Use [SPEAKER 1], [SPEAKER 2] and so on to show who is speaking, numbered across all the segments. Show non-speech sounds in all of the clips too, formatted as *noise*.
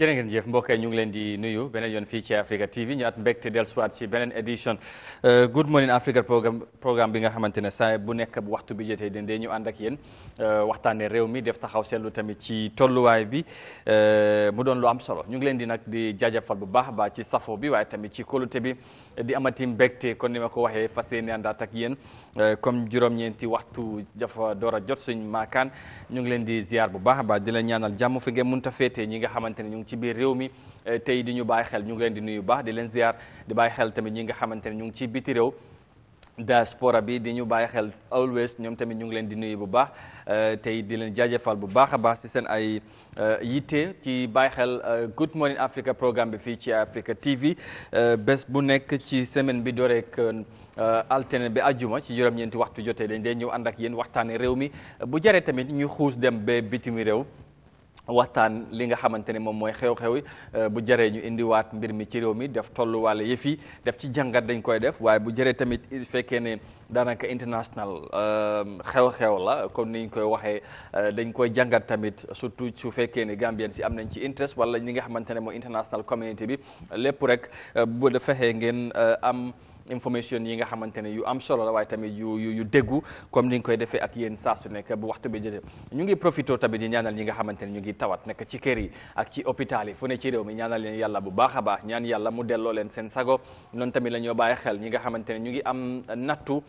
[SPEAKER 1] jërë ngeen jëf mbokk ñu ngi leen di nuyu beneen yoon fii ci Africa TV ñu at mbégte dellusiwaat ci beneen édition euh, Good Morning Africa programme programme bi nga xamante ne saa bu nekk bu waxtu bi jotee dende ñu ànd ak yéen euh, waxtaanee réew mi def taxaw seetlu tamit ci tolluwaay bi euh, mu doon lu am solo ñu ngi leen di nag di jaajëfal bu baax baax ci safo bi waaye tamit ci kóolute bi. di amati mbégte kon ni ma ko waxee fas yéene àndaat ak yéen euh, comme juróom-ñeenti waxtu jafa dora jot suñ maakaan ñu ngi leen di ziar bu baax ba di la ñaanal jàmm fi ngeen mën ta féetee ñi nga xamante ne ñu ngi ci biir réew mi euh, tey ñu bàyyi xel ñu ngi leen di nuyu baax di leen ziar di bàyyi xel tamit ñi nga xamante ne ñu ngi ci biti réew diaspora bi di ñu bàyyi xel always ñoom tamit ñu ngi leen di nuyu bu baax Euh, tey di leen jaajëfal bu baax a baax ci seen ay euh, yitte ci bàyyi xel euh, Good Morning Africa programme bi fii ci Africa TV bés bu nekk ci semaine bi dooreek alterne bi ajuma ci juróom-ñeenti waxtu jotee dañ dee ñëw ànd ak yéen waxtaane réew mi bu jaree tamit ñu xuus dem ba bitim réew waxtaan li nga xamante ne moom mooy xew-xew euh, bu jëree ñu indiwaat mbir mi ci réew mi def tolluwaale yëf yi def ci jàngat dañ koy def waaye bu jëree tamit fekkee ne daanaka international euh, xew-xew la comme ni ñu koy waxee euh, dañ koy jangat tamit surtout su fekkee ne Gambien si am nañ ci interest wala ñi nga xamante ne mooy international community bi lépp rek bu fexee ngeen am. information yi nga xamante ne yu am solo la waaye tamit yu yu yu déggu comme ni nga koy defee ak yéen sasu su nekk bu waxtu bi jëlee ñu ngi profité tamit di ñaanal ñi nga xamante ne ñu ngi tawat nekk ci kër yi ak ci hôpital fu ne ci réew mi ñaanal leen yàlla bu baax a baax ñaan yàlla mu delloo leen seen sago noonu tamit la ñoo bàyyi xel ñi nga xamante ne ñu ngi am nattu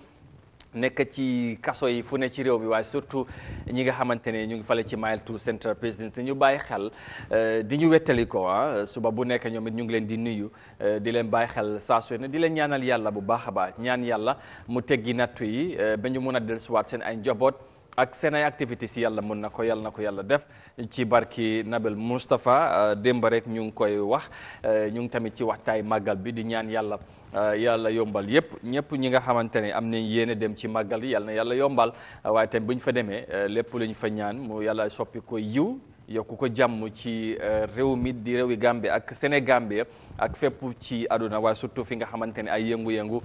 [SPEAKER 1] nekk ci kaso yi fu ne ci réew bi waaye surtout ñi nga xamante ne ñu ngi fale ci Mile Two Central Presidency ñu bàyyi xel euh, di ñu wettali ko ah suba bu nekk ñoom it ñu ngi leen di nuyu euh, di leen bàyyi xel saa su ne di leen ñaanal yàlla bu baax a baax ñaan yàlla mu teggi nattu yi euh, ba ñu mun a dellusiwaat seen ay njaboot ak seen ay activité si yàlla mun na ko yàlla na ko yàlla def ci barki Nabil Moustapha démb rek ñu ngi koy wax ñu ngi tamit ci waxtaay màggal bi di ñaan yàlla. Euh, yàlla yombal yëpp ñëpp ñi nga xamante ne am nañ yéene dem ci màggal yi yàlla na yàlla yombal euh, waaye tamit bu ñu fa demee euh, lépp lu ñu fa ñaan mu yàlla soppi ko yiw yokku ko jàmm ci réew mi di réewi Gambie ak Sénégambie ak fépp ci àdduna waaye surtout fi nga xamante ne ay yëngu-yëngu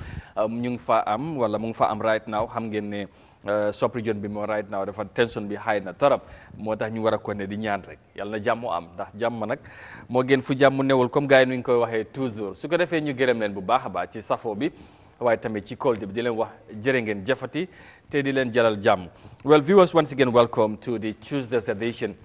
[SPEAKER 1] ñu ngi fa am wala mu ngi fa am right now xam ngeen ne Eh, soppi jon bi moo right now dafa tension bi high na torop moo tax ñu war ko ne di ñaan rek yal na jàmm am ndax jàmm nag moo gën fu jàmm newul comme gars yi nu ñu koy waxee toujours su ko defee ñu gërëm leen bu baax a ci safoo bi waaye tamit ci kolte bi di leen wax jërë ngeen jëfati te di leen jalal jàmm well viewers once again welcome to the Tuesday's edition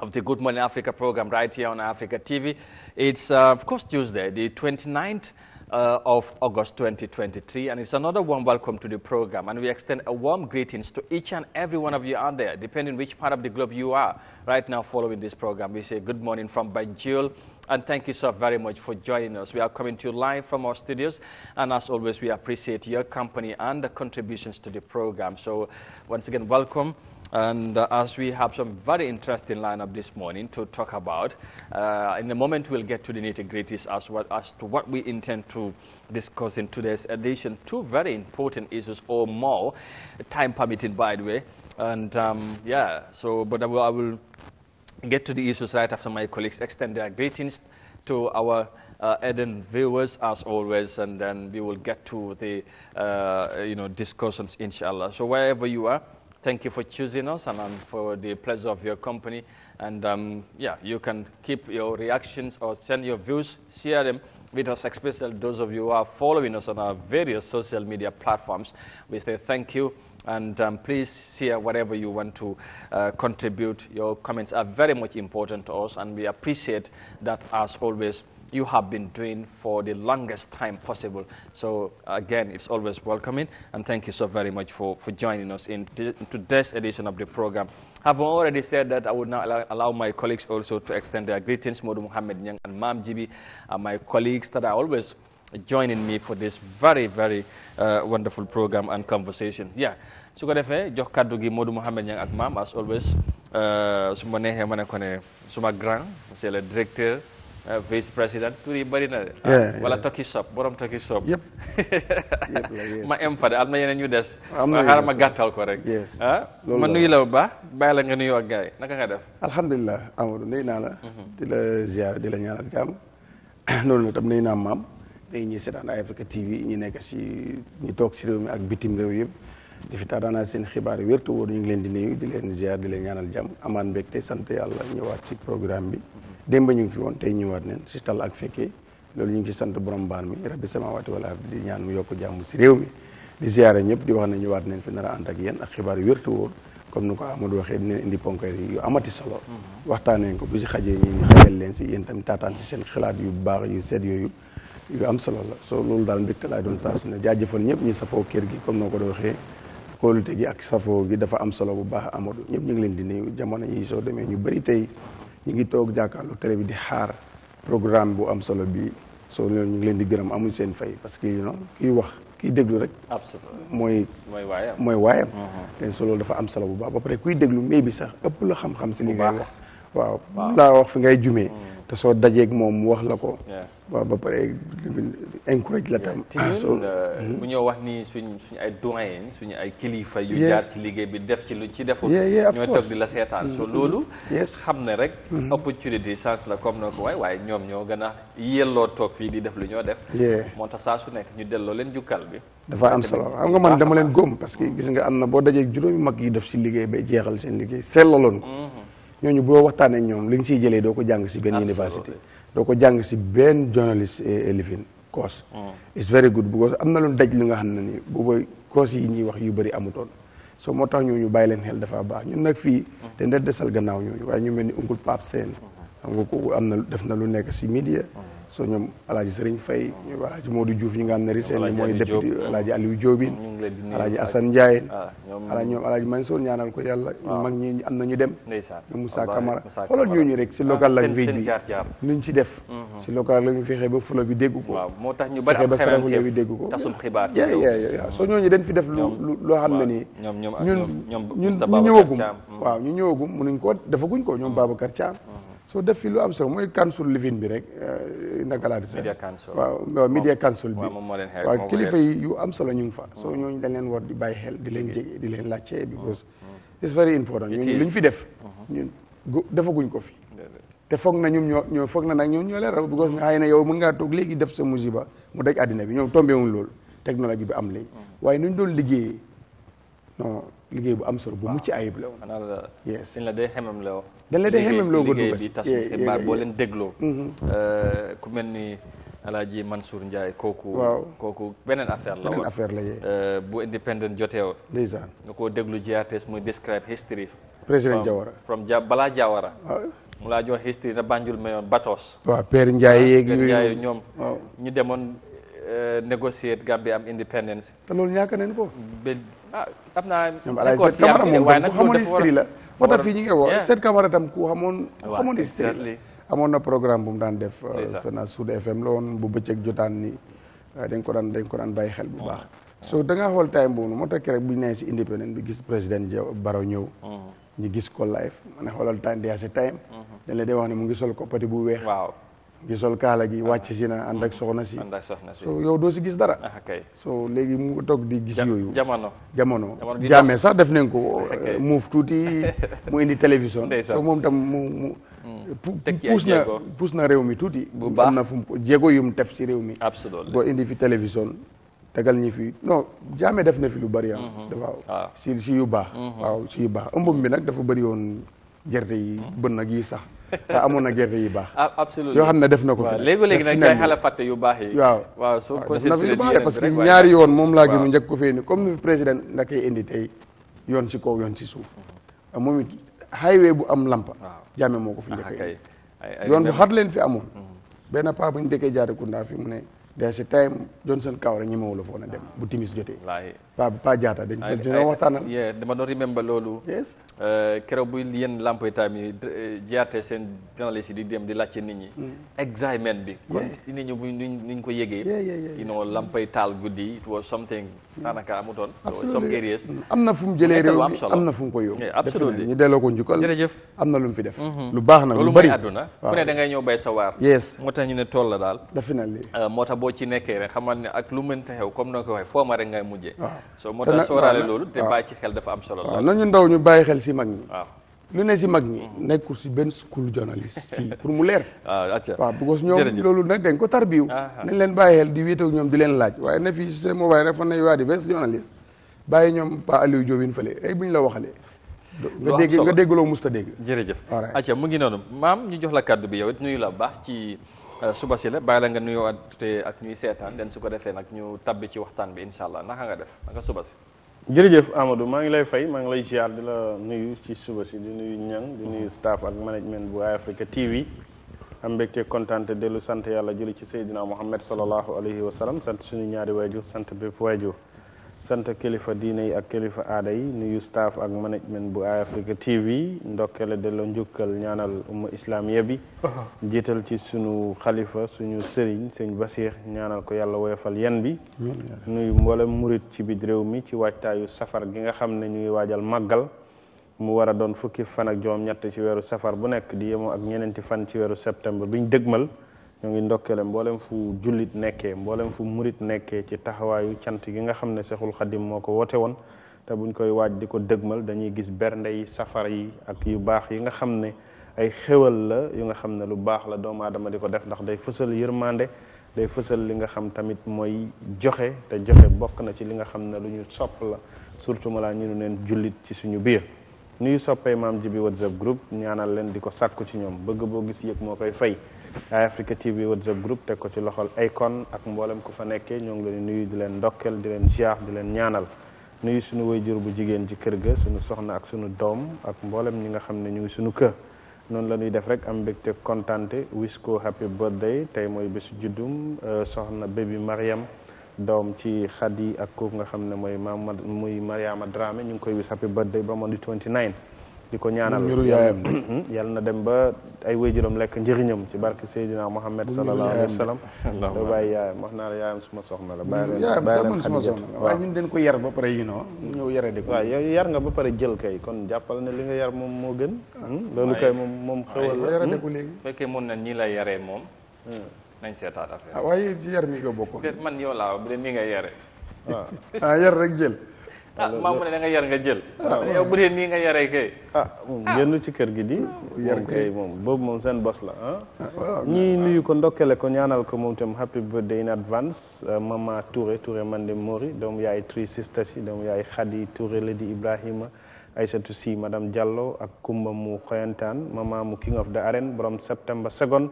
[SPEAKER 1] of the Good Morning Africa program right here on Africa TV it's uh, of course Tuesday the 29th uh, of August 2023. And it's another warm welcome to the program. And we extend a warm greetings to each and every one of you out there, depending which part of the globe you are right now following this program. We say good morning from Banjul. And thank you so very much for joining us. We are coming to you live from our studios. And as always, we appreciate your company and the contributions to the program. So once again, welcome. And uh, as we have some very interesting lineup this morning to talk about, uh, in a moment we'll get to the nitty gritties as well as to what we intend to discuss in today's edition. Two very important issues or more, time permitting, by the way. And um, yeah, so, but I will, I will, get to the issues right after my colleagues extend their greetings to our uh, Eden viewers as always, and then we will get to the uh, you know discussions, inshallah. So wherever you are, Thank you for choosing us and um, for the pleasure of your company. And um, yeah, you can keep your reactions or send your views, share them with us, especially those of you who are following us on our various social media platforms. We say thank you. And um, please share whatever you want to uh, contribute. Your comments are very much important to us, and we appreciate that as always you have been doing for the longest time possible. So, again, it's always welcoming, and thank you so very much for, for joining us in, in today's edition of the program. I've already said that I would now allow, allow my colleagues also to extend their greetings, Modu Muhammad Nyang and Mam Jibi, and my colleagues that are always joining me for this very, very uh, wonderful program and conversation. Yeah. su ko defee jox kàddu gi Modou Mohamed Niang ak maam as always uh, su ma neexee ma ne ko ne suma grand le directeur Uh, vice president tur yi bëri na de wala Toki Shop borom Toki Shop yëpp *laughs* ma em fa de am na yeneen ñu dess ma xaaral ma ko rek ah ma nuyu la ba bay la nga nuyu ak naka nga def
[SPEAKER 2] alhamdullilah Amadou la mhm. di la ziar di la ñaanal jàmm *clears throat* loolu nag tam nuyu naa day ñi setan Africa TV ñi nekk ci ñi tok ci rew mi ak bitim rew yeb di fi taataanaa seen xibaar yi ñu ngi leen di nuyu di leen ziar di leen ñaanal jàmm amaan mbégte sant yàlla ñëwaat ci programme bi mhm. démb ñu ngi fi woon tey ñëwaat neen si tal ak fekkee loolu ñu ngi ci sant borom mbaan mi rabbi samawati wal ardi di ñaan mu yokk jàmm si réew mi di ziyaara ñëpp di wax ne ñëwaat neen fi nar ànd ak yéen xibaar yu wértu wóor comme ni ko Amadou waxee dinañ indi ponk amati solo mm-hmm. waxtaanee ko bu si xajee ñi ñu xajal leen si yéen tamit taataan si seen xalaat yu baax yu set yooyu yu am solo la soo loolu daal mbégte laay doon saa su ne jaajëfal ñëpp ñu safoo kër gi comme noo ko waxee kóolute gi ak safoo gi dafa am solo bu baax amatu ñëpp ñu ngi leen di nuyu jamono yi soo demee ñu bëri tey ñu ngi toog jàkkaarloo tele bi di xaar programme bu am solo bi soo ñu ngi leen di gërëm amuñ seen fay parce que you know kiy wax kiy déglu rek. mooy. mooy waayam mooy waayam. Mm-hmm. te solo dafa am solo bu baax ba pare kuy déglu may bi sax ëpp la xam-xam si li ngay wax. waaw laa wax fi ngay jumee hmm. te soo dajeeg moom wax la ko waaw ba pare encourage la tam ah, so euh, hmm? bu
[SPEAKER 1] ñoo wax ni suñ suñ ay doyen suñu ay kilifa yu jaar ci liggéey bi def ci lu ci di la so mm-hmm. loolu xam ne rek mm-hmm. opportunité chance la comme na ko waay waaye ñoom ñoo gën a yelloo toog fii di def lu ñoo def moo tax saa su nekk ñu delloo leen jukkal bi
[SPEAKER 2] dafa am solo xam nga man dama leen góom parce que gis nga am na boo dajeeg juróomi mag yu def liggéey jeexal seen liggéey sellaloon ko mm-hmm. ñooñu boo waxtaanee ñoom li nga siy jëlee doo ko jàng si benn université doo ko jàng si benn journaliste eh, eh, living course mm. it's very good because am na lu daj li nga xam ne ni boobu course yi ñuy wax yu bëri amutoon soo moo tax ñooñu bàyyi leen xel dafa baax ñu nag fii mm. dañ def desal gannaaw ñooñu waaye ñu mel ni Uncle Pape Sène xam nga am na def na lu nekk si media mm. soo ñoom alaaji Sëriñ Fay ñoom alaaji Modou Diouf ñu nga xam ne ri seen mooy député alaaji Aliou Diobine alaaji Assane Ndiaye alaaji ah, ñoom alaaji Mansour ñaanal ko yàlla ah. mag ñi am na ñu dem
[SPEAKER 1] ñoom Moussa Camara xoolal ñooñu rek si ah, local language bi
[SPEAKER 2] nuñ si def mm-hmm. si local la ñu fexee ba fula bi dégg ko fexee ba sarafula bi dégg ko ya ya ya soo ñooñu dañ fi def lu loo xam ne nii ñun ñun mm-hmm. ñu ñëwagum waaw ñu mu nuñ ko defaguñ ko ñoom mm-hmm. Babacar Thiam so def fi lu am solo mooy council living bi rek eh, naka laa di sax waaw waaw media council bi waaw kilifa yi yu am solo ñu fa so ñooñu dañ leen war di bàyyi xel di leen jege leen laajte mm-hmm. because it's ñu fi def mm-hmm. ñun defaguñ ko fi te foog na ñu ñoo ñoo foog na nag ñoom ñoo leen raw because mm-hmm. xëy na yow mën ngaa toog léegi def sa musiba mu daj àddina bi ñoom tombé wuñ loolu technologie bi am léegi waaye nuñ doon liggéeyee liggéey bu am solo bu mucc ayib la woon yes
[SPEAKER 1] la day xemam la da leen di xemem loo gën liggéey bi tasum xibaar boo leen dégloo. Mm-hmm. Euh, ku mel ni Alaaji Mansour Ndiaye kooku. waaw kooku beneen affaire la woon beneen affaire la yee. Euh, bu indépendant jotee woon. ndeysaan nga koo déglu GRTS muy describe history. président Jawara from ja balaa Jawara. Ah. mu laa jox history na Banjul mayoon Batos. waaw Père Ndiaye yeeg yooyu ñoom. ñu demoon euh, négocier Gambie am indépendance. te loolu ñàkk nañu ko. ba ah xam naa. ñoom Alaaji Seck Camara moom bu xamoon history la. moo tax fii ñu ngi
[SPEAKER 2] woo seet Camara tam ku xamoon xamoon na programme bu mu daan def euh, fena Sud FM la woon bu bëccëg jotaan ni euh, dañ ko daan dañ ko daan bàyyi xel bu baax so da nga xool time boobu moo tax rek bu ñu nee si indépendant bi gis président Barrow ñëw mm-hmm. ñu gis ko live ma ne xoolal time mm-hmm. di yaa dañ la dee wax ne mu ngi sol koppati bu weex waaw gi sol kaala gi wàcc si na ànd ak soxna si so yow doo si gis dara ah, soo léegi mu toog di gis yooyu jamono jamono jaame sax def nañ ko euh, muuf tuuti mu indi télévision so moom tam mu mu
[SPEAKER 1] hmm. puus na
[SPEAKER 2] puus na réew mi tuuti am na fu mu jéego mu tef si réew mi boo indi fi télévision tegal ñi fi non jaame def na fi lu bari am ah. mm-hmm. dafa ah. si si yu baax mm-hmm. waaw si yu baax ëmbam bi nag dafa bëri woon gerte yi mm-hmm. bën nag yi sax te amoon na gerte yu baax. Ah, absolument yoo xam ne def na ko fi. waaw léegi léegi nag ngay xala fàtte
[SPEAKER 1] yu baax yi. waaw waaw soo constitué parce que ñaari yoon moom laa gënu
[SPEAKER 2] njëkk ko fee ni comme ni président da koy indi tey yoon si kaw yoon si suuf mm-hmm. moom it highway bu am lampa. jaame moo ko fi
[SPEAKER 1] njëkk yoon bu xat leen fi amoon. Mm-hmm.
[SPEAKER 2] benn paa bu ñu dëkkee jaaree Kounda fi mu ne. day si time Johnson Kawra ñemewul a foon a dem bu timis jotee. pa pa jaata dañ dañoo waxtaanal ye
[SPEAKER 1] dama doon remember loolu yes eh, keroog bu yéen lampoy time yi jiyaate eh, seen journaliste yi di dem di laajte nit ñi mm. examen bi kon nit ñi buñ nuñ ko yégee you know lampoy taal guddi it was something mm. daanaka amutoon some areas mm. am na fu mu jëlee réew am na fu mu ñu
[SPEAKER 2] delloo ko njukkal na lu fi def mm-hmm. lu baax nag lu bari àdduna ku ne da ngay
[SPEAKER 1] ñëw bay sa waar yes moo tax ñu ne tool la daal definitely eh, moo tax boo ci nekkee rek xamal ne ak lu mënta xew comme na ko waxee foo ma rek ngay mujjee soo moo tax sóoraale loolu te bàyyi ci xel dafa am solo la nañu ndaw
[SPEAKER 2] ñu bàyyi xel si mag ñi waaw lu mag ñi mm-hmm. nekkul si benn school journaliste fii *laughs* pour mu leer
[SPEAKER 1] ah, waaw
[SPEAKER 2] because ñoom loolu nag dañ ko tarbiw ah, ah. nañ leen bàyyi xel di wéetak ñoom di leen laaj waaye ne fii seen mobile rek fan nañu waa di best journaliste bàyyi ñoom Pa Aliou Diobine fële ay bu ñu la waxalee nga dégg nga déggloo musta dégg
[SPEAKER 1] jërëjëf acca mu ngi noonu maam ñu jox la kàddu bi yow it nuyu la baax ci Euh, suba si la bàyyi la nga te ak ñuy seetaan den su defee nag ñu tabbi ci waxtaan bi incha allah naka nga def naka suba si.
[SPEAKER 3] jërëjëf Amadou maa ngi lay fay maa ngi lay ziar di la nuyu ci suba si di nuyu ñang di nuyu mm-hmm. staff ak management bu Eye Africa TV am mbégte kontaan te dellu sant yàlla julli ci Seydina Mouhamed sallallahu alayhi wa sallam sant suñu ñaari waajur sant bépp waajur sant kilifa diine yi ak kilifa aada yi nuyu staff ak management bu Eye Africa TV ndokkele dello njukkal ñaanal umma islamiya bi uh-huh. jiital ci suñu xalifa suñu sëriñ sëñ Basiir ñaanal ko yàlla woyofal yan bi nuyu mboolem murit ci biit réew mi ci waajtaayu safar gi nga xam ne ñu ngi waajal màggal mu war a doon fukki fan ak juróom ñett ci weeru safar bu nekk di yemoo ak ñeneenti fan ci weeru septembre biñ dëgmal ñoo ngi ndokkele mboolem fu jullit nekkee mboolem fu murit nekkee ci taxawaayu cant gi nga xam ne Seexul Xadim moo ko woote woon te bu ñu koy waaj di ko dëgmal dañuy gis bernde yi safar yi ak yu baax yi nga xam ne ay xéwal la yu nga xam ne lu baax la doomu aadama di ko def ndax day fësal yërmande day fësal li nga xam tamit mooy joxe te joxe bokk na ci li nga xam ne lu ñu sopp la surtout laa ñu ne neen jullit ci suñu biir nuy soppee maam ji bi whatsapp group ñaanal leen di ko sàkku ci ñoom bëgg boo gis yëg moo koy fay Eye Africa TV WhatsApp group teg ko ci loxol Akon ak mboolem ku fa nekkee ñoo ngi leen nuyu di leen ndokkel di leen ziar di leen ñaanal nuyu suñu wayjur bu jigéen ci kër ga suñu soxna ak suñu doom ak mboolem ñi nga xam ne ñu ngi suñu kër noonu la ñuy def rek am mbégte kontante wis ko happy birthday tey mooy bésu juddum euh, soxna Baby Mariam doom ci xad yi ak kooku nga xam ne mooy ma muy Mariama Dramé ñu ngi koy wis happy birthday ba moon di 29 di ko ñaanal mbiru yaayam mm-hmm. mm-hmm. yal na dem ba ay wéyjuram lekk njëriñam ci barke Seydina Mohamed sallallahu alayhi wa sallam doo bàyyi yaayam wax naa la yaayam suma soxna la ba leen bàyyi leen suma soxna waaye ko yar ba pare yi noo ñëw yaree di ko waaw yar nga ba pare jël kay kon jàppal ne li yar moom moo gën ah. mm, loolu kay moom moom xewal la yaree ko
[SPEAKER 1] mm. fekkee mun na nii la yaree moom mm. nañ seetaat affaire ah,
[SPEAKER 3] waaye ci yar mi ko bokkoon
[SPEAKER 1] man yow laa bu dee nii nga yaree waaw
[SPEAKER 3] ah. yar rek jël
[SPEAKER 1] mamu ne da nga yar nga jël yow bu dee nii nga yaree kay ah moom
[SPEAKER 3] génn ci kër gi di moom kay moom boobu moom seen bos la ah ñii nuyu ko ndokkele ko ñaanal ko moom tam happy birthday in advance eh, mama Touré Touré Mandé Mori doom yaay Three Sisters yi doom yaay Khady Touré la di Ibrahima Aïssatou Si madame Diallo ak Kumba mu xoyantaan mama mu king of the arène borom septembre second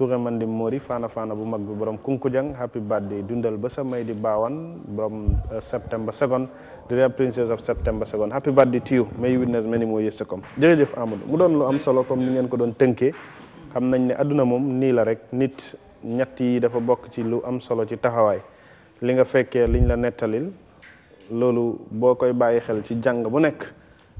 [SPEAKER 3] Touré Mandi Mori fana fana bu mag bi borom Kunkujang happy birthday dundal ba sa may di baawan borom eh, septembre second the real princess of september 2 happy birthday to you may you witness many more years to come jërëjëf amadou mu don lu am solo comme ni ngeen ko don teunké xam nañ né aduna mom ni la rek nit ñatt yi dafa bok ci lu am solo ci taxaway li nga fekke liñ la netalil lolu bokoy bayyi xel ci jang bu nek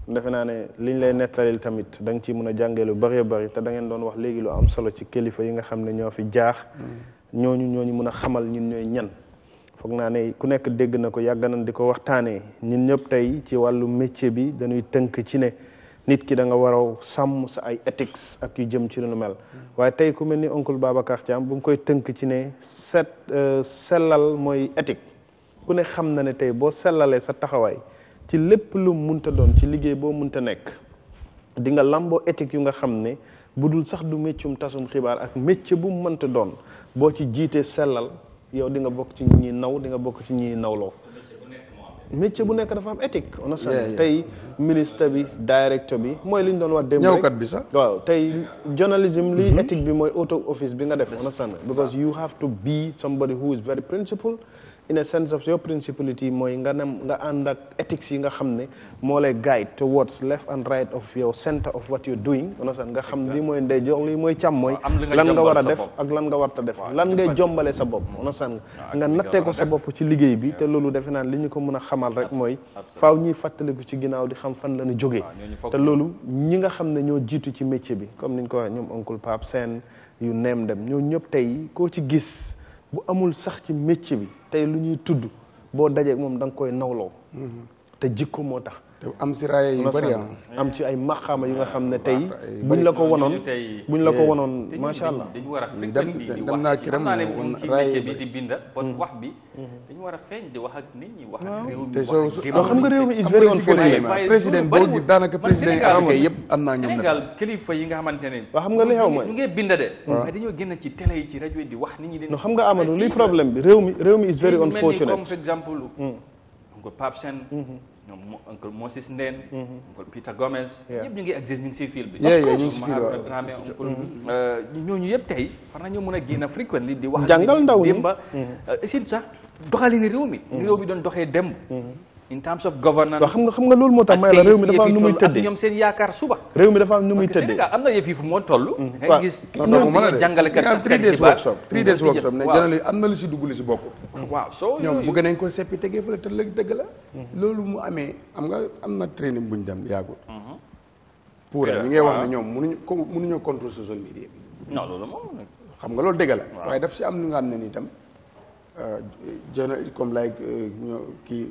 [SPEAKER 3] defe ne liñ lay netalil tamit dang ci mëna jangé lu bari bari te da ngeen don wax légui lu am solo ci kelifa yi nga xam ne ñoo fi jaax
[SPEAKER 4] mm.
[SPEAKER 3] ñoñu ñoñu mëna xamal ñun ñoy ñan foog naa ne ku nekk dégg na ko yàgg nañ di ko waxtaanee ñun ñëpp tey ci wàllu métier bi dañuy tënk ci ne nit ki da nga war a sàmm sa ay éthiques ak yu jëm ci lu mel. waaye tey ku mel ni oncle Babacar Thiam bu mu koy tënk ci ne set euh, sellal mooy éthique ku ne xam na ne tey boo sellalee sa taxawaay ci lépp lu munta doon ci liggéey boo munta nekk di nga lamboo éthique yu nga xam ne bu dul sax du méccum tasum xibaar ak métier bu mu mënta doon boo ci jiitee sellal. yow di nga bokk ci ñi naw di nga bokk ci ñi nawloo métier bu nekk dafa am éthique on a tey ministre bi directeur bi mooy li ñu doon wax démb ñawkat bi sax waaw tey journalism li mhm. éthique bi mooy auto office bi nga def on a because you have to be somebody who is very principled in a sense of your principality mooy nga nem nga ànd ak ethics yi nga xam ne moo lay guide towards left and right of your center of what you're doing understand nga xam lii mooy ndeyjoor lii mooy càmmooy lan nga war a def ak lan nga warta def lan ngay jombale sa bopp understand nga nattee ko sa bopp ci liggéey bi te loolu defe naan li ñu ko mën a xamal rek mooy faaw ñuy fàttaliku ci ginnaaw di xam fan la ñu jógee te loolu ñi nga xam ne ñoo jiitu ci métier bi comme niñ ko waxee ñoom oncle Pape Sène yu neem dem ñoo ñëpp tey koo ci gis bu amul sax ci métier bi tey lu ñuy tudd boo dajee moom da nga koy nawloo mm-hmm. te jikko moo tax te am si raaya yu bëri ah. am ci nga xam ne tey buñ la ko wonoon
[SPEAKER 1] buñ la ko wonoon macha allah mm-hmm. mm-hmm. dañu war
[SPEAKER 3] a feeñ dem naa
[SPEAKER 2] kiram raaya
[SPEAKER 1] bi di wax bi dañu a wax ak nit wax ak réew xam nga réew mi is very unfortunate président boo gi daanaka président yi Afrique yëpp ne waa xam nga li xew mooy ñu ngi bind de waaye dañoo génn ci télé yi ci rajo yi xam nga Amadou luy problème bi réew mi réew mi is very unfortunate ñoom oncle Moses Ndène oncle mhm. Peter Gomez ñëpp ñu ngi existe ñu ngi si fiil bi ñu ngi si fiil bi Dramé oncle ñooñu yëpp tey war nañoo mën a génn frequently di wax jàngal ndaw ñi démba mhm. euh, sax doxalin réew mi ni mhm. réew mi doon doxee démb in terms of governance xam nga xam nga loolu moo tax may la réew mi dafa am nu muy tëddee ñoom seen yaakaar suba réew mi dafa am nu muy tëddee que am na yëf yi fu moo toll mm-hmm. nga gis
[SPEAKER 2] ñoom ñoo jàngalekat am 3 days workshop 3 days workshop ne jënal am
[SPEAKER 1] na
[SPEAKER 3] lu si dugg lu si bokk
[SPEAKER 1] waaw soo ñoom bëgg nañ
[SPEAKER 2] ko seppi tegee fële te lëg dëgg la mm-hmm. loolu mu amee am nga am na training buñ dem yàggul mm-hmm. pour ñi ngay wax ne ñoom mënuñu mënuñoo contrôler social zone bi non loolu moom xam nga loolu dëgg la waaye daf si am lu nga xam ne ni tam Uh, journal comme like uh, kii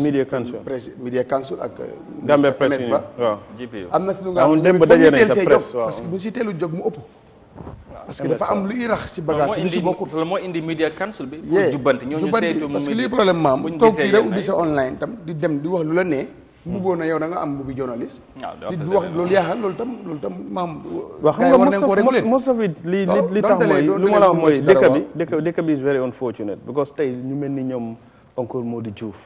[SPEAKER 2] media council presse media council ak. Uh,
[SPEAKER 1] Gambia presse ba waaw GPO.
[SPEAKER 3] am na si lu nga xam ne daje nañ sa presse
[SPEAKER 2] waaw parce que bu mau si mau ini mu
[SPEAKER 1] parce que dafa am bagage indi media council bi. pour jubbanti ñooñu saytu mu parce que lii problème maam sa
[SPEAKER 2] online tam di dem di wax lu la mbubboo na yow da nga am mbubbi journaliste. waaw ah, di wax loolu yaaxal loolu tam loolu tam maam. wax nga mos mos of it li li li tax mooy lu ma la wax mooy dëkk bi
[SPEAKER 3] dëkk dëkk bi is very unfortunate because tey ñu mel ni ñoom oncle Modou Diouf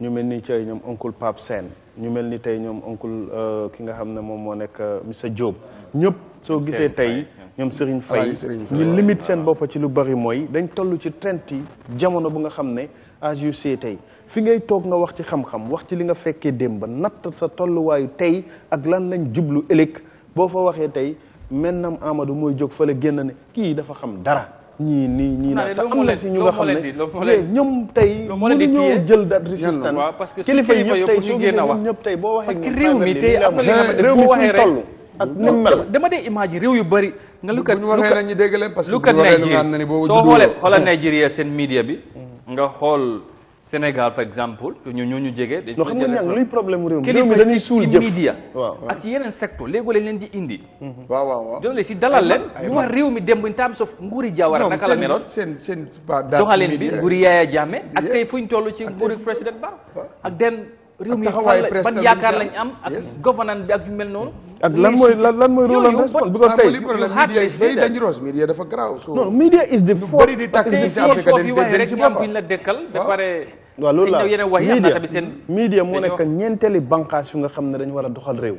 [SPEAKER 3] ñu mel ni tey ñoom oncle Pape seen ñu mel ni tey ñoom oncle euh, ki nga xam ne moom moo nekk monsieur Diop ñëpp soo gisee tey. ñoom seriñ Faye ñu limite seen bopp ci lu bari mooy dañ tollu ci trent yi jamono bu nga xam ne as you see tey fi ngay toog nga wax ci xam-xam wax ci li nga fekkee démb natt sa tolluwaayu tey ak lan lañ jublu ëllëg boo fa waxee tey maintenant Amadou mooy jóg fële génn ne kii dafa xam dara ñii nii ñii na si ñu nga xam ne
[SPEAKER 1] ñoom tey mënu ñoo jël dat résistant kilifa yëpp tey soo gisee ñoom ñëpp tey boo waxee parce que réew mi tey am na li ni dama dee image réew yu bari nga lu kat bu ñu parce que bu ñu waxee lu nga am na ni Nigeria seen media bi nga xool Sénégal for example ñu ñoo ñu jege. dañu xam ak ci yeneen secteur léegoo leen leen di indi. Mhm. waaw si dalal leen. ñu wax réew mi dem in terms of nguuri Jawara naka la meloon. seen doxalin bi nguuri Yaya Jammeh ak tey fu ñu toll ci nguuri président Ba ak den réew mi ban yaakaar lañ am ak governance bi ak ju mel noonu. ak lan mooy lan and response because tey media is very
[SPEAKER 3] media is the force. bari
[SPEAKER 1] di tàkk bi si Afrique dañ si boppam la dekkal ba pare waaw loolu la seen media moo nekk
[SPEAKER 3] ñenteeli bànqaas yu nga xam ne dañ war a doxal réew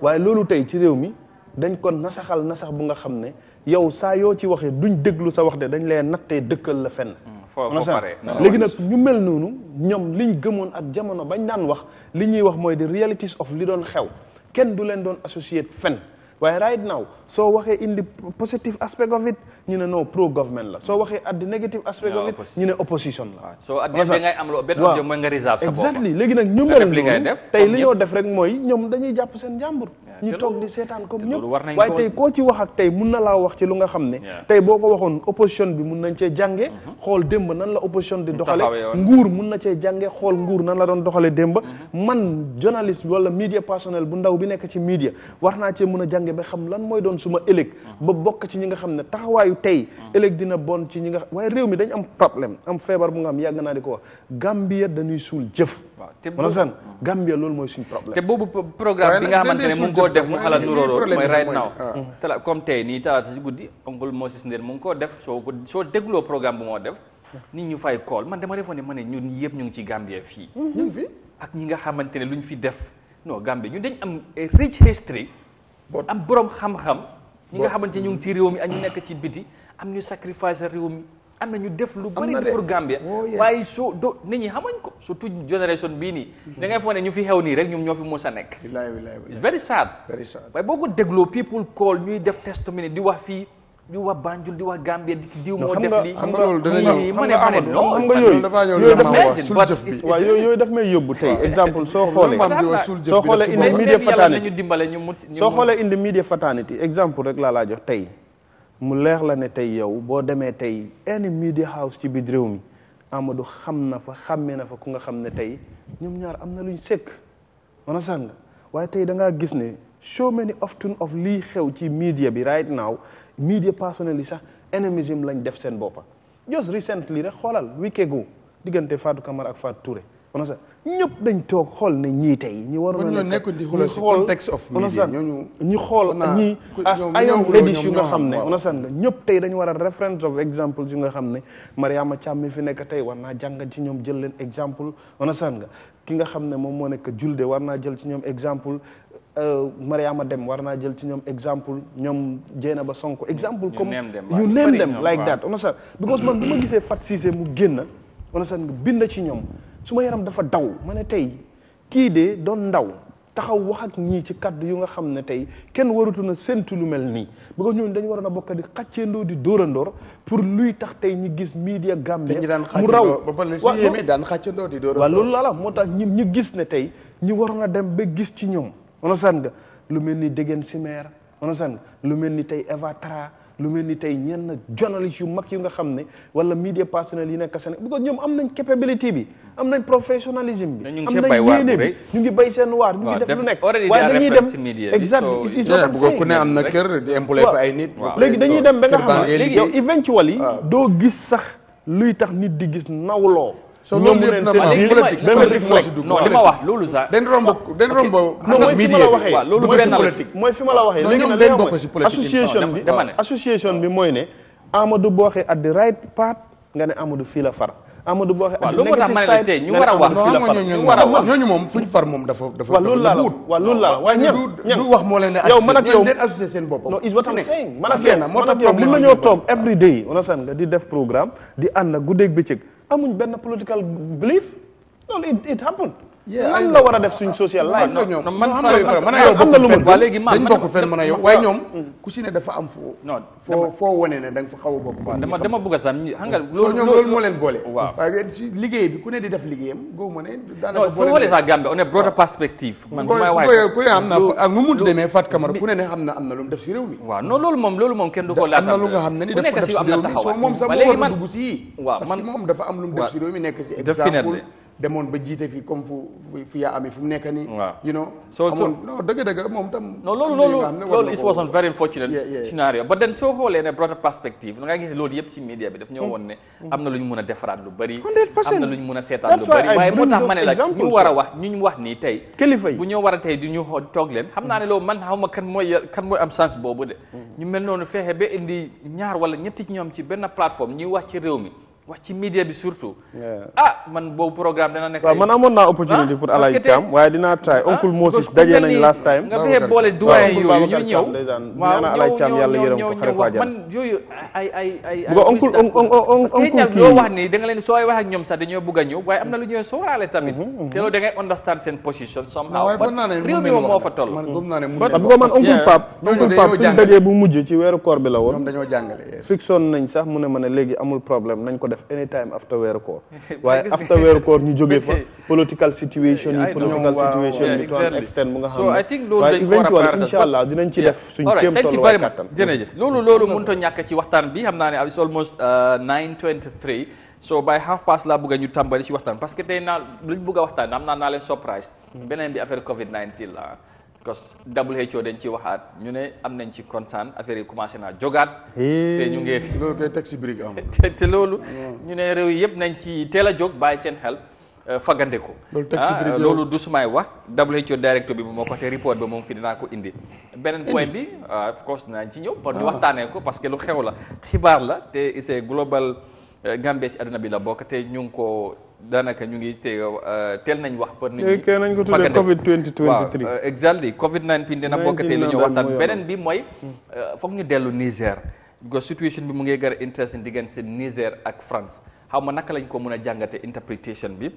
[SPEAKER 3] waaye loolu tey ci réew mi dañ ko nasaxal nasax bu nga xam ne yow saa yoo ci waxee duñ déglu sa wax de dañ lay nattee dëkkal la fenn mm, léegi nag ñu mel noonu ñoom liñ gëmoon ak jamono bañ daan wax li ñuy wax mooy di realities of li doon xew kenn du leen doon associé fen waaye right now soo waxee in the positive aspect of it ñu ne noo pro government la soo waxee at the negative aspect of it ñu ne opposition
[SPEAKER 1] la. soo at the nga réserve sa bopp exactly léegi nag ñu mel noonu tey li ñoo
[SPEAKER 3] def rek mooy ñoom dañuy jàpp seen jàmbur. ñu toog di seetaan comme ñëpp waaye tey koo ci wax ak tey mun na laa wax ci lu nga xam ne tey boo ko waxoon opposition bi mun nañ cee jànge mm-hmm. xool démb nan la opposition di doxale nguur mun na cee jànge xool nguur nan la doon doxale démb mm-hmm. man journaliste wala media personnel bu ndaw bi nekk ci media war naa cee mun a jànge ba xam lan mooy doon suma ëllëg mm-hmm. ba bokk ci ñi nga xam ne taxawaayu tey ëllëg dina bon ci ñi nga waaye réew mi dañ am problème am feebar bu nga xam yàgg naa di ko wax Gambia dañuy suul jëf manasan Gambia loolu mooy suñ problème te
[SPEAKER 1] boobu programme bi koo def mu ala nuróoroo mooy right now ah. mm. tala comme tey nii talaata si guddi oncle Moses Nder mu ngi koo def soo ko programme bu moo def nit ñu fay kool man dama defoon ne ma ne ñun yëpp ñu ngi ci Gambie fii mm-hmm. fi ak ñi nga xamante ne lu ñu fi def non Gambie ñun dañ am rich history am borom xam-xam ñi nga xamante ñu ngi ci réew mi ak ñu nekk ci biti am ñu sacrifice réew mi am na ñu def lu bëri pour Gambia oh, waaye soo do nit ñi xamañ ko surtout génération bii nii mm-hmm. da ngay foog ne ñu fi xew nii rek ñoom ñoo fi mos a nekk it's very sad waaye boo ko dégloo people call ñuy def testimony di wax fii di wax Banjul di wax Gambia di diw moo def lii xam nga loolu dana ñëw ma ne ma ne non yooyu
[SPEAKER 3] dafa may yóbbu tey exemple soo xoolee soo xoolee in the media fatality soo xoolee in the media exemple rek laa laa jox tey mu leex la ne tey yow boo demee tey any media house ci biir réew mi Amadou xam na fa xàmme na fa ku nga xam ne tey ñoom ñaar am na luñ sekk on sàng waaye tey da ngaa gis ne so many often of lii xew ci media bi right now media personnel yi sax enemism lañ def seen boppa just recently rek xoolal week ago diggante Fatou Camara ak Fatou Touré on sa ñëpp dañ toog xool ne ñii tey ñi waroon na nekk ñu xool contexte of media ñooñu ñu xool ñi as ayon édition yu nga xam ne on sa nga ñëpp tey dañu war a reference of examples yu nga xam ne Mariama Thiam mi fi nekk tey war naa jàngat ci ñoom jël leen exemple on sa nga ki nga xam ne moom moo nekk Julde war naa jël si ñoom exemple euh, Mariama Dem war naa jël ci ñoom exemple ñoom Jeena ba Sonko exemple comme ñu name them like that on sa because man bu ma gisee Fat Cissé mu génn on sa nga bind ci ñoom su ma yaram dafa daw ma ne tey kii de doon ndaw taxaw wax ak ñii ci kaddu yu nga xam ne tey kenn waratu na séntu lu mel nii ba ko dañu waroon a bokk di xàcceendoo di dóorandoor pour luy tax tey ñi gis media Gambia mu raw daan
[SPEAKER 2] xàcceendoo di dóorandoor waaw loolu la
[SPEAKER 3] la moo tax ñi ñu gis ne tey ñi waroon a dem ba gis ci ñoom onosaan nga lu mel ni Degen Simer onosaan nga lu mel ni tey Eva Tra lu mel ni tey ñenn journaliste yu mag yu nga xam ne wala media personnel yi nekk Sénégal parce que ñoom am nañ capabilité bi am nañ professionnalisme bi. am nañ yéene bi ñu ngi bay seen waar ñu ngi def lu nekk. waaye dañuy dem exactement is bu ko ku ne am na kër di employé ay nit. léegi dañuy dem ba nga xam ne yow doo gis sax luy tax nit di gis nawloo.
[SPEAKER 1] so loolu yëpp na ma politique politique moo si dugg non li ma wax loolu sax dañ romb dañ romb
[SPEAKER 3] non fi ma la waxee loolu benn la mooy fi ma la waxee bokk si politique association bi mooy ne Amadou booxee at the right path nga ne Amadou fii la far Amadou booxee
[SPEAKER 2] negative side ñu war a wax fii la far ñu moom fuñ far moom dafa dafa waaw loolu laa la
[SPEAKER 3] waaw loolu laa du wax moo leen ne yow man ak yow associé seen bopp non is what toog every day on a nga di def programme di ànd ak guddeeg bëccëg amuñ benn political belief loolu it it happen lan la war a def suñ social life ñoom man man a yow bokk fenn waaye ñoom ku si ne dafa am foo
[SPEAKER 2] foo foo wane ne a bokk dama a sax xam nga loolu ñoom loolu moo leen boole waaw waaye ci ku ne di def liggéeyam goo ma ne daanaka soo xoolee sax Gambie on am na ak nu mu demee Fat Camara am na am na lu mu def si réew mi waaw non loolu moom loolu am na lu nga xam ne ni si réew a dugg si nekk si demoon ba jiite fi comme fu fu yaa amee fu mu nekk nii. waaw you know. soo soo non dëgg dëgg moom tam. non loolu loolu loolu it wasn't very
[SPEAKER 1] unfortunate scenario but then soo xoolee ne broader perspective nga gis loolu yëpp ci media bi daf ñoo woon ne. am na lu ñu mën a defaraat lu bëri. am na lu ñu mën a seetaan lu bëri. waaye moo tax ma ne la ñu war a wax ñu ñu wax nii tey. kilifa yi bu ñu war a tey du ñu toog leen. xam naa ne loolu man xam ma kan mooy kan mooy am chance boobu de. Mm-hmm. ñu mel ba indi ñaar wala ñetti ñoom ci benn plateforme ñuy wax ci réew mi wax media bi surtout ah man bo programme dana nek waaw man gitu. amoon na opportunity pour alay Thiam
[SPEAKER 3] waye dina try oncle Moses dajé nañ last time nga fexé bolé doyen yu ñu ñew waaw ñëw Alaye Thiam yàlla yërëm ko xare ko
[SPEAKER 1] ajal man yooyu ay ay ay bu oncle oncle oncle kii wax ni da nga leen soy wax ak ñom sax dañu bëgg a waye amna lu ñuy soorale tamit té lo da ngay understand sen position somehow réew bi mo fa toll man gëm naa mu ñu ko man oncle Pape
[SPEAKER 3] oncle pap suñu dajé bu mujj ci wéru koor bi la woon dañu jàngalé fixoon nañ sax mu ne mané légui amul problème nañ ko def anytime after weeru koor *laughs* waaye after weeru koor ñu jógee *laughs* fa political an ci def suñ kéem tolluwaay
[SPEAKER 1] loolu loolu mënut a ci waxtaan bi xam naa ne it's almost 9:23 uh, so by half past laa bëgg a ñu tàmbali ci waxtaan parce que tey naa luñ bëgg a waxtaan am naa naa surprise hmm. beneen bi affaire covid parce que WHO dañ ci waxaat ñu ne am nañ ci concern affaire yi commencé naa jogaat. te ñu ngi *laughs* loolu *laughs* te loolu. Ah. ñu ne réew yëpp nañ ci teel a jóg bàyyi seen xel. Euh, fagande ko loolu ah, du sumay wax WHO directeur bi bu moo ko te report moom fi dinaa ko indi beneen point bi ah, ci ñëw pour ñu waxtaanee ko parce que lu xew la xibaar la te c'est global Euh, Gambie ci àdduna bi la bokk te ñu ngi ko daanaka ñu ngi te euh, teel nañ wax. par nit ñi kay nañ ko tuddee Covid 2023 waaw euh, exactly Covid 19 dina bokk te li ñu waxtaan beneen bi mooy. Hmm. foog ñu dellu Niger. because situation bi mu ngi gën a interesting diggante Niger ak France xaw ma naka lañ ko mën a jàngate interpretation bi.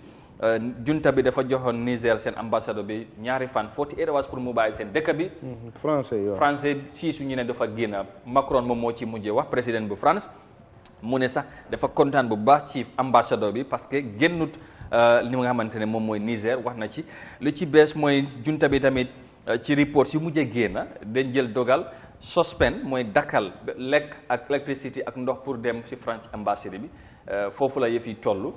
[SPEAKER 1] junta bi dafa joxoon Niger seen ambassade bi ñaari fan 48 hours pour mu bàyyi seen dëkk bi.
[SPEAKER 3] Hmm, français
[SPEAKER 1] français si suñu ne dafa génn Macron moom moo ci mujjee wax président bu France. mu ne sax dafa kontaan bu baax ci ambassadeur bi parce que génnut euh, li nga xamante ne moom mooy Niger wax na ci lu ci bees mooy junta bi tamit euh, ci report yu mujjee génn dañ jël dogal suspend mooy dakkal lekk ak électricité ak ndox pour dem ci French ambassadeur bi euh, foofu la yëf yi toll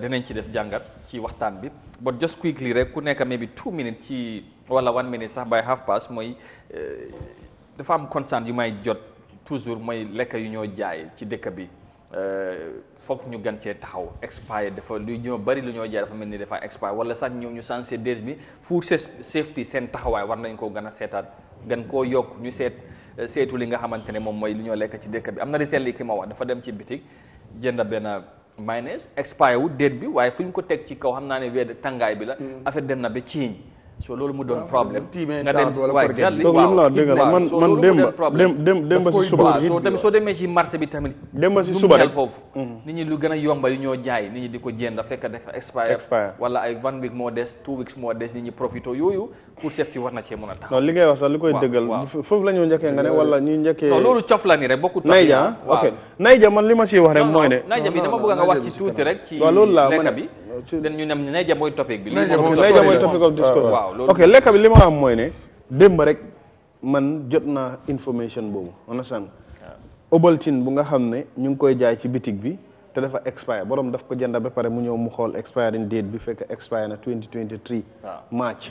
[SPEAKER 1] dinañ ci def jàngat ci waxtaan bi but just quickly rek ku nekk maybe two minutes ci wala one minute sax by half past mooy dafa am constant yu may jot. toujours mooy lekk yu ñoo jaay ci dëkk bi euh, foog ñu gan cee taxaw expire dafa lu ñoo bari lu ñoo jaay dafa mel ni dafa expire wala sax ñoom ñu sensé date bi food safety seen taxawaay war nañ koo gën a seetaat gën koo yokk ñu seet euh, seetu li nga xamante ne moom mooy li ñoo lekk ci dëkk bi am na recently ki ma wax dafa dem ci bitik jënd benn mayonnaise expire wu date bi waaye fu ñu ko teg ci kaw xam naa ne weer tàngaay bi la mm. affaire dem na ba ciiñ soo loolu mu doon problème nga dem waaye exactly waaw man man démb démb si suba soo tamit soo demee ci marché bi tamit démb si suba rek foofu mm-hmm. nit ñi lu gën a yomba yu ñoo jaay nit ñi di ko jënd fekk dafa expire wala ay one week moo des two weeks moo des nit ñi profito yooyu food safety war na cee mën a tax
[SPEAKER 3] non li ngay wax sax li koy dëggal foofu la ñu njëkkee nga ne euh, wala ñu njëkkee non loolu
[SPEAKER 1] cof la ni rek bokkut Naija ok
[SPEAKER 3] Naija man li ma siy wax rek mooy ne
[SPEAKER 1] Naija bi dama bëgg nga wax ci tuuti rek ci lekk bi leen ñu nem ne neja mooy topic bi neja
[SPEAKER 3] lekk bi li ma am mooy ne démb rek man jot naa information boobu understand Obaltine bu nga xam ne ñu ngi koy jaay ci bitig bi te dafa expire borom daf ko jënd ba pare mu ñëw mu xool expiring date bi fekk expire na 2023 march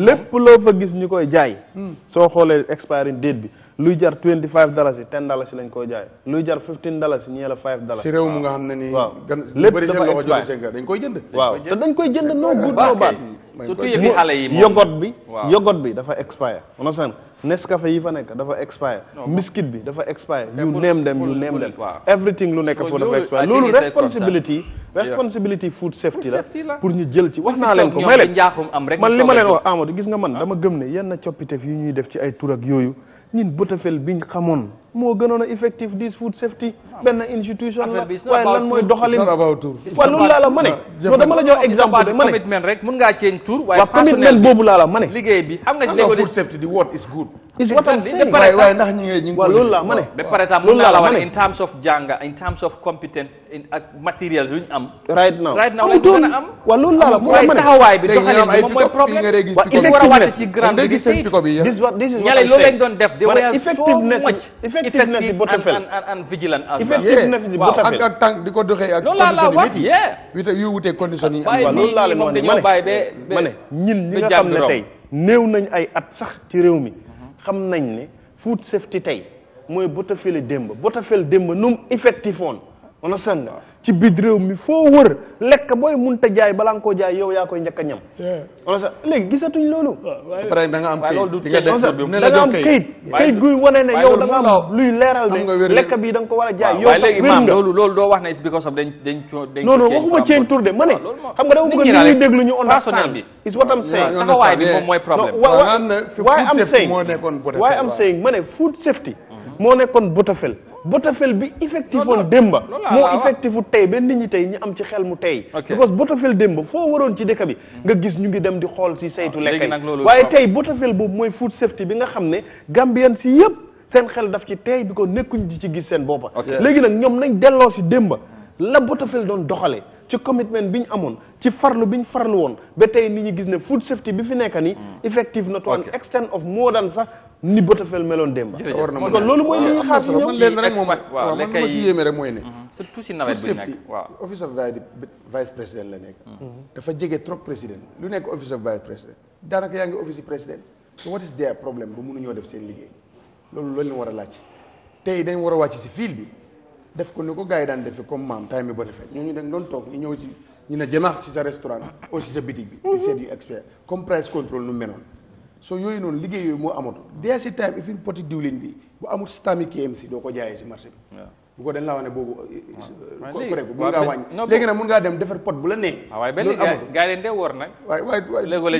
[SPEAKER 3] lépp loo fa gis ñu koy jaay. Hmm. soo xoolee expiring date bi luy jar twenty five dollars yi ten dollars lañ koy jaay luy jar fifteen dollars ñee la five dollars. si réew mu nga xam ne nii. waaw lépp dafa expire dañ koy jënd. waaw te dañ koy jënd noo gudd noo baat
[SPEAKER 4] surtout yëfi xale yi yogot
[SPEAKER 3] bi yogot bi dafa expire understand Nescafé yi fa nekk dafa expire biscuit bi dafa expire you name them you name them nekk foofu dafa expire loolu responsibility responsibility food safety la pour ñu jël ci wax naa leen ko may leen man li ma leen wax Amadou gis nga man ah. dama gëm ne yenn coppitef yu ñuy def ci ay tur ak yooyu ñun bëtafel biñ xamoon moo gënoon a effective this food safety benn institution la waaye lan mooy doxalin waaw loolu laa
[SPEAKER 1] la ma change tour waaye commitment boobu laa la in terms of jànga in terms of competence ak matériel yu ñu am right now
[SPEAKER 3] effectiveness effective na fi
[SPEAKER 1] Botafel effective na fi Botafel ak ak tànk di ko doxee ak. condition yi métti
[SPEAKER 3] wute yu wutee condition yi.
[SPEAKER 1] am loolu ma ne ñin ñi nga xam ne tey
[SPEAKER 3] néew nañ ay at sax ci réew mi xam nañ ne sef safety tey mooy Botafel démb Botafel démb nu mu effective woon understand ci biir réew mi foo wër lekk booy munta jaay balaa nga koo jaay yow yaa koy njëkk a ñam. understand léegi gisatuñ loolu.
[SPEAKER 1] après da nga am kayit da nga am kayit kayit guy
[SPEAKER 3] wane ne yow da am luy leeral ne lekk bi da nga ko war a jaay.
[SPEAKER 1] yow sax wér nga loolu doo wax na is because of dañ dañ coo dañ waxuma ceeñ
[SPEAKER 3] tur de ma xam nga dama bëgg nit ñi déglu
[SPEAKER 1] ñu understand bi. is what am saying taxawaay bi moom mooy problème.
[SPEAKER 3] waaye am saying am saying ma ne food safety moo nekkoon Butafel botafel bi effectif woon démba moo effectifu tey benn nit ñi tey ñu am ci xel mu tey because botafel démba foo waroon ci dëkk bi nga gis ñu ngi dem di xool si saytu ah, lekk yi waaye tey botafel boobu mooy food safety bi nga xam ne Gambien si yëpp seen xel daf ci tey bi ko nekkuñ di ci gis seen boppa léegi nag ñoom nañ delloo si démba la botafel doon doxalee ci commitment bi ñu amoon ci farlu bi ñu farlu woon ba tey nit ñi gis ne food safety bi fi nekk nii hmm. effective na to an extent of more than sax ni Botofel meloon démb. war na kon loolu waaw
[SPEAKER 2] man ma si yéeme rek mooy ne. Mm-hmm. surtout si office of vice président la nekk. Mm-hmm. dafa jege trop président lu nekk office of vice président daanaka yaa ngi office yi président so what is their problème ba mënuñoo def seen liggéey loolu loolu lañ war a laaj tey dañ war a wàcc si fiil bi def ko ni ko gars yi daan defee comme maam time bi Botofel ñooñu dañ doon toog ñu ñëw si ñu ne jënaax si sa restaurant aussi sa bitig bi. di seet soo yooyu noonu liggéey yooyu moo amatul dès si time ifin poti diwlin bi bu amul ko jaayee si marché bi bu ko dañ laa wax ne boobu ah. uh, correct mun ngaa wàññi léegi nag dem defar
[SPEAKER 1] bu la nee ah, waaye ba léegi gaa leen dee woor nag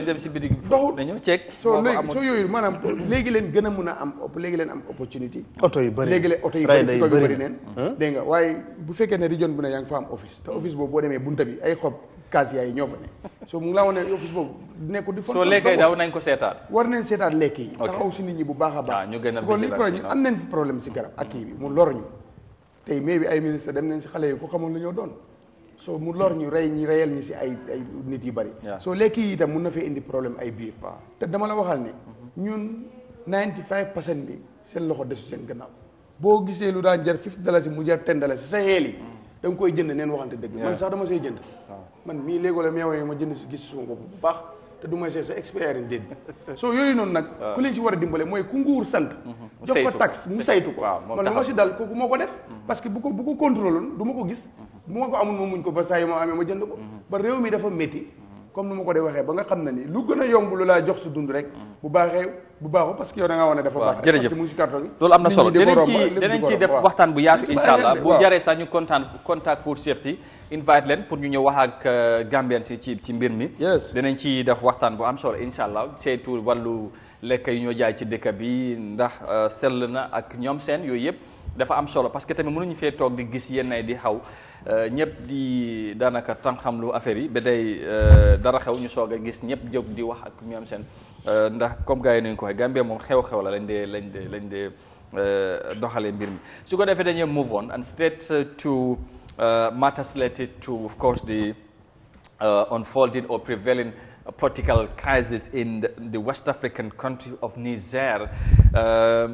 [SPEAKER 1] dem si bitig bi doxul dañoo ceeg soo léegi yooyu
[SPEAKER 2] maanaam léegi leen gën a mun a am léegi leen am opportunité
[SPEAKER 3] oto yu bëri léegi leen oto
[SPEAKER 2] yu bëri oto yu bëri neen nga waaye bu fekkee ne région bu ne yaa ngi fa am office te office boobu boo demee bunta bi ay xob kasi ay ñofu ne so mu la laa wane office boobu nekkul di fon so lekay daw
[SPEAKER 1] nañ ko sétal
[SPEAKER 2] war nañ sétal lekay taxaw ci nit ñi bu baaxa baax ñu gënal ko li ñu am nañ fi problème ci garab ak yi mu lor ñu tay maybe ay ministre dem nañ ci xalé yi ko xamul lañu doon so mu lor ñu ray ñi rayel ñi ci ay ay nit yu bari so lekay yi tam mu na fi indi problème ay biir te dama la waxal ni ñun 95 bi seen loxo dessu seen gannaaw bo gisee lu daan jar 50 dalasi mu jar 10 dalasi sa heli mm. dang koy jënd neen waxante deug man sax dama sey jënd man mii léegoo la meew yi ma jënd si gis suma bopp bu baax te du ma see sa expert yi déedéet yooyu noonu nag ah. ku leen si war a dimbale mooy ku nguur sant
[SPEAKER 4] mm-hmm. jox ko tax mu saytu ko man lu ma si
[SPEAKER 2] dal kooku moo ko def mm-hmm. parce que bu ko bu ko contrôle du ma ko gis mm-hmm. bu ma ko amul ma muñ ko ba saa yi ma amee ma jënd ko ba réew mi dafa métti comme nu ma ko dee waxee ba nga xam ne ni lu gën a yomb lu laa jox su dund rek bu baaxee bu baaxu parce que yow da ngaa jërëjëf mu si loolu am na solo dinañ ci dinañ ci def waxtaan bu yaatu insha allah
[SPEAKER 1] sax ñu kontaan contact for safety invite leen pour ñu ñëw wax ak euh, Gambien si ci ci mbir mi dinañ ci def waxtaan bu am solo insha allah saytu wallu lekk yi ñoo jaay ci dëkk bi ndax euh, sell na ak ñoom seen yooyu yëpp dafa am solo parce que tamit mënuñu fee toog di gis yennay di xaw euh, ñëpp di daanaka tànxam lu affaire yi ba tey euh, dara xew ñu soog a gis ñëpp jóg di wax ak ñu am seen euh, ndax comme gars yi nañu ko waxee Gambie moom xew-xew la lañ dee lañ dee lañ dee doxalee mbir mi su ko defee dañuy move on and straight to matters related to of course the unfolding or prevailing political crisis in the West African country of Niger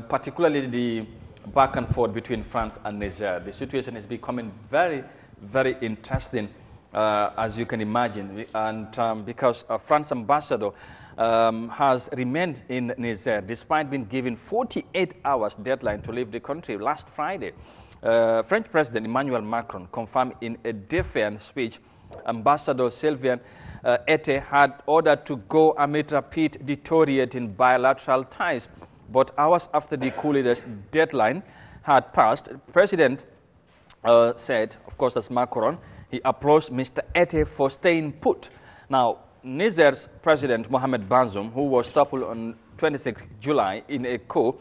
[SPEAKER 1] particularly the back and forth between France and Niger. The situation is becoming very, very interesting, uh, as you can imagine, and um, because uh, France ambassador um, has remained in Niger despite being given 48 hours deadline to leave the country last Friday. Uh, French President Emmanuel Macron confirmed in a defiant speech Ambassador Sylvain uh, Ete had ordered to go amid rapid deteriorating bilateral ties but hours after the coup leader's deadline had passed, President uh, said, of course, that's Macron, he approached Mr. Ete for staying put. Now, Niger's president, Mohamed Bazoum, who was toppled on 26 July in a coup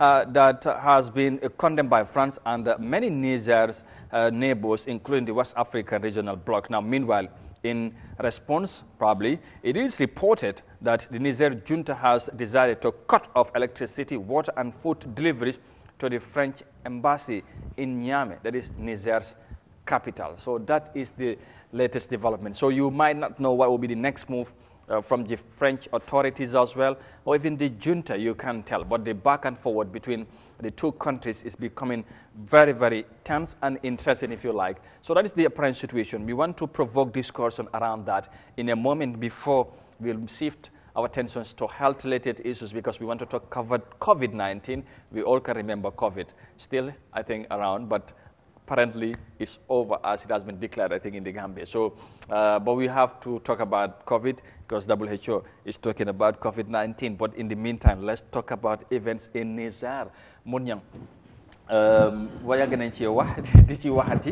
[SPEAKER 1] uh, that has been condemned by France and uh, many Niger's neighbors, including the West African regional bloc. Now, meanwhile, in response, probably, it is reported that the Niger junta has decided to cut off electricity, water, and food deliveries to the French embassy in Niamey, that is Niger's capital. So that is the latest development. So you might not know what will be the next move uh, from the French authorities as well, or even the junta, you can tell. But the back and forward between the two countries is becoming very, very tense and interesting, if you like. So that is the apparent situation. We want to provoke discussion around that in a moment before we'll shift our attentions to health-related issues because we want to talk about COVID-19. We all can remember COVID still, I think, around, but apparently is over as it has been declared, I think, in the Gambia. So, uh, but we have to talk about COVID because WHO is talking about COVID-19. But in the meantime, let's talk about events in Niger. Munyang, waya nga nañ ci wax di ci waxati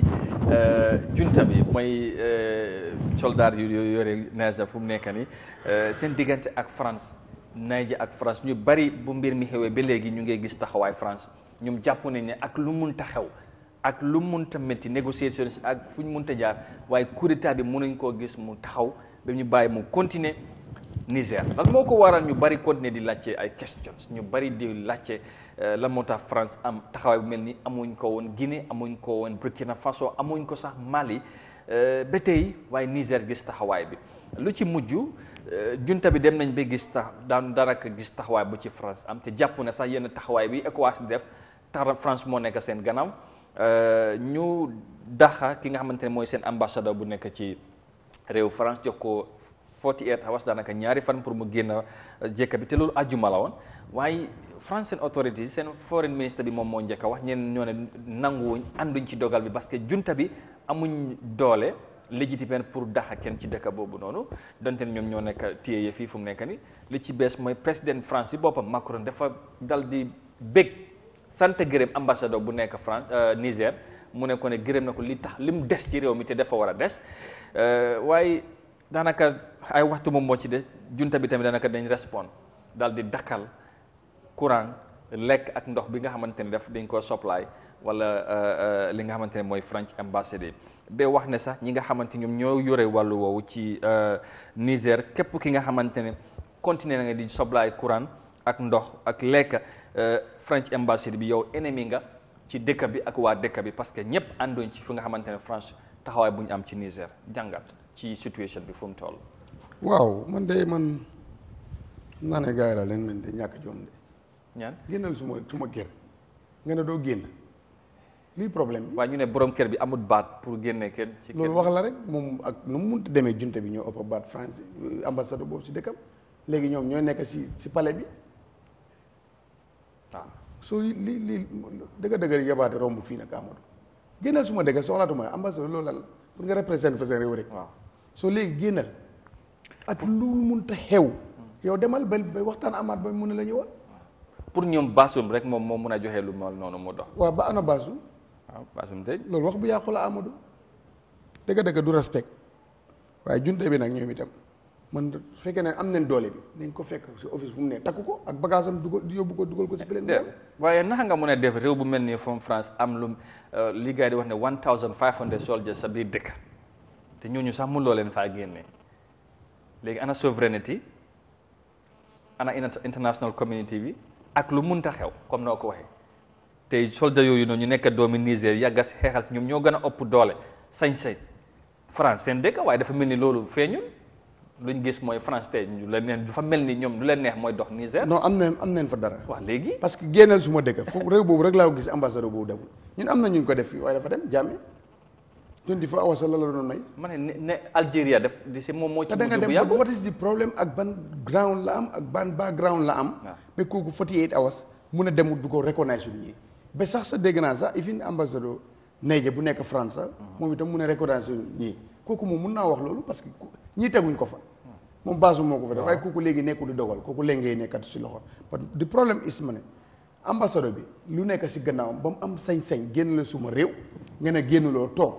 [SPEAKER 1] junta bi mooy uh, soldaar yu yore Niger fu mu nekk nii uh, seen diggante ak France Niger ak France ñu bari bu mbir mi xewee ba léegi ñu ngi gis taxawaay France ñoom jàpp nañ ne ak lu mun taxaw ak lu mu mënta métti négociation ak fu ñu mënta jaar waaye coup d'état bi mënuñ koo gis mu taxaw ba ñu bàyyi mu continuer Niger lan moo ko waral ñu bari continuer di laajte ay questions ñu bari di laajte euh, lan moo tax France am taxawaay bu mel ni amuñ ko woon Guinée amuñ ko woon Burkina Faso amuñ ko sax Mali euh, ba tey waaye Niger gis taxawaay bi lu ci mujj euh, junta bi dem nañ ba gis tax daan daraka gis taxawaay bu ci France am te jàpp na sax yenn taxawaay bi ECOWAS def tax France moo nekk seen gannaaw. Euh, ñu daxa ki nga xamante ne mooy seen ambassadeur bu nekk ci réew France jox ko 48 hours daanaka ñaari fan pour mu génn euh, jekka bi te loolu àjjuma la woon waaye France seen autorités seen foreign ministre bi moom moo njëkk wax ñeen ñoo ne nanguwuñ ànduñ ci dogal bi parce que junta bi amuñ doole légitime pour daxa kenn ci dëkk boobu noonu donte ne ñoom ñoo nekk téye fii fu mu nekk ni li ci bees mooy président France bi boppam Macron dafa dal di bég sant gërëm ambassadeur bu nekk France euh, Niger mu ne ko ne gërëm na ko li tax lim des ci réew mi te dafa war a des euh, waaye daanaka ay waxtu moom moo ci des junta bi tamit daanaka dañ respond daal di dakkal courant lekk ak ndox bi nga xamante ne daf dañ koo supply wala euh, li nga xamante ne mooy French ambassadeur ba wax ne sax ñi nga xamante ñoom ñoo yore wàllu woowu ci Niger képp ki nga xamante ne continuer na nga di supply courant ak ndox ak lekk Euh, French Embassy bi yow ennemi nga ci dëkk bi ak waa dëkk bi parce que ñëpp àndoon ci fi nga xamante ne France taxawaay bu ñu am ci Niger jàngat ci situation bi fu mu toll.
[SPEAKER 2] waaw man de man naa ne gars
[SPEAKER 1] yi leen mën de ñàkk jom de.
[SPEAKER 2] ñaan génnal suma suma kër nga ne doo génn lii problème
[SPEAKER 1] bi. waaw ñu ne borom kër bi amut baat pour génne kenn. ci kër loolu wax la
[SPEAKER 2] rek moom ak nu mu munti demee junte bi ñoo ëpp baat France ambassade boobu si dëkkam léegi ñoom ñooy nekk si si palais bi. Nah. so li li ya daga daga yabaade rombu fi na Amadou génnal suma dëgg soxlaatuma ambassadeur lo lal pour nga represent fa sen rew rek so li génnal at lu mun ta xew yow demal ba ba waxtaan
[SPEAKER 1] amaat ba mu ne la ñëwal pour ñom basum rek mom mo mun joxe lu mal nonu mo dox
[SPEAKER 2] wa ba ana basum
[SPEAKER 1] ah, basum de lol wax bu ya xula amadu
[SPEAKER 2] daga daga du respect waye junte bi nak ñoom itam man su fekkee ne am nañ doole bi nañ ko fekk si office fu mu ne takku ko ak bagage am dugal yóbbu ko dugal ko si plaine bi
[SPEAKER 1] waaye naka nga mën a def réew bu mel nii from France am lu euh, li gars yi di wax ne one thousand five hundred soldiers sa biir dëkk te ñooñu sax mënuloo leen faa génne léegi ana souveraineté ana international community bi ak lu munta xew comme noo ko waxee tey soldat yooyu noonu ñu nekk doomi Niger yàgga si xeexal si ñoom ñoo gën a ëpp doole sañ-sañ France seen dëkk waaye dafa mel ni loolu feeñul ñu gis mooy France tey ñu la neen dafa mel ni ñoom lu leen neex mooy dox Niger. non am nañ am nañ fa dara. waaw léegi.
[SPEAKER 2] parce que génneel su ma dëkk foofu réew boobu rek laa ko gis ambassadeur boobu demul ñun am na ñu ko def fii waaye dafa dem jàmme tuuti fa awasa la la doon may. ma ne ne
[SPEAKER 1] Algérie def di si moom moo. ci mujj bu yàgg what
[SPEAKER 2] is the problème ak ban ground la am ak ban background la am. waaw ah. ba kooku 48 hours mun a demul du ko recognize suñu ñii ba sax sa dégg naa sax ifin ambassadeur Niger bu nekk France. Mm-hmm. moom itam mun a recognize ñii kooku moom mun naa wax loolu parce que. ñi teguñ ko fa hmm. moom baasu moo ko fa def waaye kooku léegi nekkul di dogal kooku léngee nekkatu si loxo parce di problème is ma ne bi lu nekk si gannaawam ba mu am sañ-sañ génn la suma réew nga ne génnuloo toog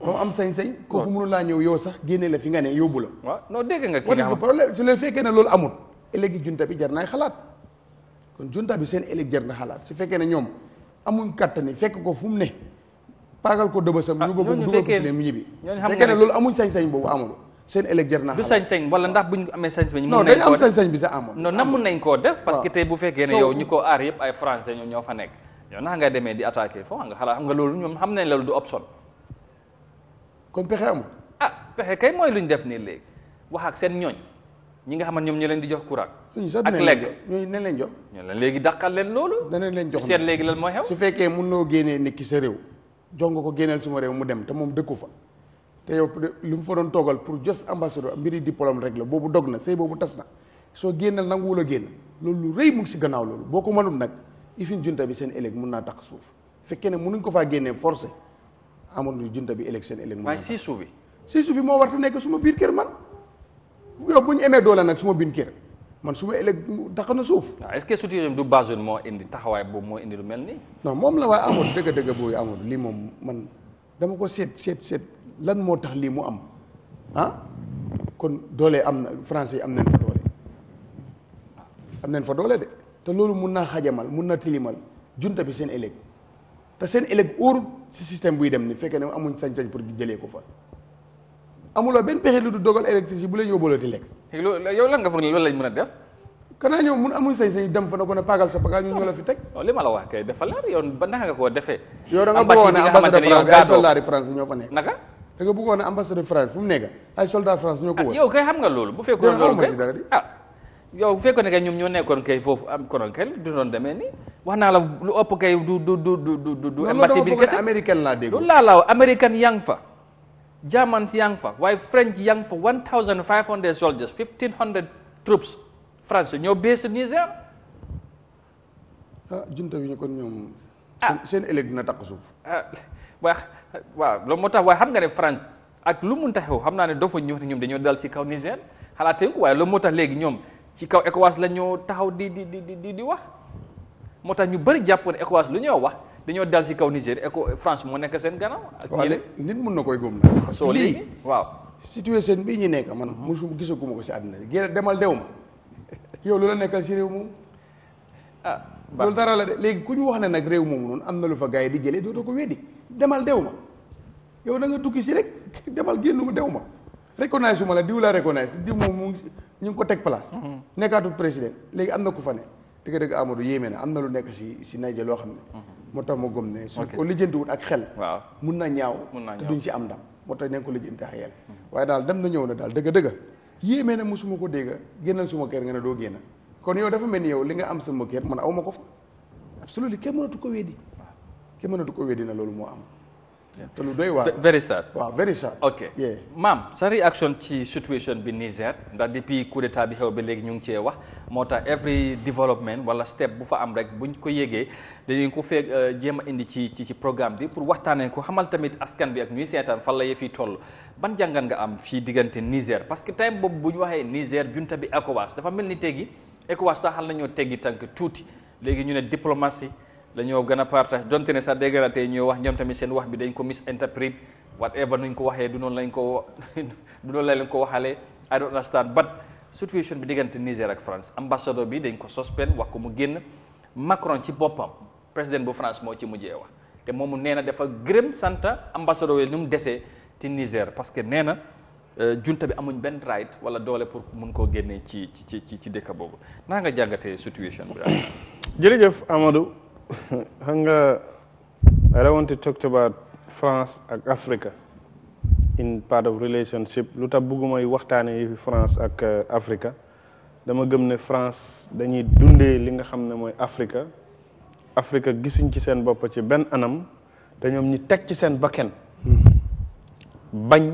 [SPEAKER 2] ba mu am sañ-sañ kooku mënu laa ñëw yow sax génne la fi nga ne yóbbu la waaw non dégg nga kii nga problème su fekkee ne loolu amut ëllëgi junta bi jar naay xalaat kon junta bi seen ëllëg jar na xalaat su fekkee ne ñoom amuñ kattani fekk ko fu mu ne paagal ko dëbësam ah, ñu bëgg dugal ko leen loolu amuñ sañ-sañ boobu amul seen ëllëg jar naa.
[SPEAKER 1] sañ-sañ wala ndax buñ amee sañ-sañ. mun nañ am sañ-sañ bi sa amoon. non tey bu fekkee ne yow ñu ko aar yëpp ay français ñoo fa nekk. yow naa nga demee di attaqué foofu nga xalaat xam nga loolu ñoom xam nañ loolu du option. kon pexe amul. ah pexe kay mooy lu ñu def nii léegi wax ak seen ñooñ ñi nga xam ne ñoom ñu leen di jox courant. ak lekk ñooñu ne leen jox. ñu leen léegi dàqal leen loolu. danañ leen jox seen léegi lan mooy xew. su fekkee mun mënoo
[SPEAKER 2] génnee nekki ki sa réew jox nga ko génneel suma réew mu dem te moom dëkku fa te yow lu mu fa doon toogal pour just ambassadeur mbiri diplôme rek la boobu dog na sëy boobu tas na soo génnal nanguwul a génn loolu lu rëy mu ngi si gannaaw loolu boo ko mënul nag ifin junta bi seen elek mun naa tax suuf fekkee ne mënuñ ko faa génnee forcé amoon junta bi ëllëg seen ëllëg waaye sisu bi sisu bi moo war nekk suma biir kër man yow bu ñu amee doole nag suma biir kër man suma elek
[SPEAKER 1] tax na suuf est ce que soutien du bazon moo indi taxawaay boobu moo indi lu mel nii
[SPEAKER 2] non moom la waaye amoon dëgg dëgg boobu amoon lii moom man dama ko seet seet seet lan mo tax li mu am ah kon dole am na français am nañ fa dole am nañ fa dole de te lolu mu na xajamal mu na tilimal junta bi sen elek, te sen éleg óorut ci système buy dem ni fekkee ne amuñ sañ-sañ pour jëlé ko fa amulo ben pexé lu dogal dogal ci bu leen yóbbaloo lek
[SPEAKER 1] yow lan nga fa ne loolu lañ mëna def. kana ñu mu amuñ sañ-sañ dem fa na ko ne paagal sa pagal ñu ñola fi tek oh, li mala wax kay defal la yow ba nga ko defé yow da nga bo na ambassade de France ñofa nek naka.
[SPEAKER 2] da nga bëggoon a ambassadeur France fu mu nekk ay soldat France ñoo ko ah, wër.
[SPEAKER 1] yow kay xam nga loolu bu fekkoon loolu kay ah, yow bu fekkoon ne ñoom ñoo nekkoon kay foofu am konoon kay demee nii wax naa la lu ëpp kay du du du du du du. du embassy bi kese américain laa dégg. loolu laa la wax américain yaa ngi fa. German yaa ngi fa waaye French yaa ngi fa 1500 soldiers 1500 troops France ñoo bees Niger.
[SPEAKER 2] ah junta kon ñoom. ah seen ëllëg
[SPEAKER 1] dina takk suuf. Ah, waaw loolu moo tax waaye xam nga ne France ak lu mun taxew xam naa ne doo fa ñu wax ne ñoom dañoo dal si kaw Niger xalaatee waaye loolu moo léegi ñoom ci kaw ECOWAS la ñoo taxaw di di di di wax moo tax ñu bëri jàpp ne ECOWAS lu ñoo wax dañoo dal si kaw Niger ECO France moo nekk seen gannaaw. ak
[SPEAKER 2] yéen mun na koy góob nag. soo léegi waaw. situation bii ñu nekk man mosu gisaguma ko si àddina bi gën demal dew yow lu la nekkal réew moom. ah dara la de ku ñu wax ne nag réew moomu noonu am na lu fa gars yi di jëlee dootoo ko weddi demal dew ma. yow da nga tukki si rek demal génnu dew ma reconnaissance su ma la diw laa reconnaissance diw moom mu ñu ngi ko teg place. Mhm. nekkaatu président léegi am na ku fa ne. dëgg-dëgg Amadou yéeme na am na lu nekk si si Niger loo xam ne. Mhm. moo tax ma gëm ne. su ko lijjantiwut ak xel. waaw mun na ñaaw. te duñ si am ndam moo tax nañ ko lijjanti xel. yel. Mhm. waaye daal dem na ñëw na daal dëgg-dëgg yéeme na musuma ko dégg génnal suma kër nga ne doo génn kon yow dafa mel ni yow li nga am sama kër man aw ma ko fa. absolument kenn mënatu ko weddi. kenn mënatu ko weddi na loolu moo am te lu
[SPEAKER 1] very sad waaw very sad ok maam sa action ci situation bi Niger ndax depuis coup d'état bi xew ba léegi ñu ngi wax moo every development wala step bu fa am rek buñ ko yégee dañu ko fee euh, jéem indi ci ci ci programme bi pour waxtaanee ko xamal tamit askan bi ak ñuy seetaan fan la yee fii toll ban jàngat nga am fii diggante Niger parce que time boobu bu ñu Niger junta bi ECOWAS dafa mel ni tegi ECOWAS saxal nañoo teggi tànk tuuti léegi ñu ne diplomatie dañoo gën a partage donte ne sax dégradé yi ñoo wax ñoom tamit seen wax bi dañ ko misinterpret whatever nuñ ko waxee du noonu lañ ko *laughs* du noonu lañ ko waxalee I don't understand but situation bi diggante Niger ak France ambassadeur bi dañ ko suspend wax ko mu génn Macron ci boppam président bu France moo ci mujjee wax te moomu nee na dafa gërëm santa ambassadeur yi ni mu desee ci Niger parce que nee na euh, junta bi amuñ benn right wala doole pour mun koo génnee ci ci ci ci dëkk boobu naa nga jàngatee situation
[SPEAKER 3] bi *coughs* hanga nga don't want to talk about France ak Africa in part of relationship lu tax bëgguma waxtaane yi France ak uh, Africa dama gëm ne France dañuy dundee li nga xam ne mooy Africa Africa gisuñ ci seen bopp ci benn anam te ñoom ñi teg ci seen bakken bañ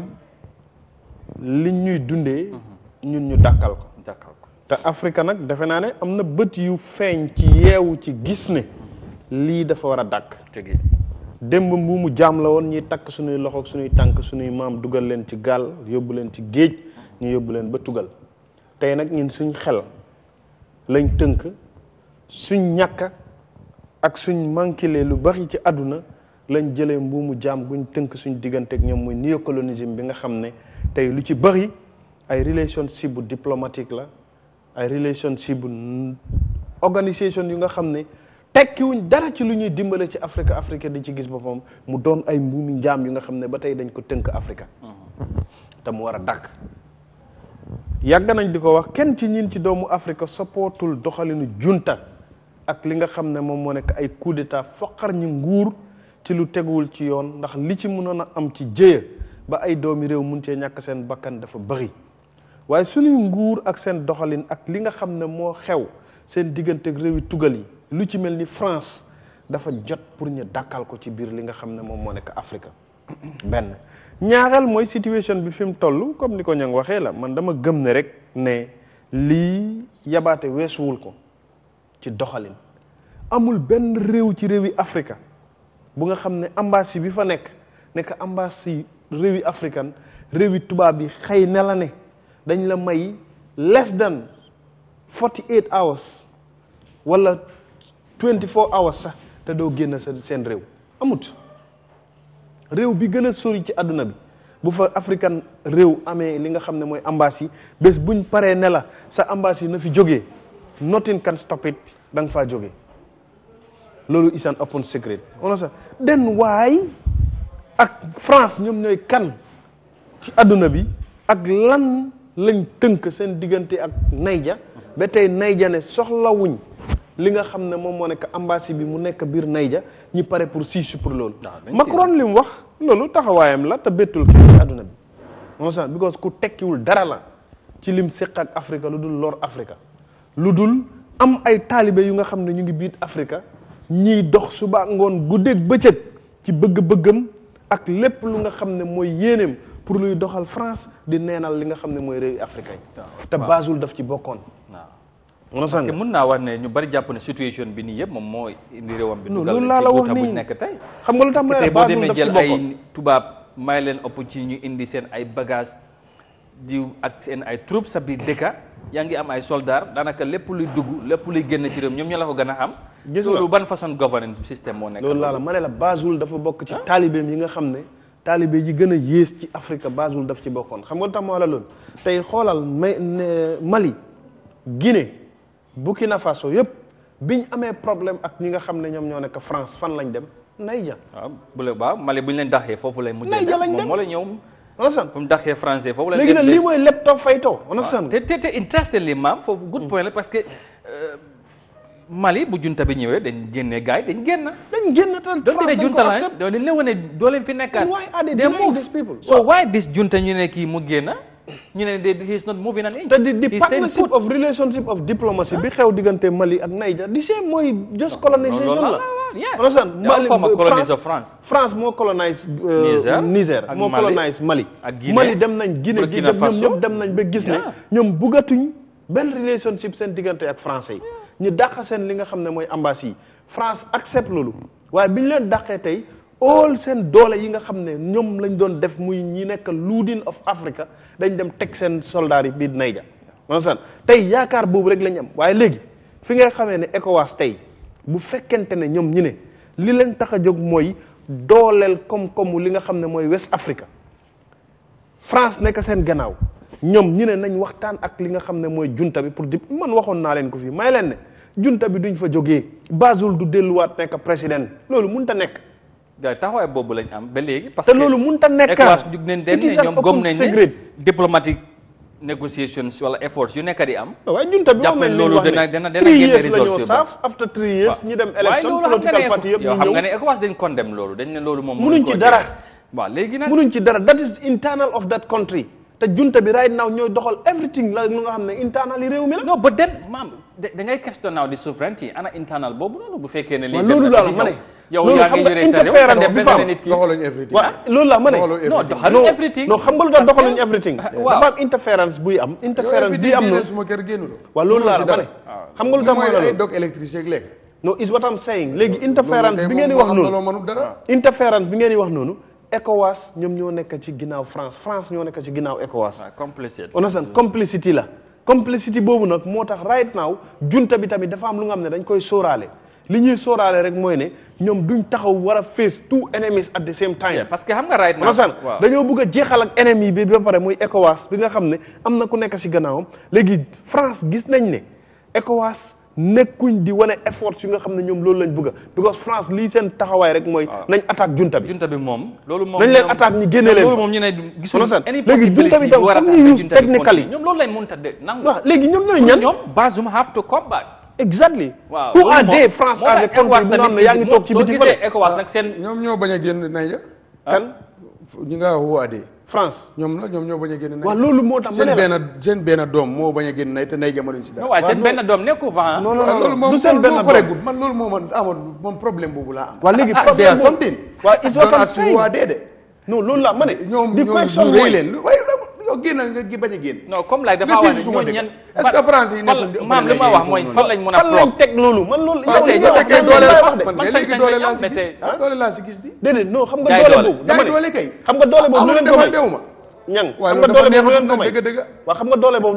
[SPEAKER 3] li ñuy dundee ñun ñu dàkkal ko dàkkal ko te Africa nag defe naa ne am na bët yu feeñ ci yeewu ci gis ne lii dafa war a dàkk démb mbuumu jaam la woon ñi takk suñuy loxo suñuy tànk suñuy maam dugal leen ci gaal yóbbu leen ci géej ñu yóbbu leen ba tugal tey nag ñun suñ xel lañ tënk suñ ñàkk ak suñ manquile lu bari ci àdduna lañ jëlee mbuumu jaam guñ tënk suñ diggante ak ñoom muy néocolonisme bi nga xam ne tey lu ci bari ay relationship bu diplomatique la ay relationship bu organisation yu nga xam ne tekkiwuñ dara ci lu ñuy dimbale ci Afrique Afrique di ci gis boppam mu doon ay mbuumi njaam yu nga xam ne ba tey dañ ko tënk Afrique te mu war a dàkk yàgg nañ di ko wax kenn ci ñin ci doomu Afrique soppootul doxalinu junta ak li nga xam ne moom moo nekk ay coup d'état foqar nguur ci lu teguwul ci yoon ndax li ci mënoon a am ci jéya ba ay doomi réew mun cee ñàkk seen bakkan dafa bëri waaye suñuy nguur ak seen doxalin ak li nga xam ne moo xew seen diggante ak yi tugal yi lu ci mel ni france dafa jot pour ñu dakkal ko ci biir li nga xam ne moom moo nekk afrique benn ñaaral mooy situation bi fi mu toll comme ni ko ñang waxee la man dama gëm ne rek ne lii yabaate weesuwul ko ci doxalin amul Ben réew ci yi africa bu nga xam ne ambassy bi fa nekk nekk ambassy réewi africain réewi tubaab yi xëy ne la ne dañ la may less than 48 hours wala 24 hours sax te doo génn seen réew amut réew bi gën a sori ci àdduna bi bu fa african réew amee li nga xam ne mooy ambassade yi bés buñ paree ne la sa ambassade yi na fi jóge nothing can stop it da nga faa jóge loolu is an open secret on sa den waay ak France ñoom ñooy kan ci àdduna bi ak lan lañ tënk seen diggante ak Naija ba tey Naija ne soxlawuñ li nga xam ne moom moo nekk ambassade bi mu nekk biir Naija ñi pare pour siisu pour loolu. Ah, Macron li mu wax loolu taxawaayam la te bettul kii àdduna bi. on sent because ku tekkiwul dara la ci lim séq ak Afrique lu dul lor Afrique lu dul am ay taalibe yu nga xam ne ñu ngi biir Afrique ñiy dox suba ngoon guddeeg bëccëg ci bëgg-bëggam ak lépp lu nga xam ne mooy yéeneem. pour luy doxal France di neenal li nga xam ne mooy réew africain ah, te Basel daf ci bokkoon
[SPEAKER 4] waaw
[SPEAKER 1] ah. parce que mën naa wax ne ñu bari jàpp ne situation bi nii yëpp moom moo indi réewam bi loolu laa la wax nii nekk tey xam nga lu tax tey boo demee jël may leen ëpp ci ñu indi seen ay bagage di ak seen ay troupes sa biir dëkka yaa ngi am ay soldats daanaka lépp luy dugg lépp luy génn ci réew ñoom ñoo la ko gën a xam gis loolu ban façon governance système moo nekk loolu laa ma ne
[SPEAKER 3] la ah. xam ne talibé yi gëna yees ci afrika Basel daf ci bokkoon xam nga tax moo la loon tay xolal Mali Guinée Burkina Faso yépp biñ amé problème ak ñi nga xam ne ñoo nek France fan lañ dem Naija.
[SPEAKER 1] Ah, waaw bu le ba Mali bu leen daxé fofu lay. mujjee moom moom moo la ñëw. understand fum daxé français fofu lay léegi nag lii mooy lépp too fay too. understand te interestingly maam foofu good point la parce que. Euh, Mali bu junta bi ñëwee dañ génnee gars dañ génn. dañ génn tan doon ne junta la doo leen wane doo leen fi nekkaat. they move so why this ñu ne kii mu génn. ñu ne de he is not moving an inch. te di di partnership of
[SPEAKER 3] relationship of diplomacy bi xew diggante Mali ak Niger di seen mooy just colonisation la. Mali France France. France moo colonise. Euh, Niger moo colonise Mali. ak Guinée Mali dem nañ Guinée gi ñoom ñëpp dem nañ ba gis ne. ñoom buggatuñ benn relationship seen diggante ak france yi. ñu dàq seen li nga xam ne mooy ambassade France accepte loolu waaye bi ñu leen dàqee tey all seen doole yi nga xam ne ñoom lañ doon def muy ñi nekk Loudin of Africa dañ dem teg seen soldats yi biir Niger. maanaam tey yaakaar boobu rek lañ am waaye léegi fi nga xamee ne ECOWAS tey bu fekkente ne ñoom ñu ne li leen tax a jóg mooy dooleel koom-koomu li nga xam ne mooy West Africa France nekk seen gannaaw ñoom ñu ne nañ waxtaan ak li nga xam ne mooy junta bi pour di man waxoon leen ko fii may leen ne. junta bi duñ fa jógee Bazoul du delluwaat nekk président loolu mënut a nekk.
[SPEAKER 1] gars taxawaay boobu lañ am ba léegi. parce que te loolu mun a nekk jug nañ dem ne ñoom gom ne diplomatique negotiations wala efforts yu nekk di am. Ah
[SPEAKER 3] waaye moom la ñuy wax ne jàpp saaf after three years ñu dem élection loolu
[SPEAKER 1] dañ ne loolu dara waaw léegi dara that is internal of that country
[SPEAKER 3] te junta bi right now ñooy doxal everything la lu xam ne internal yi réew mi la. non ba
[SPEAKER 1] den question now di sovereignty ana internal boobu noonu bu fekkee ne. lii loolu daal ma ne. yow yaa ngi yore sa réew ma ne.
[SPEAKER 3] non doxaluñ everything. non am interférence buy am. interférence buy am noonu
[SPEAKER 2] suma kër génn waaw loolu laa la ma ne. Ah. xam nga lu tax mooy ay dog
[SPEAKER 3] électricité léegi. non is what ah. bi ngeen di wax noonu noonu ECOWAS ñoom ñoo nekk ci ginnaaw France France ñoo nekk ci ginnaaw ECOWAS. waaw complicité on la. complicité boobu nag moo tax right now junta bi tamit dafa am lu nga xam ne dañ koy sóoraale li ñuy sóoraale rek mooy ne ñoom duñ taxaw wara a face two enemies at the same time. parce que xam nga right now dañoo bëgg a jeexal ak ennemi bi ba pare muy ECOWAS bi nga xam ne am na ku nekk si gannaawam léegi France gis nañ ne ECOWAS. nekkuñ di wane effort yi nga xam ne ñoom loolu lañ bëgg because France lii seen taxawaay rek mooy. Ah. nañ attaque junta bi. moom
[SPEAKER 1] loolu moom nañ leen attaque ñu génne leen léegi ñoom a de nangu. waaw léegi ñoom ñooy ñan ñoom Bazoum have to come exactly. waaw pour a dee France a des yaa ngi toog ci biti. soo gisee ECOWAS nag seen
[SPEAKER 2] ñoom ñoo bañ a génn nañ la. kan ñi nga wax France ñoom la ñoom ñoo bañ a génn nay tax seen benn seen benn doom moo bañ a génn nay te nay jamonoñ si dara seen benn doom nekku fa
[SPEAKER 3] ah. non non loolu moom pareegul
[SPEAKER 2] man loolu moom man amoon laa am
[SPEAKER 3] waaw léegi ah, problème boobu waaw ils ont comme ça loolu la ma ne ñoom ñoom ñu rëy
[SPEAKER 2] yow génnal nga gi bañ a génn. non comme laaj dafa wax ne ñooñu ñan est-ce que français yi nekk maam li ma mooy fan lañ mën a fan lañ
[SPEAKER 3] teg loolu man loolu nga laa si gis ah? doole laa si gis xam nga doole boobu jaay ah, doole kay xam nga doole boobu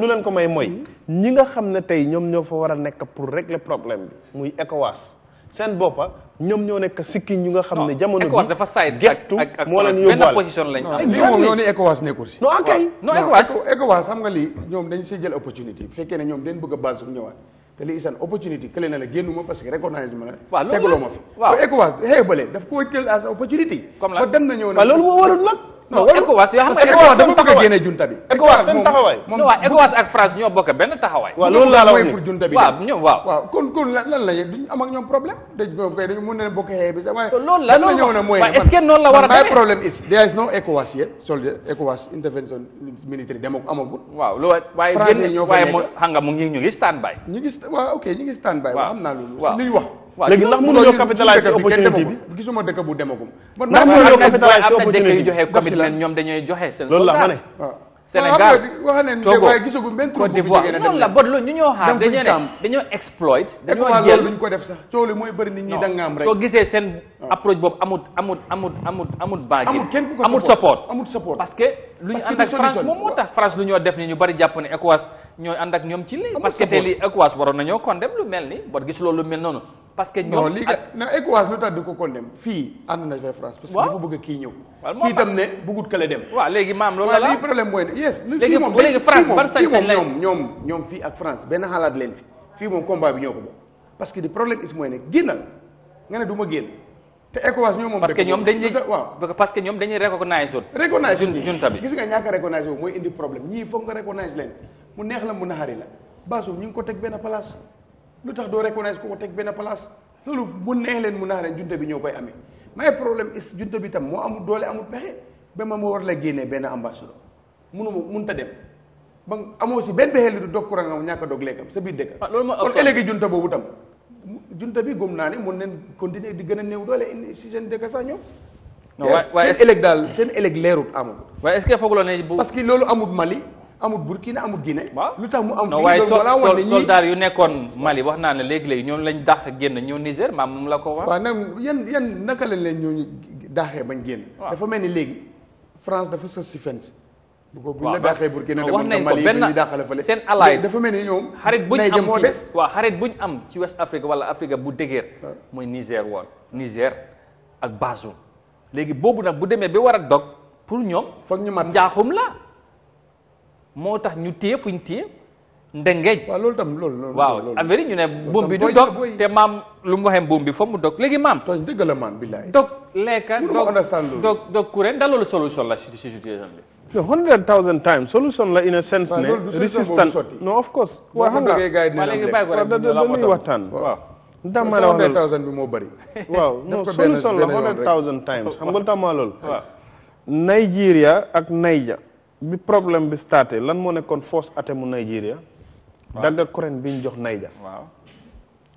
[SPEAKER 3] lu leen ko may mooy hmm? ñi nga xam ne tey ñoom ñoo fa war a nekk pour régler problème bi muy ECOWAS seen boppa ah, ñoom ñoo nekk sikki ñu nga xam ne jamono bi
[SPEAKER 1] dafa sayt gestu moo leen yóbbaale benn position lañ moom yoonu
[SPEAKER 2] ECOWAS nekkul si non ah, kay non xam nga lii ñoom dañ see jël opportunité bu fekkee ne ñoom dañ bëgg a base ñëwaat te lii isan opportunité kële na la génnuma parce que recognize ma la tegaloo ma fi ECOWAS xeebalee daf koo tël
[SPEAKER 1] as opportunité ba dem na ñëw na loolu moo warul nag
[SPEAKER 2] non ECOWAS yoo xam nga dafa bëgg a génne junta bi.
[SPEAKER 1] ECOWAS seen taxawaay moom waaw ECOWAS ak France ñoo bokk benn taxawaay. waaw loolu laa la wax pour junta bi waaw ñoom
[SPEAKER 2] waaw. waaw kon kon lan la ñu duñ am ak ñoom problème dañ ko koy dañu mën na bokk xee bi sax waaye. loolu la loolu la mooy est-ce que noonu la war a demee problème is there is no ECOWAS yet soldier ECOWAS intervention militaire dem ak amagul. waaw loolu waaye. français ñoo fa nekk waaye mu xam nga mu ngi ñu ngi stand by. ñu ngi waaw ok ñu ngi stand by. waaw xam naa loolu li ñu wax léegi ndax mënuñoo capitaliser opportunité gisuma dëkk bu demagum
[SPEAKER 1] man ndax mënuñoo capitaliser opportunité bi commitment ñoom dañuy joxe seen loolu la ma ne Sénégal Togo Côte d'Ivoire noonu la bon loolu ñu ñoo xaar dañoo ne dañoo exploit dañoo jël luñ ko def sax coow li mooy nit ñi dangaam rek soo gisee seen ah. approche boobu amut amut amut amut amut amut support amut support parce que lu ñu ak France moom moo France lu ñoo def ni ñu bëri jàpp ne ECOWAS ñooy ànd ak ñoom ci lii parce que ECOWAS kon dem lu mel ni gis loolu lu mel noonu parce que nous non en
[SPEAKER 2] France. ko na fe France. parce que dafa bëgg ki ñëw. Ki ne bëggut dem. wa légui mam loolu la problème mooy ne France sañ la ak France ben xalaat leen fi combat bi parce que di problème is ne gënal nga ne te parce que ñom dañuy
[SPEAKER 1] parce que a dañuy recognize woon. recognize junta gis nga a indi
[SPEAKER 2] problème leen mu neex la mu ko place lu tax doo reconnaître ko tek ben place loolu mu neex len mu naare junta bi ñoo koy amee problème is junta bi tam mo amu doole amu pexé be ma mo war la guéné ben ambassadeur munuma munta dem ba amo si ben pexe li du dog rangam ñaka dog lekkam sa biir dëkk ah, kon ëllëgi junta bobu tam junta bi gum naani ne mun leen continuer di gën a néew doole si seen dëkk wa ñoom
[SPEAKER 1] seen éleg dal sen éleg lérut amu wa est-ce que fogu lo ne parce que lolu amul
[SPEAKER 2] Mali amul Burkina amul Guinée. lu tax mu am fii waaye soldaar
[SPEAKER 1] yu nekkoon Mali wax naa ne léegi léegi ñoom lañ dàq génn ñoo Niger maam moom la ko wax. waaw
[SPEAKER 2] nag yan yan naka lañ leen ñooñu daaxee bañ génn. dafa mel ni léegi France dafa sës si fenn si. bu ko bu ñu la daaxee Burkina demoon na Mali yi ñu daaxale fële. seen alaay dafa mel ni ñoom. xarit buñ am moo des
[SPEAKER 1] waaw xarit buñ am ci West Afrique wala Afrique bu dëgër. mooy Niger woon Niger ak Bazoum léegi boobu nag bu demee bi war a dog pour ñoom. foog ñu mat njaaxum la moo tax ñu téye fuñ téye ndengeej. waaw loolu tam loolu loolu waaw affaire yi ñu ne buum bi du dog te maam lu mu waxee buum bi foog mu dog léegi maam. tooñ dëgg la maam billaay. dog lekka dog dog dog kuréel ndax loolu solution la si situation bi. no hundred thousand times
[SPEAKER 3] solution la in a sense ne resistance no of course
[SPEAKER 1] waa xam nga dañuy
[SPEAKER 3] waxtaan waaw dama la hundred thousand bi moo bëri
[SPEAKER 4] *laughs* waaw no solution la hundred thousand
[SPEAKER 3] times xam nga dama *laughs* lool waaw Nigeria ak Niger bi problème bi starté lan moo nekkoon force atemu Nigeria. waaw dagg Crane bi ñu jox Niger. waaw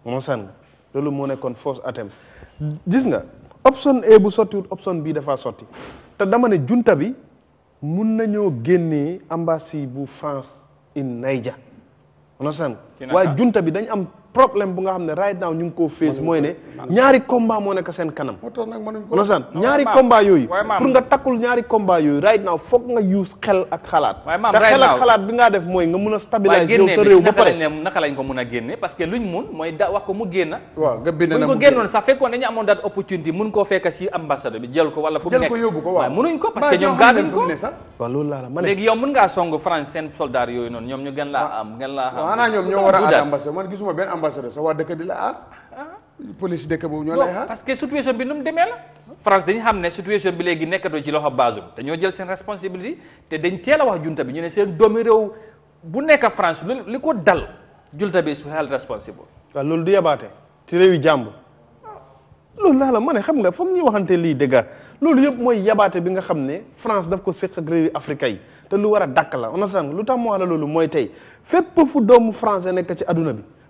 [SPEAKER 3] moo sànn loolu moo nekkoon force atem gis nga option A bu sottiwut option bii dafaa sotti te dama ne junta bi mun nañoo génnee ambassade bu France in Niger. moo sànn waaye junta bi dañ am. problème bu nga xam ne right now ñu ngi face mooy ne ñaari combat moo nekk seen kanam loolu laa la
[SPEAKER 2] ma léegi
[SPEAKER 1] yow mun ngaa song France seen soldat yooyu noonu ñoom ñu gën laa ah. am gën laa am xanaa ñoom ñoo war a
[SPEAKER 2] ambassade man gisuma benn ambassade ambassadeur
[SPEAKER 1] sa waa dëkk di la aar police dëkk boobu ñoo lay aar parce que situation bi nu mu demee la France dañu xam ne situation bi léegi nekkatoo ci loxo basum dañoo jël seen responsabilité te dañ teel a wax junta bi ñu ne seen doomi réew bu nekk France li ko dal junta bi su held responsible waaw loolu du yabaate ci réewi jàmbur
[SPEAKER 3] loolu laa la ma xam nga foog ñuy waxante lii dëgga loolu yëpp mooy yabaate bi nga xam ne France daf ko séq ak réewi Afrika yi te lu war a dàkk la bi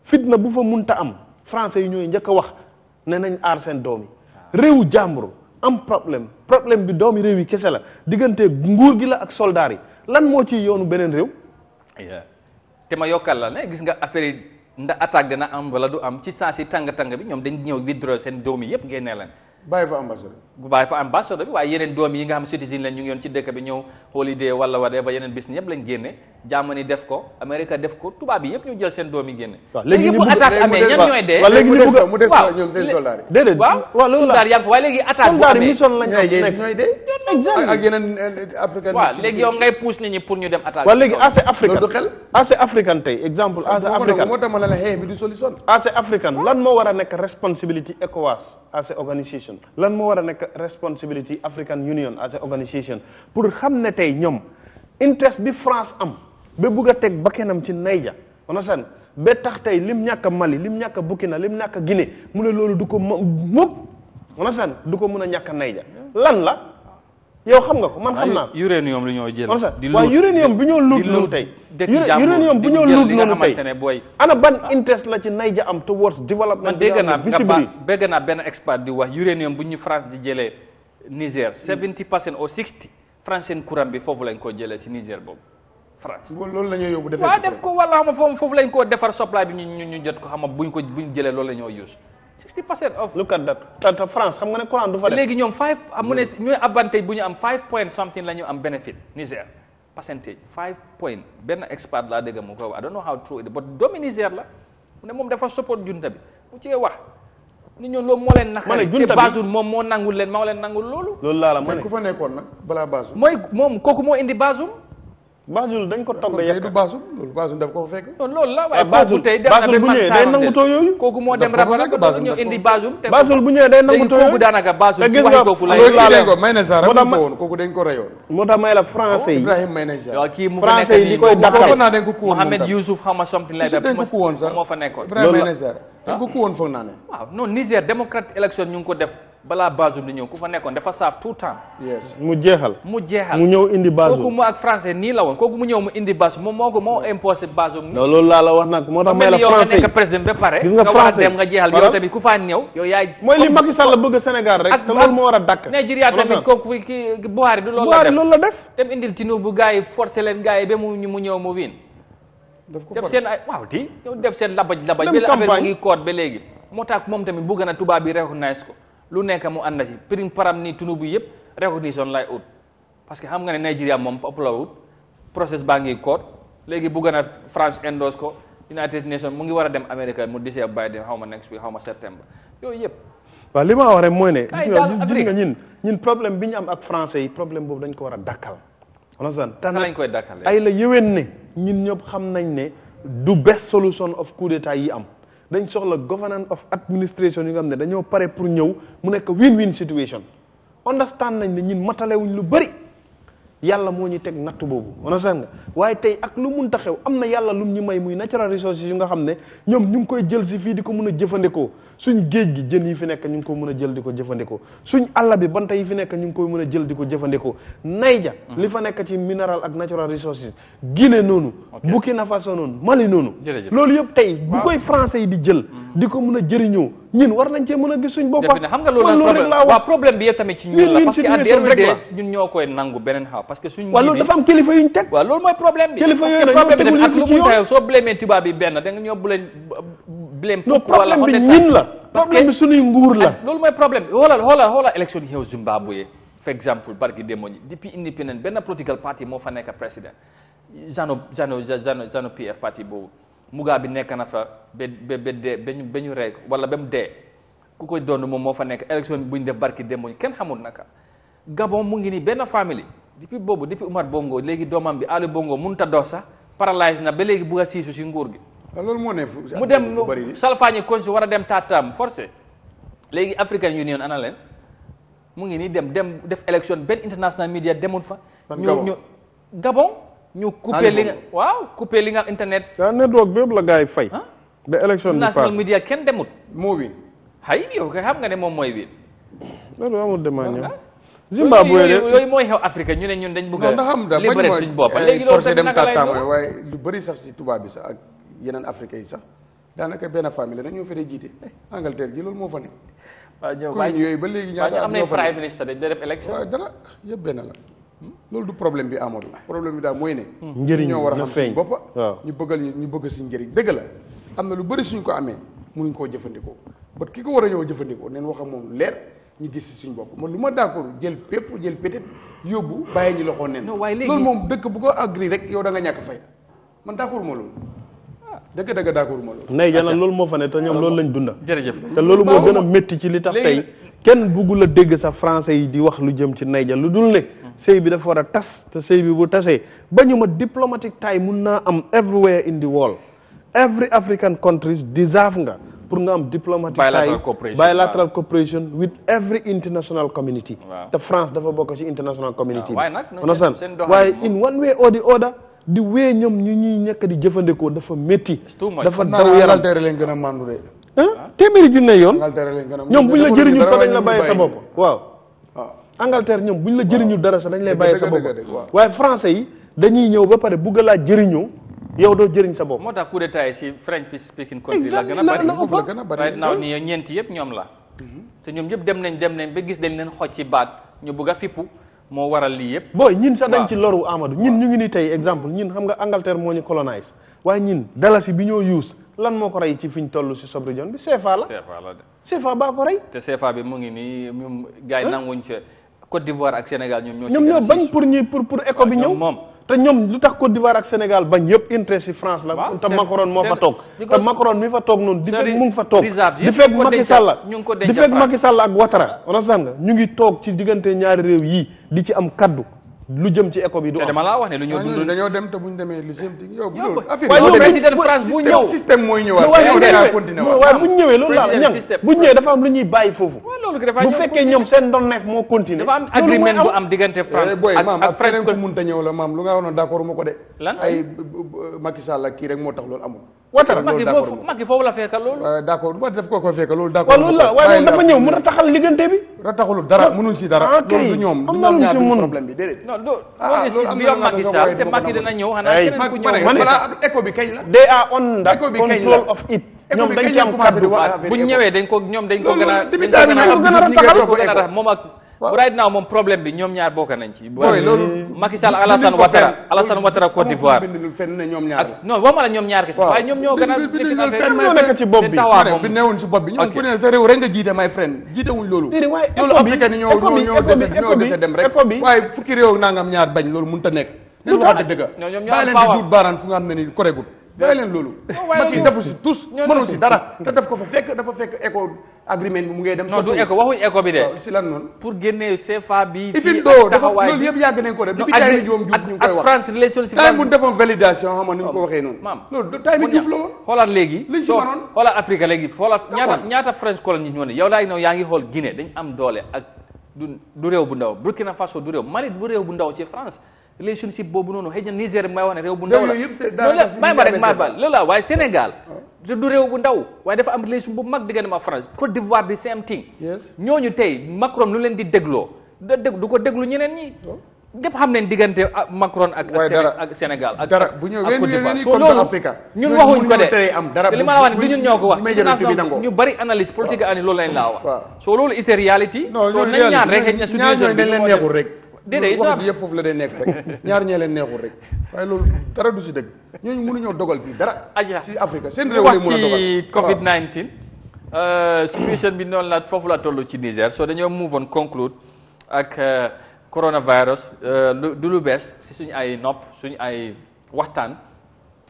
[SPEAKER 3] fitna bu fa munta am français yu ñooy njëkk a wax ne nañ aar seen doom yi réewu jàmbur am problème problème bi doom yi réew yi kese la diggante nguur gi la ak soldaar yi lan moo ci yoonu beneen réew
[SPEAKER 1] te ma yokkal la ne gis nga affaire yi nda attaque dina am wala du am ci saa si tàng-tàng bi ñoom dañ ñëw withdraw seen doom yi yëpp génnee leen
[SPEAKER 3] bàyyi
[SPEAKER 1] fa ambassadeur bi waaye yeneen doom yi nga xam citizen ñu ngi yoon ci dëkk bi ñëw holiday wala wala ba yeneen bis ñëpp lañ génne Germany def ko America def ko tubaab yi yëpp ñu jël seen doom génne léegi bu attaque amee ñan ñooy dee waaw léegi mu des ñoom seen soldat yi déedéet yaa ngi waaye léegi attaque bu amee mission lañ ñooy
[SPEAKER 2] dee euh, léegi yow ngay
[SPEAKER 1] pousse nit ñi pour ñu dem
[SPEAKER 3] attaque waaw léegi assez africain tey exemple ah, assez africain lan moo war a nekk responsibility African Union as a organisation pour xam ne tey ñoom interest bi France am ba bugg a teg bakkanam ci Niger onasan ba tax tey lim ñàkk a Mali lim ñàkk a Burkina lim ñàkk a Guinée mu ne loolu du ko mop onasan du ko mun a ñàkk a Niger lan la yow xam nga ko man xam naa
[SPEAKER 1] ko uranium lu ñoo jël di waaw uranium
[SPEAKER 3] tey uranium bu ñoo luut noonu tey ana ban interest la ci Naija am towards development visibly
[SPEAKER 1] dégg naa benn expert di wax uranium bu ñu France di jëlee Niger 70 hmm. percent au 60 France seen courant bi foofu lañ ko jëlee si Niger boobu France
[SPEAKER 2] loolu la ñoo yóbbu defee waaw def
[SPEAKER 1] ko wala xam nga foofu lañ koo defar supply bi ñu ñu jot ko xam nga buñ ko buñ jëlee loolu la use 60% off. look at that te uh, France xam nga ne courant du fa def. léegi ñoom 5 ah, mu ne ñu ne bu ñu am 5 point something la ñu am benefit Niger percentage 5 point benn expert laa dégg mu ko wax I don't know how true it but doomi Niger la mu ne moom dafa support junta bi mu cee wax. ni ñoom loolu moo leen naqari te Bazoum moom moo nangul leen moo leen nangul loolu. loolu laa la ma ne ku fa nekkoon nag balaa Bazoum. mooy moom kooku moo indi Bazoum.
[SPEAKER 2] Basul dañ ko togg yàq du loolu Basul daf ko fekk.
[SPEAKER 1] loolu la waaye eh, Basul tey dem na bu ñëwee day nangu day nangu too yooyu kooku daanaka Basul. ko
[SPEAKER 2] naa dañ ko kuwoon Mohamed Youssouf xaw ma something lay def moo
[SPEAKER 1] fa nekkoon. Ibrahima may dañ ko kuwoon foog naa ne. waaw ah, non Niger démocrate élection ñu ko def balaa Bazoum di ñëw ku fa nekkoon dafa saaf tout temps. mu jeexal mu jeexal mu
[SPEAKER 3] ñëw indi Bazoum kooku
[SPEAKER 1] mu nii la woon kooku mu ñëw mu indi Bazoum moom moo ko moo imposé Bazoum. non loolu laa la wax
[SPEAKER 3] nag moo tax may la français
[SPEAKER 1] yow nga te loolu moo war a dàkk.
[SPEAKER 3] Nigeria leen gars yi
[SPEAKER 1] ba mu ko def seen ay waaw def seen labaj labaj. dem bi la ngi koot léegi moo tax moom tamit bëgg na tubaab bi recognize ko lu nekk mu ànd ci prime param ni Tinubu yëpp recognition lay ut parce que xam nga ne Nigeria moom ëpp la ut process baa ngi court léegi bugg na France endorse ko United Nations mu ngi war a dem America mu disee Biden xaw ma next week xaw ma septembre yooyu yëpp
[SPEAKER 3] waaw li a wax rek mooy ne gis nga ñun ñun problème bi ñu am ak français yi problème boobu dañ ko war a dàkkal alasan
[SPEAKER 1] tax lañ koy dàkkal ay la
[SPEAKER 3] yëwén ne ñun ñëpp xam nañ ne du best solution of coup d'état yi am dañ soxla governance of administration yi nga xam ne dañoo pare pour ñëw mu nekk win-win situation understand nañ ne ñun matalewuñ lu bëri yàlla moo ñu teg natt boobu understand nga waaye tey ak lu mun taxew am na yàlla lum ñu may muy natural resources yu nga xam ne ñoom ñu ngi koy jël si fii di ko mun a jëfandikoo suñ géej gi jën yi fi nekk ñu ngi ko mën a jël di ko jëfandikoo suñ àll bi banta yi fi nekk ñu ngi koy mën a jël di ko jëfandikoo Naija hmm. li fa nekk ci minéral ak natural resources Guinée noonu Burkina Faso noonu Mali noonu loolu yëpp tey bu koy français yi di jël hmm. di ko mën a jëriñoo ñun war nañ cee mën a gis suñ bopp xam nga loolu rek laa wax problème bi yëpp tamit ci ñun la parce que at
[SPEAKER 1] ñun ñoo koy nangu beneen xaw parce que suñ waaw loolu dafa am
[SPEAKER 3] kilifa yuñ teg waaw loolu mooy problème bi kilifa yooyu nag
[SPEAKER 1] ñoo tegul blame fukk wala bi ñin la ah, problème bi suñuy nguur la loolu moy problème xoolal xoolal xoolal election yi xew Zimbabwe for example barki demo ñi depuis independent ben political party mo fa nek president jano jano jano jano pf party muga bi nek na fa be be de beñu beñu rek rey wala ba de ku koy don mo mo fa nek election buñ def barki démo ken xamul naka Gabon mu ngi ni ben family depuis bobu depuis Umar Bongo léegi domam bi Ali Bongo Munta dosa, paralyze na ba léegi bu ga sisu ci nguur gi loolu moo ne fu mu dem salfaañi constitution war a dem taataam forcé léegi African Union ana leen mu ngi nii dem dem def élection benn international media demul fa. ñu ñu Gabon. ñu coupé li nga waaw coupé li nga internet. yaa network bépp la gaa yi fay. ba élection bi international media kenn demut. moo win. xay xam nga ne moom mooy win. loolu amul demaa ñëw. Zimbabwe yooyu mooy xew Afrique ñu ne ñun dañ bëgg a. libéré suñu bopp léegi loolu tamit naka lay doon forcé dem tàttaam
[SPEAKER 2] waaye lu bëri sax si tubaab bi sax ak. yenen afrique yi sax daanaka ben famille la nag ñoo fa dee Angleterre gi lool mo fa ne. waaw ñoo commune yooyu ba légui ñaata am na prime
[SPEAKER 1] minister dañ def election wa dara
[SPEAKER 2] yeb ben la. lool du problème bi amul problème bi da moy ne. Hmm. njëriñ ñoo wara xam suñ boppa ñu bëggal ñu bëgg suñ njëriñ deug la amna lu bëri suñ ko amee mënuñ ko jëfëndiko ba ki ko war a ñëw neen wax ak moom leer ñu gis ci suñ bop mo luma d'accord jël pépp jël peut-être yóbbu bàyyi ñu loxo neen lool mom dëkk bu ko agri rek yow da nga ñak fay man d'accord mo lool dëgg dëgg d'accord ma
[SPEAKER 3] loolu. nay yàlla loolu moo fa ne te ñoom loolu lañ dunda.
[SPEAKER 1] te loolu moo gën
[SPEAKER 3] a ci li tax tey kenn buggul a dégg sa français yi di wax lu jëm ci nay ja lu dul ne. sëy bi dafa war a tas te sëy bi bu tasee ba ñu ma diplomatique taay mun naa am everywhere in the world every African countries deserve nga pour nga am diplomatique bilateral cooperation bilateral cooperation with every international community. te France dafa bokk ci international community. waaye nag waaye in one di wé ñom ñi ñi ñekk di jëfandikoo dafa metti dafa daw yaram téré leen gëna a mandu de. ah téeméeri junne yoon.
[SPEAKER 2] ñom buñ la jëriñu sa dañ la bayé sa bop
[SPEAKER 3] waaw. Ah. Angleterre ñom buñ la ah. jëriñu dara sa dañ lay bayé sa bop waaye français yi dañuy ñëw ba paré bëgg la jëriñu yow do jëriñ sa bop
[SPEAKER 1] motax coup d'état ci si French speaking country la gëna bari a bari right now ni ñeenti yépp ñom la. Mhm. te ñom ñëpp dem nañ dem nañ ba gis dañ leen xoc ci baat ñu bugg fippu moo waral lii yëpp.
[SPEAKER 3] booy ñin sax dañ ci loru Amadou ñin ñu ngi ni tey exemple ñin xam nga Angleterre moo ñu colonise waaye ñin dalasi bi ñoo use lan moo ko rey ci fi ñu toll si sous-région
[SPEAKER 1] bi CFA la. CFA la de CFA baa ko rey. te CFA bi mu ngi nii ñoom gars yi nanguwuñ ca Côte d'Ivoire ak Sénégal ñoom ñoo. ci ñoom ñoo bañ
[SPEAKER 3] pour ñuy pour pour éco bi ñëw moom. te ñoom lu tax Côte d'Ivoire ak Sénégal bañ yëpp intérêt si France la. waaw te Macron moo fa toog. te Macron mi fa toog noonu. di fekk mu ngi fa toog di fekk Macky Sall di fekk Macky Sall ak Ouattara. rasaan nga ñu ngi toog ci diggante ñaari réew yii di ci am kaddu. lu jëm ci éco bi du am te dama laa wax ne lu ñoo dund
[SPEAKER 2] dañoo dem te bu ñu demee lycée yow loolu affaire bu ñëw système mooy ñëwaat waaye bu ñëwee loolu laa ñan bu ñëwee dafa
[SPEAKER 3] am lu ñuy bàyyi foofu
[SPEAKER 2] bu fekkee ñoom
[SPEAKER 3] seen donneef moo continuer
[SPEAKER 1] dafa am am diggante
[SPEAKER 2] France eh, ak feneen ko mun ta ñëw maam lu nga wax noonu d'accord ma ko de lan ay Macky kii rek moo tax loolu amul Ouattara Macky
[SPEAKER 1] foofu la fekkal loolu
[SPEAKER 2] d' accord Macky daf koo ko fekkal loolu d' accord loolu la waaye dafa ñëw mu rataxal liggante bi rataxalu dara ah, mënuñ si dara loolu du ñoom du ñoom ñaar du problème
[SPEAKER 1] bi déedéet non do ah, bi yow Macky Sall te Macky dina ñëw xanaa keneen ku ñëw man éco bi kañ la they are on the control of it ñoom dañ ci am kaddu bu ñëwee dañ ko ñoom dañ ko gën a dañ ko gën a rataxal moom ak right now moom problème bi ñoom ñaar bokk nañ ci. booy loolu Macky Sall Alassane Ouattara Alassane Ouattara Côte d'Ivoire. ak non boo ma la ñoom a nekk ci bopp bi bi
[SPEAKER 2] newoon ci jiite may friend jiite wuñ loolu.
[SPEAKER 1] loolu africain yi ñoo
[SPEAKER 2] ñoo dese dem rek waaye fukki réew nangam ñaar bañ loolu mënut a nekk. ñoom ñoo am power ñoom ñoo am power baal fu nga xam ne ni bàyyi leen loolu oh, Macky defu si tous mënul si dara te daf ko fa fekk dafa fekk éco agreement bi mu ngay dem non du éco waxuñ éco bi de si lan noonu pour bi
[SPEAKER 1] ifin dafa loolu def
[SPEAKER 2] depuis tay ni ko oh, waxee noonu maam loolu tay ni
[SPEAKER 1] ñaata ñaata French colony ñoo yaa ngi xool Guinée dañ am doole ak du réew bu ndaw Burkina Faso du réew Mali du réew bu ndaw ci France relationship bobu nonu xëy Niger may wax rew bu ndaw la may ma rek marbal la la way senegal te ah. du rew bu ndaw way dafa am relation bu mag digene ma France Côte d'Ivoire di same thing ñoñu tay Macron lu len di deglo da dég du ko deglu ñeneen ñi oh. ñep xam nañ digante ah, Macron ak ak senegal ak dara bu wéñu ween ween contre Afrique ñun waxuñ ko dé li ma la wax ne du ñun ñoko wax ñu bari analyse politique ah. ani lolu lañ la wax so lolu is a reality so nañ ñaan rek xëy na situation bi moo
[SPEAKER 2] déedéet wax yëpp foofu la day nekk ñaar ñee leen neexul rek waaye loolu si dëgg ñooñu mënuñoo dogal fii dara si Afrique seen réew wax ci Covid 19
[SPEAKER 1] euh, situation bi foofu la toll ci Niger so dañoo move on conclude ak euh, coronavirus euh, du lu bees si suñ ay nopp suñu ay waxtaan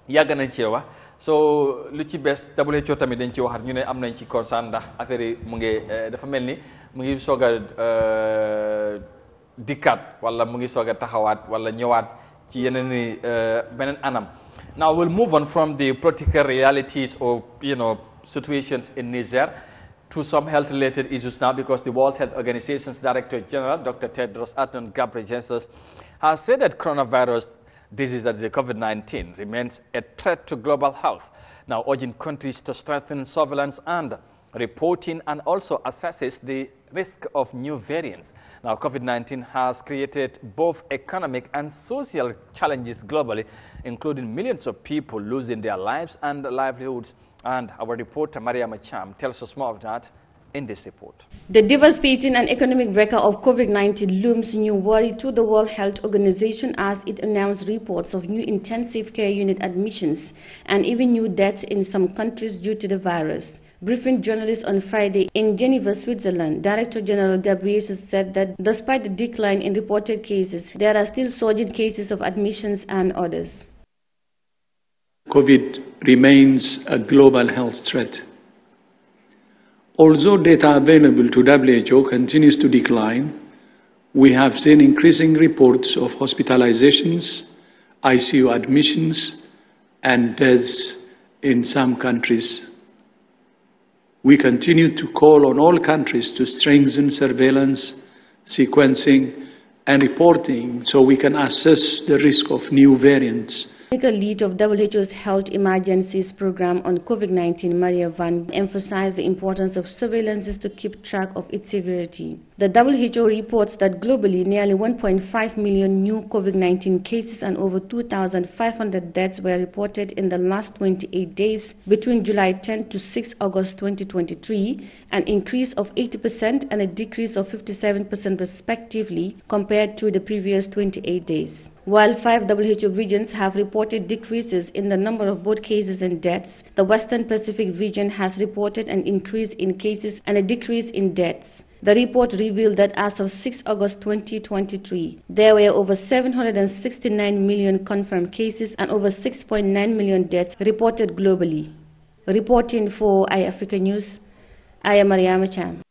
[SPEAKER 1] yàgg nañ cee wax so lu ci bees WHO tamit dañ ci waxaat ñu ne am nañ ci concern ndax affaire yi mu ngi dafa mel ni mu ngi soog a wala mu ngi wala ci eh, anam now we'll move on from the practical realities of you know situations in Niger to some health related issues now because the World Health Organization's Director General Dr. Tedros Adhanom Ghebreyesus has said that coronavirus disease that is COVID-19 remains a threat to global health now urging countries to strengthen surveillance and reporting and also assesses the risk of new variants. Now, COVID-19 has created both economic and social challenges globally, including millions of people losing their lives and livelihoods. And our reporter, Maria Macham, tells us more of that in this report.
[SPEAKER 5] The devastating and economic record of COVID 19 looms new worry to the World Health Organization as it announced reports of new intensive care unit admissions and even new deaths in some countries due to the virus. Briefing journalists on Friday in Geneva, Switzerland, Director General Gabrius said that despite the decline in reported cases, there are still solid cases of admissions and others.
[SPEAKER 1] COVID remains a global health threat. Although data available to WHO continues to decline, we have seen increasing reports of hospitalizations, ICU admissions, and deaths in some countries we continue to call on all countries to strengthen surveillance, sequencing, and reporting so we can assess the risk of new variants
[SPEAKER 5] Clinical lead of WHO's Health Emergencies Program on COVID 19, Maria Van, emphasized the importance of surveillances to keep track of its severity. The WHO reports that globally, nearly 1.5 million new COVID 19 cases and over 2,500 deaths were reported in the last 28 days between July 10 to 6 August 2023, an increase of 80% and a decrease of 57% respectively compared to the previous 28 days. While five WHO regions have reported decreases in the number of both cases and deaths, the Western Pacific region has reported an increase in cases and a decrease in deaths. The report revealed that as of 6 August 2023, there were over 769 million confirmed cases and over 6.9 million deaths reported globally. Reporting for iAfrica News, I am Mariama Cham.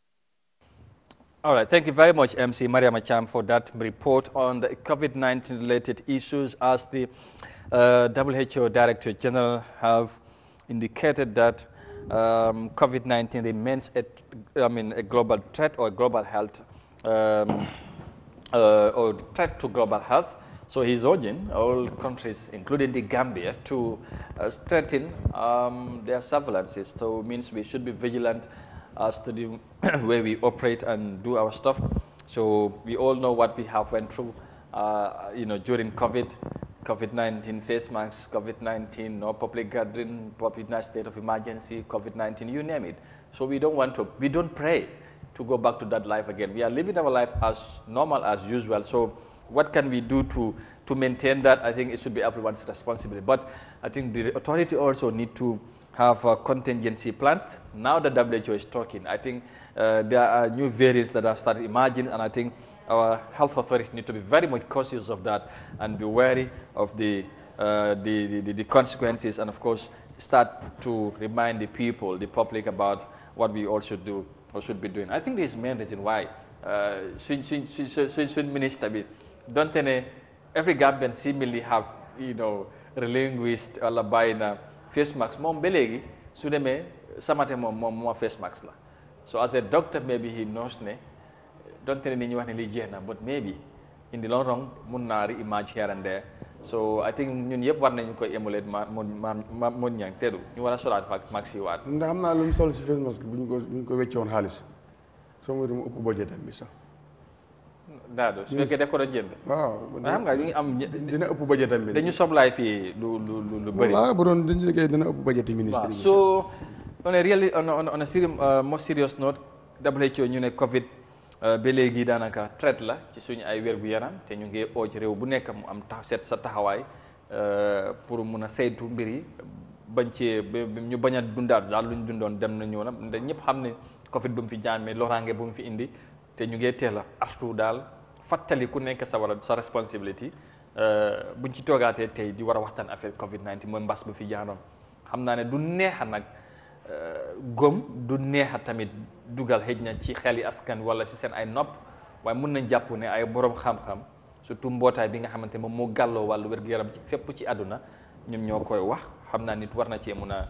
[SPEAKER 1] All right, thank you very much, MC Maria Macham, for that report on the COVID-19 related issues. As the uh, WHO Director General have indicated that um, COVID-19 remains a, I mean, a global threat or global health, um, uh, or threat to global health. So he's urging all countries, including the Gambia, to uh, strengthen um, their surveillances. So it means we should be vigilant uh, studio *clears throat* where we operate and do our stuff. So we all know what we have went through, uh, you know, during COVID, COVID-19 face masks, COVID-19 no public gathering, COVID-19 state of emergency, COVID-19, you name it. So we don't want to, we don't pray to go back to that life again. We are living our life as normal as usual. So what can we do to, to maintain that? I think it should be everyone's responsibility. But I think the authority also need to have uh, contingency plans. Now the WHO is talking. I think uh, there are new variants that have started emerging, and I think our health authorities need to be very much cautious of that and be wary of the, uh, the, the, the, consequences, and of course, start to remind the people, the public, about what we all should do or should be doing. I think this is main reason why uh, Swin Minister don't every Gambian seemingly have, you know, relinquished all uh, about face mask mom be léegi su demee samate mom-mom mo face mask la so as a doctor maybe he knows ne Don't tell ni ñu wax ni li jeex but maybe in the long run mun naa re-emerge here and there so I think ñun yépp war nañ ko emulate ma ma ma ñang teddu ñu wara solat fak fa max yi waat.
[SPEAKER 2] lu sol ci face mask buñ ko buñ ko wéccion xaliss so mo dum upp budget bi sax
[SPEAKER 1] daa doon su fekkee def ko doon jënd. waaw nga ñu am. dina ëpp budget tamit. dañu soblaay fii lu lu lu lu bëri. waaw bu
[SPEAKER 2] doon dañu liggéey dina ëpp budget ministre
[SPEAKER 1] so on est really on on on a serious uh, more serious note WHO ñu ne Covid uh, ba léegi daanaka traite la ci suñu ay wér yaram te ñu ngi ooj réew bu nekk mu am tax seet sa taxawaay uh, pour mun a saytu mbir yi bañ cee ñu bañ a dundaat daal dundoon dem na ñëw na ñëpp xam ne Covid bu mu fi jaan mais loraange bu mu fi indi te ñu ngi téla artu dal fatali ku nekk sa wala sa responsibility euh, buñ ci togaaté tay di wara waxtan affaire covid 19 moy mbass bu fi jaanon xamna né du neex nak euh gom du neex tamit dugal hejna ci xéli askan wala ci sen ay nopp waaye mën nañ japp né ay borom xam-xam surtout mbotay bi nga xamanté moom moo gàlloo wàllu wér-gu-yaram ci fep ci aduna ñom ñokoy wax xamna nit warna ci mëna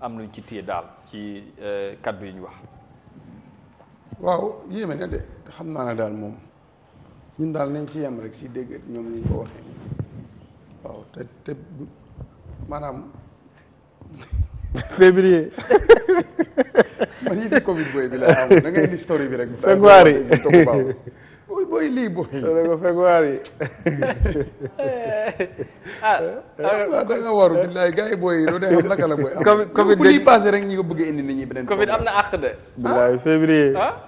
[SPEAKER 1] am luñ ci tiyé dal euh, ci kaddu yi ñu wax
[SPEAKER 2] waaw yéeme na de xam naa ne daal moom ñun daal nañ ci yem rek ci dégg ñoom ñu ko waxee waaw te te maanaam *laughs* man yii fi Covid booy bi la amoon da ngay indi story bi rek. fegwaari booy
[SPEAKER 3] lii booy. da nga fegwaari. *laughs* ah, ah da nga waru billaay gars yi booy yi loolu day xam Covid rek ñu ko bëgg indi nit ñi beneen. Covid
[SPEAKER 2] am na àq de. billaay février. Ah?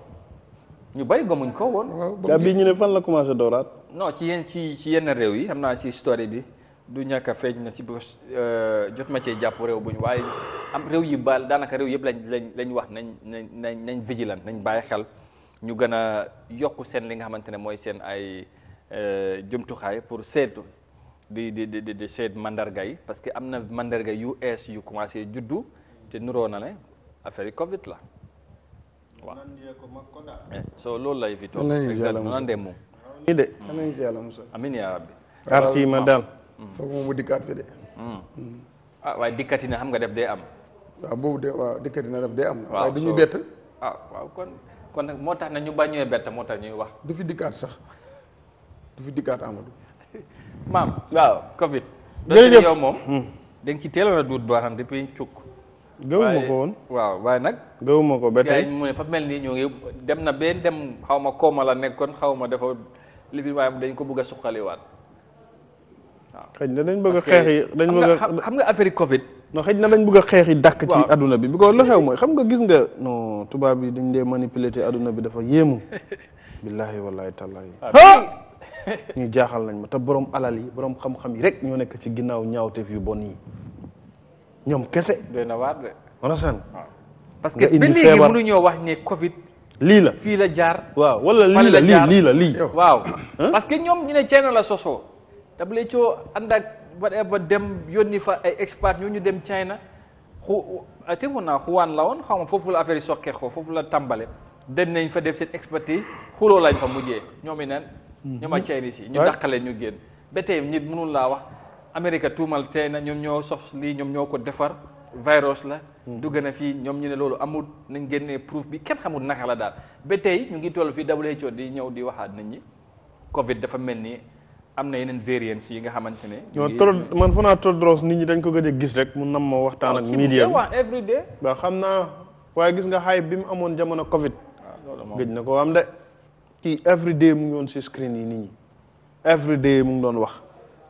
[SPEAKER 1] ñu bari gëmuñ ko won gabi ñu ne fan la commencé dorat. non ci yeen ci ci yeen rew yi ci story bi du ñaka a na ci euh jot ma ci japp rew buñ waaye am rew yi bal danaka rew yeb lañ lañ wax nañ nañ nañ vigilant nañ baye xel ñu gëna yok sen li nga moy sen ay euh xay pour sétu di di di di sét mandar gay, parce que amna mandar gay yu yu commencé juddu te nuro na affaire covid la waaw so loolu lay fi toog nan dem moom de hmm. ma daal
[SPEAKER 2] hmm. foog moom mu dikkaat fi de
[SPEAKER 4] hmm.
[SPEAKER 1] ah waaye dikkati na xam nga am
[SPEAKER 2] waaw boobu de waaw dikkati na def day am waaye du ñu bett
[SPEAKER 1] ah waaw kon kon nag moo tax na ñu bañee bett moo tax ñuy wax
[SPEAKER 2] du fi dikkaat sax du fi dikkaat Amadou
[SPEAKER 1] *laughs* maam waaw covid jërëjëf yow moom da nga ci a duut baaxam depuis cukk gëwuma ko woon waaw waaye nag gëwuma ko ba tey mu ne fa mel ni ñu ngi dem na bee dem xaw ma kooma la nekkoon xaw ma dafa li fi waaye dañ ko bëgg a suqaliwaat
[SPEAKER 3] waaw xëy na dañ bëgg a xeex yi dañ bëgg xam nga affaire covid non xëy na dañ bëgg a xeex yi dàkk ci aduna bi bi ko lu xew mooy xam nga gis nga non tubaab yi dañ dee manipuler te aduna bi dafa yéemu billahi wallahi tallahi ñuy à, jaaxal nañ ma te borom alal yi borom xam-xam yi rek ñoo nekk ci ginnaaw ñaawteef yu bon yi ñoom kese. doy na waar de.
[SPEAKER 1] parce que ba léegi mënuñoo wax ne Covid. lii la fii la jaar. waaw wala lii la lii la lii. waaw parce que ñoom ñu ne China la sosoo. WHO ànd ak whatever dem yónni fa ay experts ñoo ñu dem China xu te woon naa xuwaan la woon xaw ma foofu la affaire yi sokkee ko foofu la tàmbale. dem nañ fa def seen expertise xuloo lañ fa mujjee ñoom i naan. Hmm. Chinese yi ñu dàqale ñu génn ba tey nit laa wax. Amérique tuumal tey na ñoom ñoo sos lii ñoom ñoo ko defar virus la. Hmm. dugg na fii ñoom ñu ne loolu amul nañ génne proof bi kenn xamul naka la daal ba tey ñu ngi toll fii WHO di ñëw di waxaat nit ñi Covid dafa mel ni am na yeneen variants yi nga xamante ne. ñoo trop
[SPEAKER 3] man fu naa trop dros nit ñi dañ ko gëj gis rek mu nam ma waxtaan ak. Oh, media bi every day ba xam naa waaye gis nga hype bi mu amoon jamono Covid. Ah, gëj na ko am de. kii every day mu ngi woon si screen mu ngi doon wax.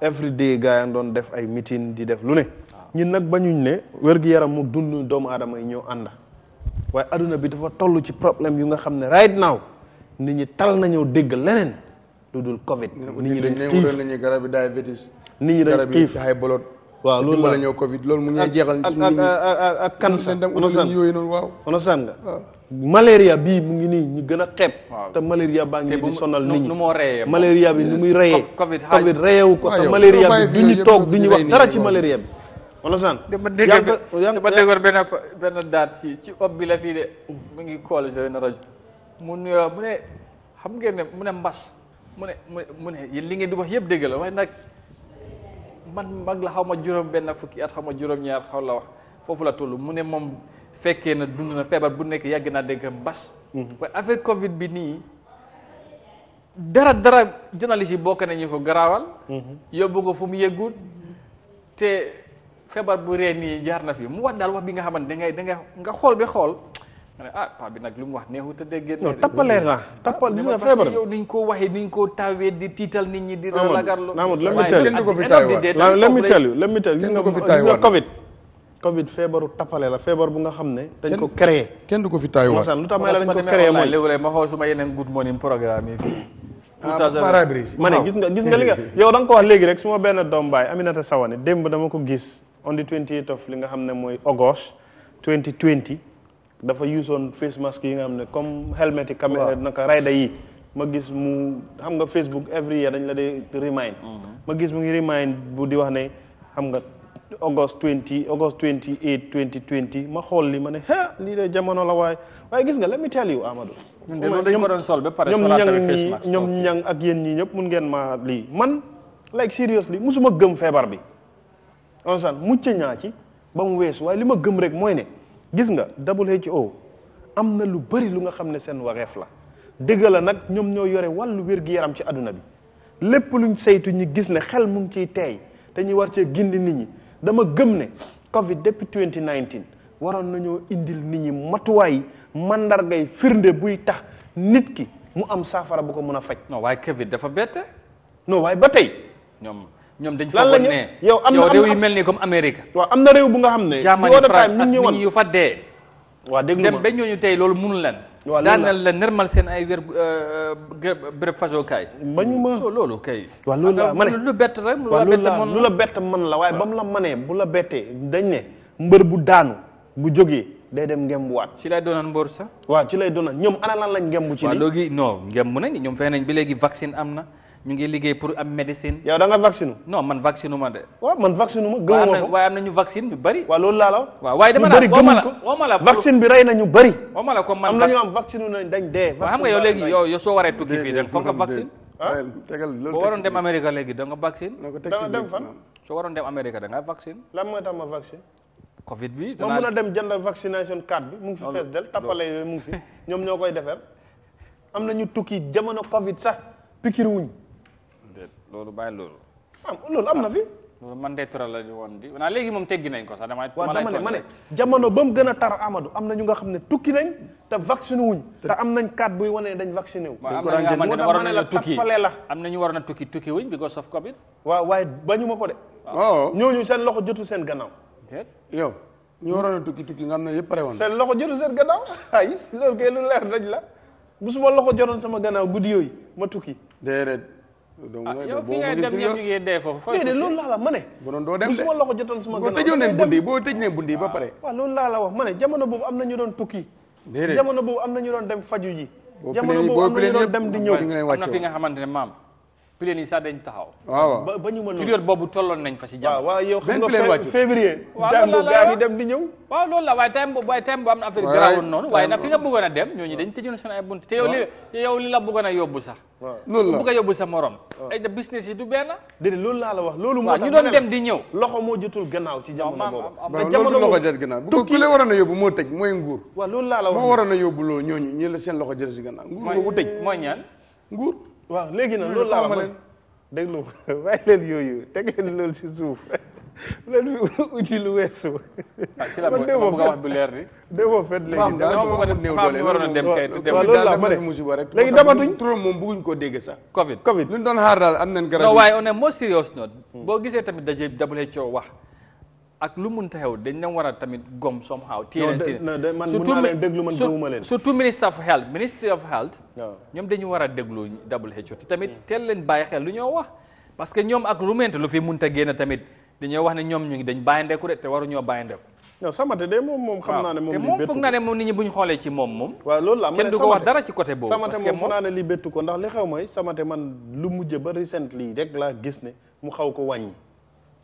[SPEAKER 3] every day gars yi doon def ay meeting di def lu ne. ñun nag bañuñ ne wér yaram mu dund doomu aadama yi ñoo ànd. waaye aduna bi dafa toll ci problème yu nga xam ne right now nit ñi tal ñëw dégg leneen lu dul Covid. nit ñi dañ xiif nit
[SPEAKER 2] ñi garab yi diabetes.
[SPEAKER 3] nit ñi dañ xiif garab yi bolot. loolu la ñëw Covid loolu mu ngi jeexal. ak ak ak ak cancer. yooyu noonu nga. malaria bii mu ngi nii ñu gën a xeeb. te malaria baa ngi di sonal nit ñi malaria bi nu muy reyee. covid covid reyewu ko te malaria bi du ñu toog du ñu wax dara ci malaria bi.
[SPEAKER 1] wala san dama dégg dama déggoon benn benn daat ci ci ob bi la fii de mu ngi collège la benn rajo mu ne xam ngeen mu ne mbas mu ne mu ne li ngeen di wax yëpp dégg la waaye nag man mag la xaw ma juróom benn fukki at xaw ma juróom-ñaar xaw la wax foofu la toll mu ne moom. fekke na dund na febar bu nekk yàgg naa dégg mbas. Mhm. waaye affaire Covid bi ni dara dara journalist yi bokk nañu ko grawal mhm. yóbbu ko fu mu yëggut te febar bu re ni jaar na fi mu wad dal wax bi nga xamant da ngay da nga nga xol ah, bi xol ah pa bi nak lu mu wax neexut a dégg. non tappalee la ah. tapal dina ah, febar yow niñ ko waxe niñ ko tawé di tital nit ñi. di ragal loo waaye kenn du ko fi taayewaat waaw let me tell you
[SPEAKER 3] let me tell you Covid. Covid feebaru tappale la feebar bu nga xam ne. dañ ko créé
[SPEAKER 1] kenn du ko fi taayiwaat. macha lu tax may la dañ ma xool suma yeneen good morning programme yi ah,
[SPEAKER 3] ma ne gis nga gis nga li nga *laughs* yow da ko wax léegi rek su ma benn doom baay Aminata Sawane démb dama ko gis on the 28 of li nga xam ne mooy August 2020 dafa yuusoon face mask yi nga xam ne comme helmet yi caméra naka rayda yi ma gis mu xam nga Facebook every year dañ la dee remind mm-hmm. ma gis mu ngi remind bu di wax ne xam nga August 20 August 28 2020 ma xool li ma ne ah lii de jamono la waaye waaye gis nga let me amado you Amadou.
[SPEAKER 4] ñoom dañu ko doon sol
[SPEAKER 3] ba pare ñoom ñang ak yéen ñii ñëpp mun ngeen ma lii man like seriously musuma gëm feebar bi. on san mucc ñaa ci ba mu weesu waaye li ma gëm rek mooy ne gis nga WHO am na lu bëri lu nga xam ne seen wareef la dëgg la nag ñoom ñoo yore wàllu wér-gu-yaram ci àdduna bi lépp luñ saytu ñi gis ne xel mu ngi ciy teey te ñu war cee gindi nit ñi. dama gëm ne Covid depuis 2019 waroon nañoo indil nit ñi matuwaay mandargay firnde buy tax nit ki mu am saafara bu ko mën a faj.
[SPEAKER 1] non waaye Covid dafa bett
[SPEAKER 3] non waaye ba tey. ñoom ñoom dañ fa ne yow am na réew yu mel
[SPEAKER 1] ni comme Amérique. waaw am
[SPEAKER 3] na réew bu nga xam ne. jaamani France ak nit ñu
[SPEAKER 1] fa dee. waaw dégg dem ba ñooñu tey loolu mënul leen. waaw leen la normal seen ay wér euh, euh, béréb fajookaay. ba ñu ma loolu kay.
[SPEAKER 4] waaw
[SPEAKER 3] loolu la ma ne lu
[SPEAKER 1] bett rek lu la bett man la waaye ba mu la manee bu la
[SPEAKER 3] bettee dañ ne mbër bu daanu bu jógee day dem ngemb waat. ci lay doonan mboor sax.
[SPEAKER 1] waaw ci lay doonan ñoom ana lan lañ ngemb. ci lii waaw léegi non ngemb nañ ñoom fexe nañ bi léegi vaccine am na. ñu ngi liggéey pour am médecine. yow da nga vaccinu. non man vaccinu ma de.
[SPEAKER 3] waaw man vaccinu ma gëmuma ko waaye
[SPEAKER 1] am na ñu vaccine bi bari waaw loolu laa la waaw waaye dama la woo ma la bi rey na ñu bëri.
[SPEAKER 3] woo ma la am na ñu am
[SPEAKER 1] vaccinu nañ dañ dee. waaw xam nga yow léegi yow yow soo waree tukki waroon dem Amérique léegi da nga vaccine. da dem fan. soo waroon dem Amérique da nga vaccine. lan
[SPEAKER 3] mooy tax ma vaccine.
[SPEAKER 1] Covid bi. ma mun dem
[SPEAKER 3] jënd vaccination card bi mu ngi fi fees del tappale yooyu mu ngi fi ñoom ñoo koy defar am na ñu tukki jamono Covid sax
[SPEAKER 1] pikiir wuñ lolu bay lolu
[SPEAKER 3] am lolu amna fi.
[SPEAKER 1] lolu man day toral la di won di na legi mom teggi nañ ko sax dama ne mané mané
[SPEAKER 3] jamono bam gëna tar Amadou amna ñu nga xamné tukki nañ te vacciné wuñ. te am nañ carte buy wane dañ vacciné wu. dañ ko daan jënd moo tax ma ne la tapale
[SPEAKER 1] la na tukki tukki wuñ because of Covid. wa way bañu mako dé ñoo oh. ñu ñooñu seen loxo jottu seen
[SPEAKER 3] gannaaw. yow ñu waroon na tukki tukki nga amna yépp yëpp pare seen loxo jottu seen gannaaw *laughs* ay lolu kay lu leer daj la bu suma loxo jottu sama gannaaw guddi yoy ma tukki déedéet
[SPEAKER 2] donc mooy ah, yow fi ngay dem ñëpp ñu ngi dee foofu. fooy déedéet loolu laa la ma ne. bu doon doo dem de su ma loxo
[SPEAKER 3] jotoon su ma. gannaaw boo tëjoon leen bundi
[SPEAKER 2] boo tëj leen bundi ba pare. Ah,
[SPEAKER 3] waaw loolu laa la wax ma ne am na ñu doon tukki. déedéet jamono am na ñu doon dem faju ji. jamono am na ñu doon dem di nga
[SPEAKER 1] xamante ne maam pléne yi sax dañ taxaw. waaw ba ba ñu mën période boobu nañ fa jàmm. waaw yow xam nga février. gaa dem di ñëw. waaw loolu la waaye time waaye time boobu am affaire noonu. waaye fi nga bëggoon a dem ñooñu dañ tëjoon seen ay bunt. te yow li yow li la bëggoon a yóbbu sax. waaw loolu la yóbbu sa morom. ay da business yi du benn.
[SPEAKER 3] déedéet loolu laa la wax loolu moo tax ñu doon dem
[SPEAKER 1] di ñëw. loxo moo jotul gannaaw
[SPEAKER 3] ci jamono boobu. waaw loolu loxo jot gannaaw bu ku
[SPEAKER 2] la waroon a yóbbu moo tëj mooy nguur.
[SPEAKER 3] waaw loolu laa la wax moo waroon a
[SPEAKER 2] yóbbu loolu ñi la seen loxo gannaaw nguur tëj mooy ñaan nguur waaw léegi nag loolu laa wax
[SPEAKER 3] déglu bàyyi leen yooyu teg leen loolu si suuf *laughs* leen uti lu weesu. ah si la ma bëgg a wax bu leer ni. déggoo fet léegi a a dem
[SPEAKER 2] kay dem waaw loolu laa ma ne musiba rek léegi damatuñ trop moom bëgguñ koo dégg sax. covid lu ñu doon xaar daal am nañ garab. non waaye
[SPEAKER 1] on est more serious note. boo gisee tamit daje WHO wax. ak lu mun taxew dañ na war a tamit gom somehow. téye leen si man mun leen déglu man gëmuma leen surtout ministre of health ministry of health. ñoom dañu war a déglu WHO tamit mm. teel leen bàyyi xel lu ñoo wax. parce que ñoom ak lu ment lu fi munta génn tamit dañoo wax ne ñoom ñu ngi dañ bàyyindeku de te waruñoo bàyyindeku.
[SPEAKER 3] non Samate de moom moom xam naa ne moom. lii bettu ko te
[SPEAKER 1] nit ñi bu xoolee ci moom moom. waaw loolu la am kenn du ko wax dara ci côté boobu. parce que moom Samate moom
[SPEAKER 3] foog lii bettu ko ndax li xew mooy Samate man lu mujj laa gis ne mu xaw ko wàññi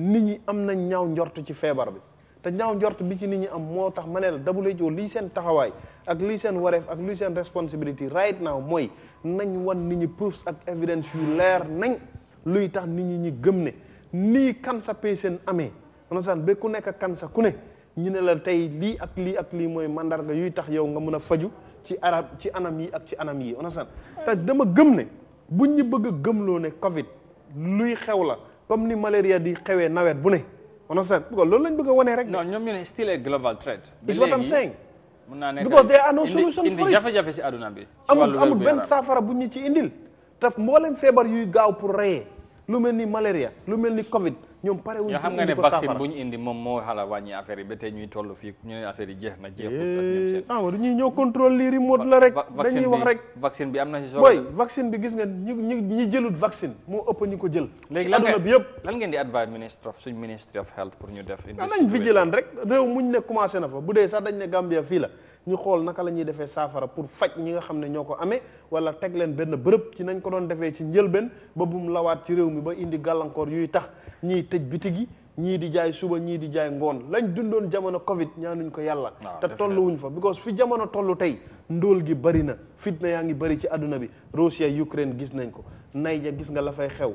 [SPEAKER 3] nit ñi am nañ ñaaw njort ci feebar bi te ñaaw njort bi ci nit ñi am moo tax ma ne la WHO lii seen taxawaay ak lii seen wareef ak lii seen responsibility right naw mooy nañ wan nit ñi proofs ak evidence yu leer nañ luy tax nit ñi ñi gëm ne nii cancer patient amee understand ku nekk cancer ku ne ñu ne la tey lii ak lii ak lii mooy mandarga yuy tax yow nga mën a faju ci arab ci anam yi ak ci anam yi understand te dama gëm ne bu ñu bëgg a loo ne covid luy xew la comme ni malaria di xewee nawet bu ne on seen because loolu lañ bëgg wonee rek. non ñoom ñu ne
[SPEAKER 1] still a global threat. is naa ne because there are no solution for it indi jafe-jafe si àdduna bi. amul amul benn
[SPEAKER 3] saafara bu ñu ci indil. te mboolem feebar yuy gaaw pour reye lu mel ni malaria lu mel ni Covid. ñoom pare wuñ xam nga ne vaccine bu
[SPEAKER 1] ñu indi moom moo xala wàññi affaire yi ba tey ñuy toll fii ñu ne affaire yi jeex na jeexul
[SPEAKER 3] eh, ah dañuy ñëw contrôle lii remote la rek dañuy wax rek
[SPEAKER 1] vaccine bi am na ci solo booy
[SPEAKER 3] vaccine bi gis nga ñu ñu ñi jëlut vaccine moo ëpp ñu ko jël léegi adduna bi yëpp
[SPEAKER 1] lan ngeen di advise ministre of suñ ministry of health pour ñu def ah, nañ vigilant
[SPEAKER 3] rek réew muñ ne commencé na fa bu dee sax dañ ne Gambia fii la ñu xool naka la ñuy defee saafara pour faj ñi nga xam ne ñoo ko amee wala teg leen benn bërëb ci nañ ko doon defee ci njëlbeen ba bum lawaat ci réew mi ba indi gàllankoor yuy tax ñii tëj bitig yi ñii di jaay suba ñii di jaay ngoon lañ dundoon jamono Covid ñaanuñ ko yàlla. Ah, te tolluwuñ fa because fi jamono tollu tey ndóol gi bari na fitna yaa ngi bari ci àdduna bi Russia Ukraine gis nañ ko Niger gis nga la fay xew.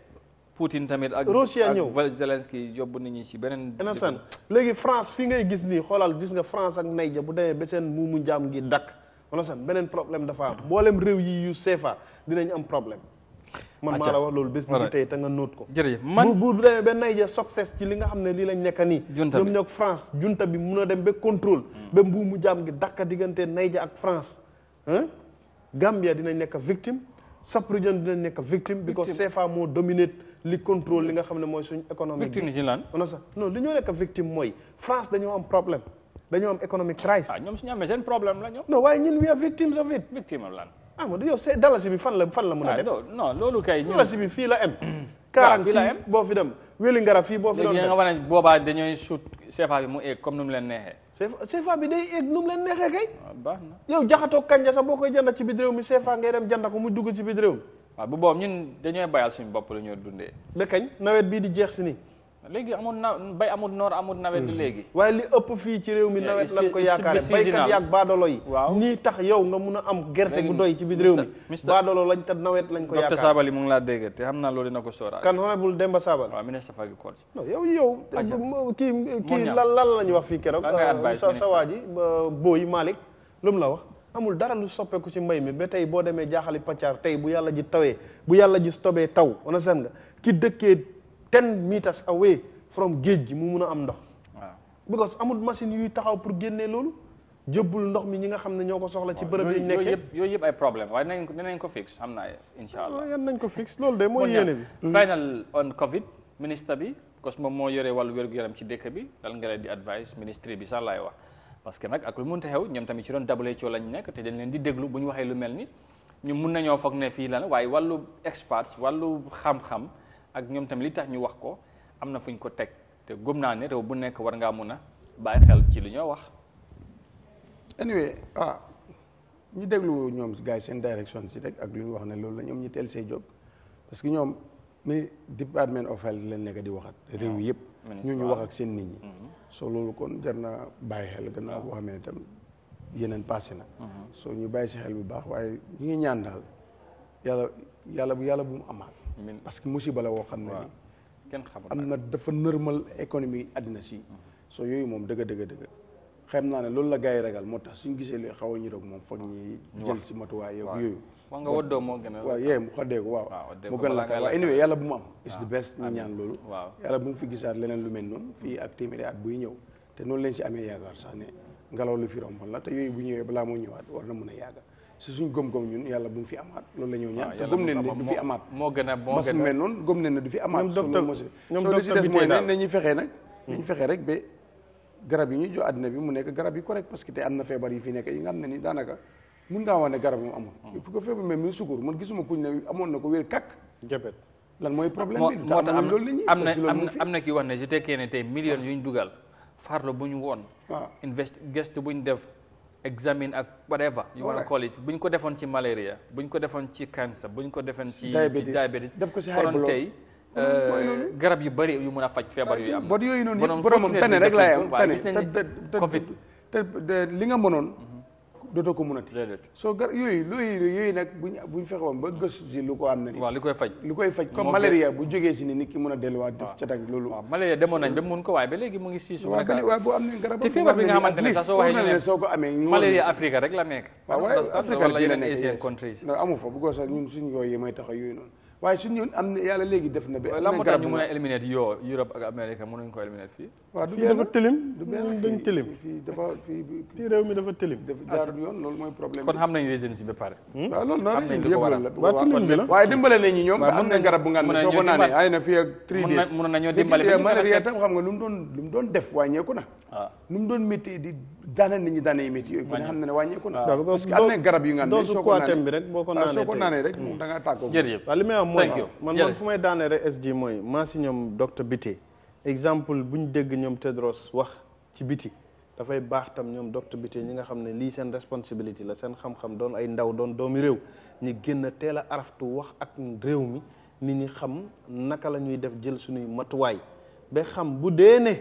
[SPEAKER 1] Poutine tamit ak. Russia ñëw ak Zelensky yóbbu nit ñi ci beneen. innocent
[SPEAKER 3] léegi France fii ngay gis nii xoolal gis nga France ak Niger bu demee ba seen muumu njaam ngi dakk beneen problème dafa am mboolem réew yi yu CFA dinañ am problème. man maa la wax loolu bés ni tey te nga
[SPEAKER 1] nóot ko jërëjëf bu
[SPEAKER 3] bu demee Niger succès junta bi mun a dem ba contrôle hmm. ba mbuu jaam gi dakka diggante Niger ak France Gambia dinañ nekk victime sub dinañ nekk victime because CFA moo dominate li contrôle li nga xam ne mooy suñ économie. victime ci lan non sax non li ñoo nekk victime mooy France dañoo am problème dañoo am economic crisis. Ah, ñoom
[SPEAKER 1] suñu amee seen problème la ñoom.
[SPEAKER 3] non waaye ñun we are ah, dalasi bi fan la fan la mën a ah, dem. non loolu kay. dalasi bi fii la em. Hmm. *clears throat* waaw fii la em boo fi dem. wéli fii boo fi boobaa
[SPEAKER 1] dañooy suut CFA bi mu eeg comme nu mu leen neexee.
[SPEAKER 3] CFA bi day eeg nu leen neexee kay. yow jaxatoo kanja sax boo koy jënd ci biir réew mi CFA ngay dem jënd ko mu dugg ci biir réew waaw bu boobu ñun dañooy bayal suñu bopp la dundee. ba nawet bii di jeex si nii.
[SPEAKER 1] léegi amul na bay amul noor amul nawet bi hmm. léegi.
[SPEAKER 3] waaye li ëpp fii ci réew mi nawet lañ ko yaakaare baykat yi ak baadolo yi. waaw nii tax yow nga mun a am gerte gu doy ci biir réew mi. mister baadolo lañ te nawet lañ ko yaakaar docteur Sabali
[SPEAKER 1] mu ngi laa dégg te xam naa loolu dina ko sóoraale. kan honorable Demba Sabali. waaw ministre of agriculture.
[SPEAKER 3] non yow yow. kii kii lan lan la ñu wax fii keroog. Euh, sa sa waa ji euh, Boy Malick lu la wax. amul dara lu soppeeku ci mbay mi be tay bo demee jaxali paccaar tay bu yalla ji tawé bu yalla ji stobé taw sen nga ki dekké 10 meters away from géej mu am ndox because amul machine yu taxaw pour nelul, lolu jëbbul ndox mi ñi nga xamné ñoko soxla ci bërëb yi nekk yëpp
[SPEAKER 1] yoy yëpp ay problème way nañ nañ ko fix amna inshallah
[SPEAKER 3] insha nañ ko fix lolu dé moy yéene bi
[SPEAKER 1] final on covid ministre bi parce que moom moo yore yaram ci bi dal nga lay di advice ministry bi sax wax parce que nag ak lu mënta xew ñoom tamit ci doon WHO lañ nekk te dañ leen di déglu bu ñu waxee lu mel ni ñu mun nañoo foog ne fii lan waaye wàllu experts wàllu xam-xam ak ñoom tamit li tax ñu wax ko am na fu ñu ko teg te gëm naa ne réew bu nekk war ngaa mun a bàyyi xel ci li ñoo wax.
[SPEAKER 2] anyway ah déglu ñoom gars yi seen direction si rek ak lu ñu wax ne loolu la ñoom ñu teel see jóg parce que ñoom. mais département of health lañ nekk di waxat réew yëpp ñu ñu wax ak seen nit ñi mhm. so loolu kon jar naa bàyyi xel gannaaw boo xamee itam yeneen passé na mhm. so ñu bàyyi si xel bu baax waaye ñu ngi ñaan daal yàlla yàlla bu yàlla bu mu amaat parce que musiba la woo xam ne ni am na dafa normal économie àddina si mhm. so yooyu moom dëgg dëgg dëgg xam naa ne loolu la gars yi ragal moo tax suñu gisee li xaw a ñu roog moom foog ñi jël si matuwaay yooyu wax nga woddoo moo gën a. waaw yee mu xoddee ko waaw. mu gën la waaw anyway yàlla bu mu am. is the best ñu ñaan loolu. yàlla bu mu fi gisaat leneen lu mel noonu. fii ak téeméeri at buy ñëw te noonu lañ si amee yaakaar sax ne ngelaw lu fi romboon la te yooyu bu ñëwee balaa moo ñëwaat war na mën a yàgg si suñ gëm-gëm ñun yàlla bu mu fi amaat loolu la ñëw ñaan te gëm nañ ne du fi amaat. moo moo gën a mas mu mel noonu gëm nañ ne du fi amaat. ñoom docteur ñoom docteur bi tey daal soo li si des mooy ne ñu fexe nag. Hmm. nañu fexe garab yi ñuy jox àddina bi que te am na feebar yi fi nekk yi nga xam ne ni mun ngaa wax ne garab moom amul. il faut que feebar même ni amoon na ko wér kak am na
[SPEAKER 1] am ne ah. ñu dugal farlo bu ñu woon. waaw ah. invest bu ñu def examine ak whatever. you wanna call it bu ko defoon ci malaria bu ñu ko ci cancer bu ko defoon ci. diabetes def ko si high blood tey. Euh, garab yu bëri yu mën a faj feebar yu am. bon yooyu noonu yëpp boromam tane rek
[SPEAKER 2] li nga mënoon. dootoo ko mënati soo gar yooyu looyu yooyu nag buñ buñ fexewoon ba gëstu si lu ko am na ni waaw koy faj li koy faj comme malaria bu jógee si ni nit ki mën a delluwaat def ca tànk loolu
[SPEAKER 1] malaria demoon nañ ba mun ko waaye ba léegi mu ngi siisu waaw boo am ne garab te feebar nga xamante ne amee malaria Afrique rek la nekk waaw waaye Afrique rek la nekk asian countries
[SPEAKER 2] amu fa bu ko sax ñun yooyu mooy taxa yooyu noonu waaye su yoon am na yàlla léegi def na. ba lan moo
[SPEAKER 1] a éliminer yoo Europe ak Amérique mënuñ ko éliminer fii. waaw yëpp
[SPEAKER 2] na garab bu nga xam ne soo ko naanee ay na fii ak. three days mun nañoo dimbale ba ñu mooy man man
[SPEAKER 3] fu may daane rek SG mooy maa si ñoom docteur Bitté exemple buñ dégg ñoom Tedros wax ci biti dafay baax tam ñoom docteur Bitté ñi nga xam ne lii seen responsabilité la seen xam-xam doon ay ndaw doon doomi réew ñi génn teel a araftu wax ak réew mi ni ñi xam naka la ñuy def jël suñuy matuwaay ba xam bu dee ne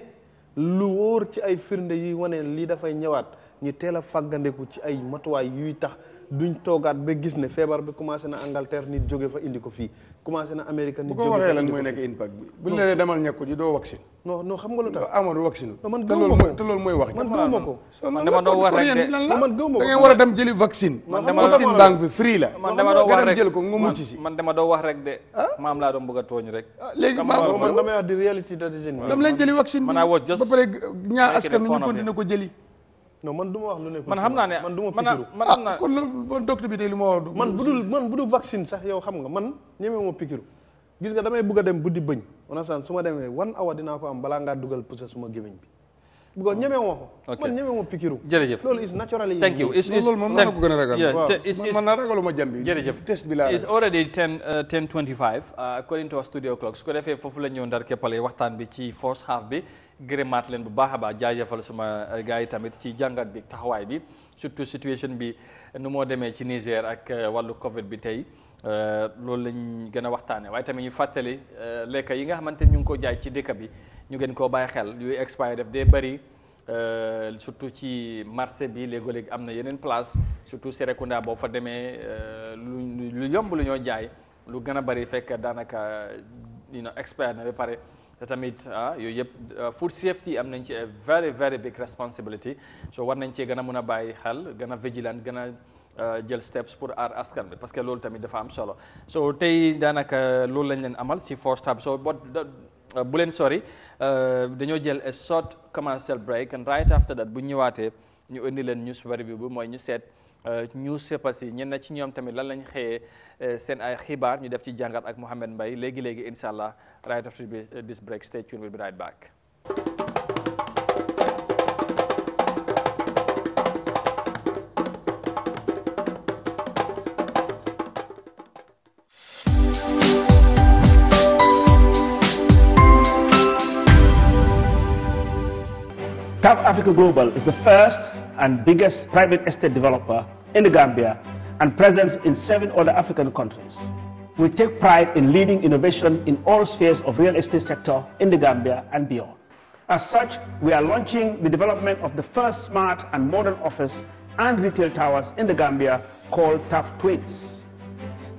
[SPEAKER 3] lu wóor ci ay firnde yuy wane lii dafay ñëwaat ñi teel a fàggandeku ci ay matuwaay yuy tax duñ toogaat ba gis ne feebar bi commencé na Angleterre nit jóge fa indi ko fii commencé na Amérique nit jóge fa indi ko
[SPEAKER 2] fii bu ko waxee lan mooy
[SPEAKER 3] demal ñekku ji doo xam nga lu tax Amadou vaccine.
[SPEAKER 2] man gëw ma ko te loolu mooy wax. man gëw ma ko. man dama doon war rek de man gëw ma ko da ngeen a dem jëli vaccine. man dama baa ngi fi free la. man dama doon wax jël ko nga mucc si.
[SPEAKER 1] man dama doon wax rek de. Ah? a tooñ rek. Ah, léegi maam man
[SPEAKER 3] damay wax di réalité de dama leen jëli vaccine bi ba pare ñaa askan ñu continuer ko jëli non man du ma wax lu nekkul man xam naa ne man du ma piqûru ah, sax yow xam nga man ñemee ma piqûru gis nga damay bëgg a dem buddi bëñ onasan su ma demee wan awa dinaa ko am balaa ngaa dugal pousse suma gémmiñ bi because ah. ñeme woo ko man ñeme woo pikiru jërëjëf loolu is naturally thank you is is loolu moom ko gën
[SPEAKER 2] ragal man naa ragaluma jam bi jërëjëf test bi laa is
[SPEAKER 1] already 10 uh, 10 25 uh, according to our studio clocks. su ko defee foofu la ñëw ndar keppale waxtaan bi ci first half bi gërëmaat leen bu baax a baax jaajëfal suma eh, gars yi tamit ci jàngat bi taxawaay bi surtout situation bi nu moo demee ci Niger ak eh, wàllu Covid bi tey eh, loolu lañ gën a waxtaanee waaye tamit ñu fàttali lekk yi nga xamante ni ñu ngi ko jaay ci dëkk bi ñu gën koo bàyyi xel yuy expire def dee bëri surtout ci marché bi léegoo-léeg am na yeneen place surtout Serekunda boo fa demee lu lu yomb lu ñoo jaay lu gën a bëri fekk daanaka you na ba pare. that amit ah, yëpp ah, food safety am nañ ci a very very big responsibility so war nañ cee gën a mun a bàyyi xel gën vigilant gën a ah, jël steps pour aar askan bi parce que loolu tamit dafa am solo so tey daanaka loolu lañ leen amal ci First Hab so but bu leen sori dañoo jël a short commercial break and right after that bu ñëwaatee ñu indi leen news review bi mooy ñu seet newspapers euh, yi ñenn ci ñoom tamit lan lañ xëyee euh, seen ay xibaar ñu def ci jàngat ak Mohamed Mbye léegi léegi incha allah right after this break stay tuned we'll be right back.
[SPEAKER 6] CAF Africa Global is the first and biggest private estate developer in the Gambia and presence in seven other African countries. We take pride in leading innovation in all spheres of real estate sector in the Gambia and beyond. As such, we
[SPEAKER 3] are launching the development of the first smart and modern office and retail towers in the Gambia called TAF Twins.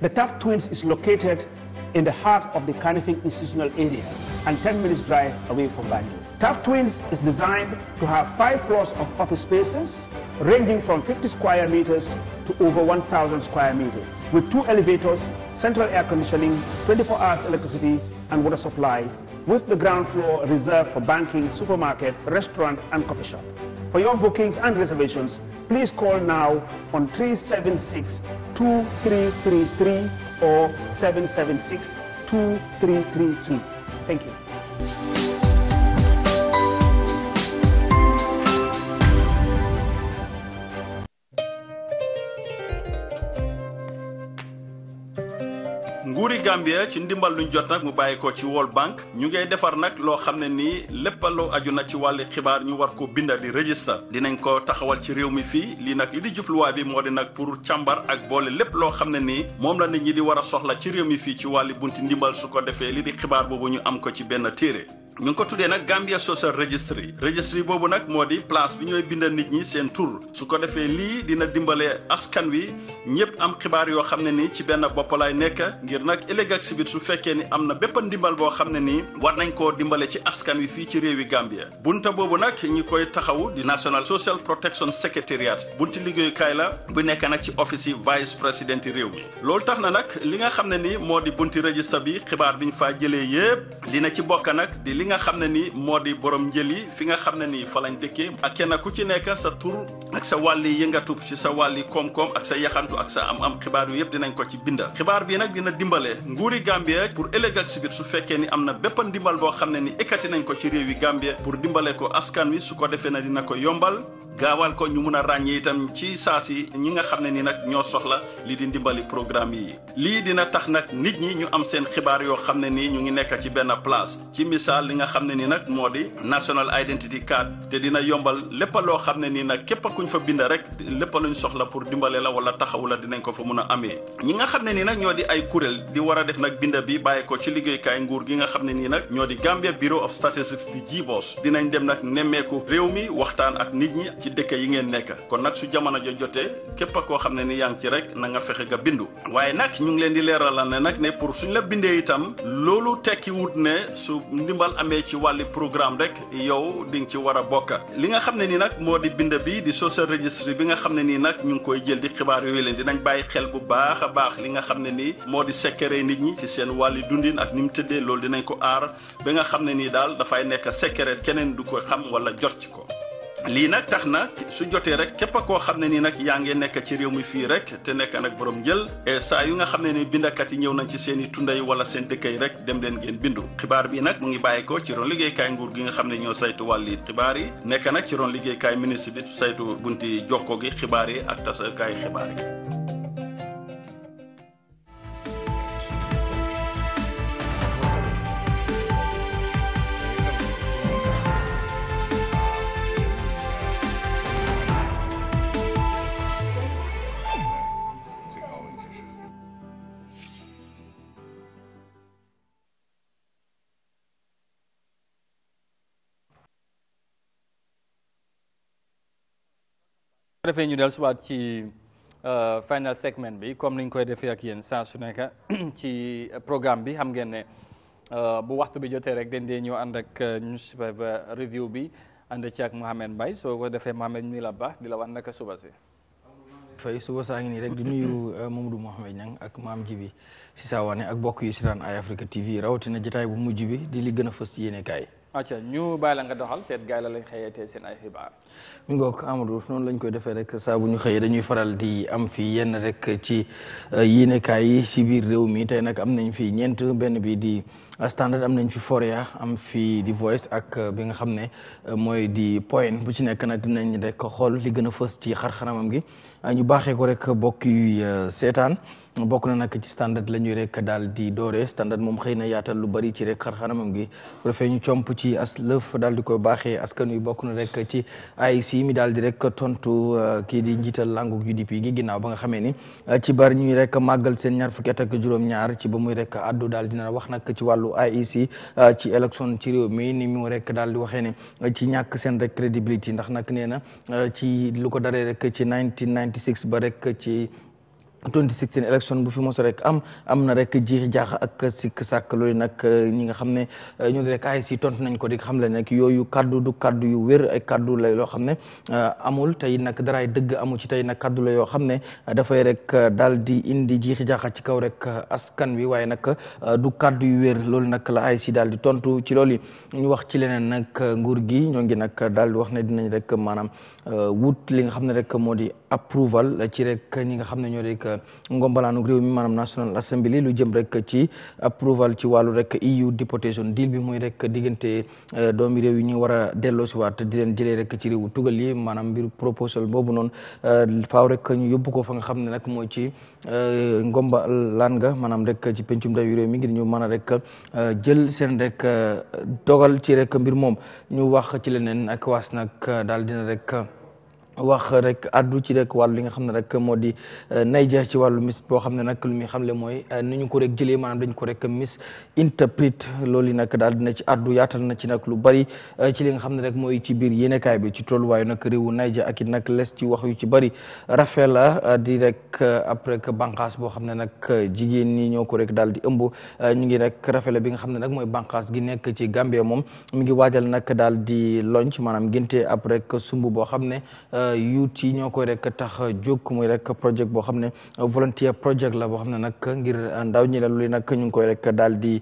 [SPEAKER 3] The TAF Twins is located in the heart of the Carnifing Institutional Area and 10 minutes drive away from Banjul. TAF Twins is designed to have five floors of office spaces ranging from 50 square meters to over 1,000 square meters with two elevators, central air conditioning, 24 hours electricity and water supply with the ground floor reserved for banking, supermarket, restaurant and coffee shop. For your bookings and reservations, please call now on 376-2333 or 776-2333. Thank you.
[SPEAKER 6] Gambia ci ndimbal luñ jot nag mu bàyyi ko ci World Bank ñu ngay defar nag loo xam ne nii lépp ajuna aju na ci wàlli xibaar ñu war ko binda di register dinañ ko taxawal ci réew mi fii lii nag li di jubluwaay bi moo di nag pour càmbar ak boole lépp loo xam ne nii moom la nit ñi di war a soxla ci réew mi fii ci wàlli bunti ndimbal su ko defee li di xibaar boobu ñu am ko ci benn téere ñu ngi ko tuddee nag Gambia Social Registry registry boobu nag moo di place bi ñooy bindal nit ñi seen tur su ko defee lii dina dimbale askan wi ñëpp am xibaar yoo xam ne nii ci benn bopp laay nekk ngir nag ëllëg ak sibit su fekkee ni am na bépp ndimbal boo xam ne nii war nañ koo dimbale ci askan wi fii ci réew yi Gambia bunta boobu nag ñi koy taxawu di National Social Protection Secretariat bunti liggéeyukaay la bu nekk nag ci office yi vice président réew mi tax na nag li nga xam ne nii moo di bunti registre bi xibaar bi ñu faa jëlee yëpp dina ci bokk nga xam ne nii moo di borom njël yi fi nga xam ne nii fa lañ dëkkee ak kenn ku ci nekk sa tur ak sa wàlli yëngatu ci sa wàlli koom-koom ak sa yaxantu ak sa am am xibaar yu yëpp dinañ ko ci binda xibaar bi nag dina dimbale nguuri Gambie pour ëllëg si biir su fekkee ni am na bépp ndimbal boo xam ne ni ekkati nañ ko ci réew yi Gambie pour dimbale ko askan wi su ko defee na dina ko yombal gaawal ko ñu mun a ràññee itam ci saa si ñi nga xam ne ni nag ñoo soxla lii di ndimbali programme yi lii dina tax nag nit ñi ñu am seen xibaar yoo xam ne nii ñu ngi nekk ci benn place ci misaal li nga xam ne ni nag moo di national identity card te dina yombal lépp loo xam ne nii nag képp kuñ fa bind rek lépp luñ soxla pour dimbale la wala taxawu la dinañ ko fa mun a amee ñi nga xam ne nii nag ñoo di ay kuréel di war a def nag binda bi bàyyi ko ci liggéeykaay nguur gi nga xam ne nii nag ñoo di Gambia Bureau of Statistics di GBOS dinañ dem nag nemmeeku réew mi waxtaan ak nit ñi ci dëkk yi ngeen nekk kon nag su jamono jo jotee képp koo xam ne ni yaa ngi ci rek na nga fexe nga bindu waaye nag ñu ngi leen di leeralal ne nag ne pour suñ la bindee itam loolu tekki wut ne su ndimbal amee ci wàlli programme rek yow di nga ci war a bokk li nga xam ne nii nag moo di bind bi di social registry bi nga xam ne nii nag ñu ngi koy jël di xibaar yooyu leen dinañ bàyyi xel bu baax a baax li nga xam ne nii moo di secret nit ñi ci seen wàlli dundin ak ni mu tëddee loolu dinañ ko aar ba nga xam ne nii daal dafay nekk secret keneen du ko xam wala jot ci ko lii nag tax na su jotee rek képp koo xam ne nii nag yaa ngi nekk ci réew mi fii rek te nekk nag borom jël eh, saa yu nga xam ne ni bindakat yi ñëw nañ ci seen i tunday wala seen dëkk yi rek dem leen geen bindu xibaar bi nag mu ngi bàyyi ko ci ron liggéeykaay nguur gi nga xam ne ñoo saytu wàlli xibaar yi nekk nag ci ron liggéeykaay ministre bi saytu bunti jokko gi xibaar yi ak tasakaay xibaar yi
[SPEAKER 1] defee ñu del suwaat ci euh, final segment bi comme ni ñu koy defee ak yéen saa su nekka *coughs* ci programme bi xam ngeen ne euh, bu waxtu bi jotee rek dañ dee ñëw ànd ak newspaper euh, review bi ànd ci ak Mohamed Mbaye soo ko defee Mohamed ñu la baax di la wax naka suba si
[SPEAKER 7] Faye suba saa nii rek di nuyu euh, Mamadou Mouhamed Niang ak maam Jibi Cissé Wane ak bokk yi si daan ay Africa TV rawatina jotaay bu mujj bi di li gën a fës ci yéene kaay.
[SPEAKER 1] acca nga doxal seet gaay la lañ xëyatee seen ay xibaar.
[SPEAKER 7] mi noonu lañ koy defee rek saa bu ñu xëyee dañuy faral di am fii yenn rek ci euh, yéenekaay yi ci biir réew mi tey nag am nañ fi ñeent benn bi di euh, standard am nañ fi Foria am fi di voice ak bi nga xam ne mooy di point bu ci nekk nag dinañ rek xool li gën a fës ci xar-xaramam gi. ñu baaxee ko rek bokk yu euh, seetaan bokk na nag ci standard la ñuy rekk daal di doore standard moom xëy na yaatal lu bari ci rek xarxanamam gi bu defee ñu comp ci as lëf daal di koy baaxee askan wi bokk na rek ci AIC mi daal di rek tontu euh, kii di njiital langu UDP gi ginnaaw ba nga xamee ni euh, ci bar ñuy rek màggal seen ñar fukki at juróom-ñaar ci ba muy rek addu daal dina wax nag ci wàllu AIC euh, ci élection ci réew mi ni mu rekk daal di waxee ne ci ñàkk seen rek crédibilité ndax nag nee na ci lu ko daree rek ci 1996 ba rek ci. 2016 élection bu fi mos rek am am na rek jiixi jaax ak sikk sàkk loolu nag eh, ñi nga xam ne eh, ñoo di rek ay tontu nañ ko di xam le nag yooyu kaddu du kaddu yu wér ay kaddu la loo xam ne eh, amul tey nag daraay dëgg amu ci tey nag kaddu la yoo xam ne dafay rek daal di indi jiixi jaax ci kaw rek askan wi waaye nag du kaddu yu wér loolu nag la ay si daal di tontu ci loolu ñu wax ci leneen nag nguur gi ñoo ngi nag daal di wax ne dinañ rek maanaam Euh, wut li nga xam ne rek moo di approval ci rek ni nga xam ne ñoo rek euh, ngombalaanu réew mi maanaam National Assembly lu jëm rek ci approval ci wàllu rek EU deportation deal bi mooy rek diggante euh, doomi réew yi ñu war a delloosiwaat di leen jëlee rek ci réewu tugal yi maanaam mbir proposal boobu noonu faaw rek ñu yóbbu ko fa nga xam ne nag mooy ci Euh, ngomba laan nga maanaam rek ci pencum ndawi réew mi ngi ñu mën a rek euh, jël seen rek euh, dogal ci rek mbir moom ñu wax ci leneen ak waas nag daal dina rek wax rek addu ci rek wàllu li nga xam ne rek moo di euh, Niger ci wàllu miss boo xam ne nag lu mi xam xamle mooy euh, ni ñu ko rek jëlee maanaam dañ ko rek misinterprète loolu yi nag daal dina ci addu yaatal na ci nag lu bari euh, ci li nga xam ne rek mooy ci biir yéenekaay bi ci tolluwaayu nag réewu Niger ak it nag les ci wax yu ci bari Raphael di rek après que bànqaas boo xam ne nag jigéen ñi ñoo ko rek daal di ëmb ñu ngi rek Raphael bi nga xam ne nag mooy bànqaas gi nekk ci Gambie moom mi ngi waajal nag daal di lonc maanaam ngénte après que boo xam ne youth yi ñoo koy rek tax jóg muy rek projet boo xam ne volunteer project la boo xam ne nag ngir ndaw ñi la lu nag ñu ngi koy rek daal di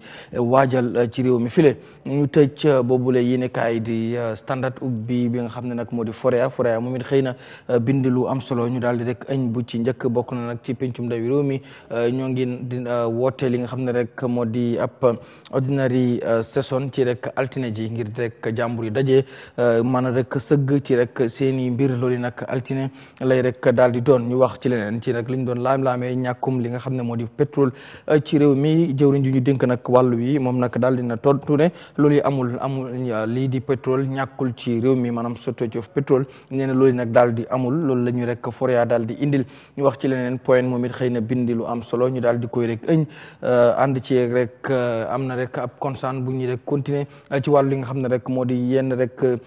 [SPEAKER 7] waajal uh, ci réew mi file ñu tëj uh, boobule yéene kaay di uh, standard ubbi bi nga xam ne nag moo di Forea Forea moom xay na bindi lu am solo ñu daal di rek añ bu ci njëkk bokk na nag ci pencum ndawi réew mi ñoo ngi di woote li nga xam ne rek moo di ab ordinary session ci rek altine ji ngir rek jàmbur yi daje maanaam rek sëgg ci rek seeni loolu yi nag altine lay rek daal di doon ñu wax ci leneen ci nag liñ doon laam-laamee ñàkkum li nga xam ne moo di pétrole eh, ci réew mi jëwriñ ju ñu dénk nag wàllu wi moom nag ci réew mi maanaam shortage of pétrole nee na loolu yi nag daal amul loolu la ñu rek foria daal di indil ñu wax ci leneen point moom it xëy na bindi lu am solo ñu daal di koy rek ëñ eh, ànd ci rek eh, am na rek ab constant bu ñu rek continuer ci wàllu li nga xam ne rek moo di rek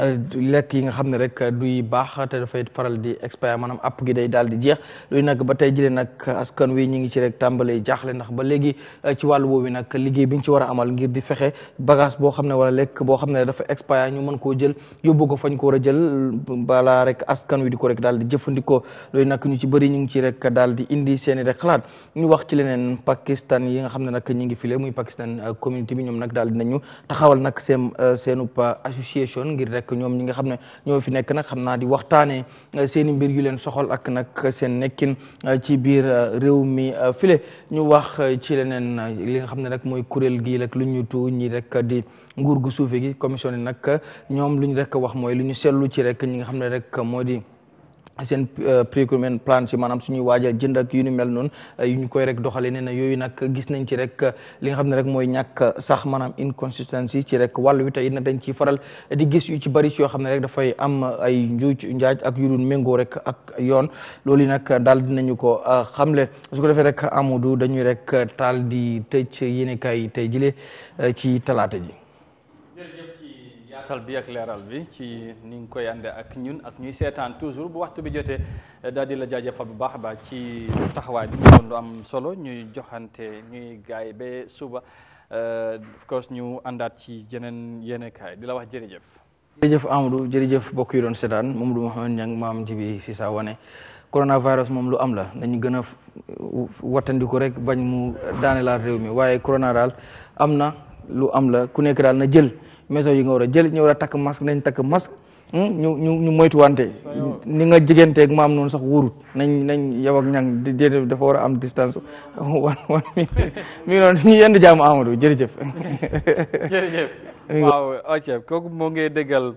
[SPEAKER 7] Euh, lekk yi nga xam ne rek duy baax te dafay faral di expert maanaam app gi day daal di jeex luy nag ba tey jëlee nag askan wi ñu ngi ci rek tàmbalee jaaxle ndax ba léegi euh, ci wàllu woowu nag liggéey bi ñu ci war a amal ngir di fexe bagage boo xam ne wala lekk boo xam ne dafa expert ñu mën koo jël yóbbu ko fañ ko war a jël balaa rek askan wi di ko rek daal di jëfandikoo luy nag ñu ci bëri ñu ngi ci rek daal di indi seen rek xalaat ñu wax ci leneen Pakistan yi nga xam ne nag ñu ngi file muy Pakistan euh, community bi ñoom nag daal dinañu taxawal nag seen seenub association ngir rek rek ñoom ñi nga xam ne ñoo fi nekk nag xam naa di waxtaanee eh, seen i mbir yu leen soxal ak nag seen nekkin eh, ci biir eh, réew mi file ñu wax ci leneen li nga xam ne rek mooy kuréel gi rek lu ñu tu ñi rek di nguur gu suufee gi commission yi nag ñoom lu ñu rek wax mooy lu ñu seetlu ci rek ñi nga xam ne rek moo di seen euh, procurement plan ci maanaam suñuy waajal jënd ak yu ni mel noonu euh, yu ñu koy rek doxalee nee na yooyu nag gis nañ ci rek li nga xam ne rek mooy ñàkk sax maanaam inconsistency ci rek wàllu wi tey na dañ ciy faral di gis yu ci bari ci yoo xam ne rek dafay am ay njuuj njaaj ak yu dul méngoo rek ak yoon loolu yi nag daal dinañu ko euh, xamle su ko defee rek Amadou dañuy rek taal di tëj yéenekaay yi tey jile ci talaata ji.
[SPEAKER 1] yaatal bi ak leeral bi ci ni nga koy ànde ak ñun ak ñuy seetaan toujours bu waxtu bi jotee daal di la jaajëfal bu baax a baax ci taxawaay bi mu doon lu am solo ñuy joxante ñuy gaay ba suba euh, of course ñu àndaat ci yeneen yéene kaay di la wax jërëjëf.
[SPEAKER 7] jërëjëf Amadou jërëjëf bokk yi doon seetaan Mamadou Mouhamed Niang maam Jibi Cissé Wane coronavirus moom lu am la nañu gën a wattandiku rek bañ mu daanelaat réew mi waaye corona daal am na lu am la ku nekk daal na jël. maison yi nga war a jël ñu war a takk masque nañ takk masque hmm, ñu ñu moytuwante ni nga jiganteeg maam noonu sax wóorut nañ nañ yow ak ñang di dafa war a am distance wan *laughs* wan *laughs* mi mi noonu ñu yendu jàmm Amadou jërëjëf *laughs* jërëjëf
[SPEAKER 1] waaw kooku moo ngay déggal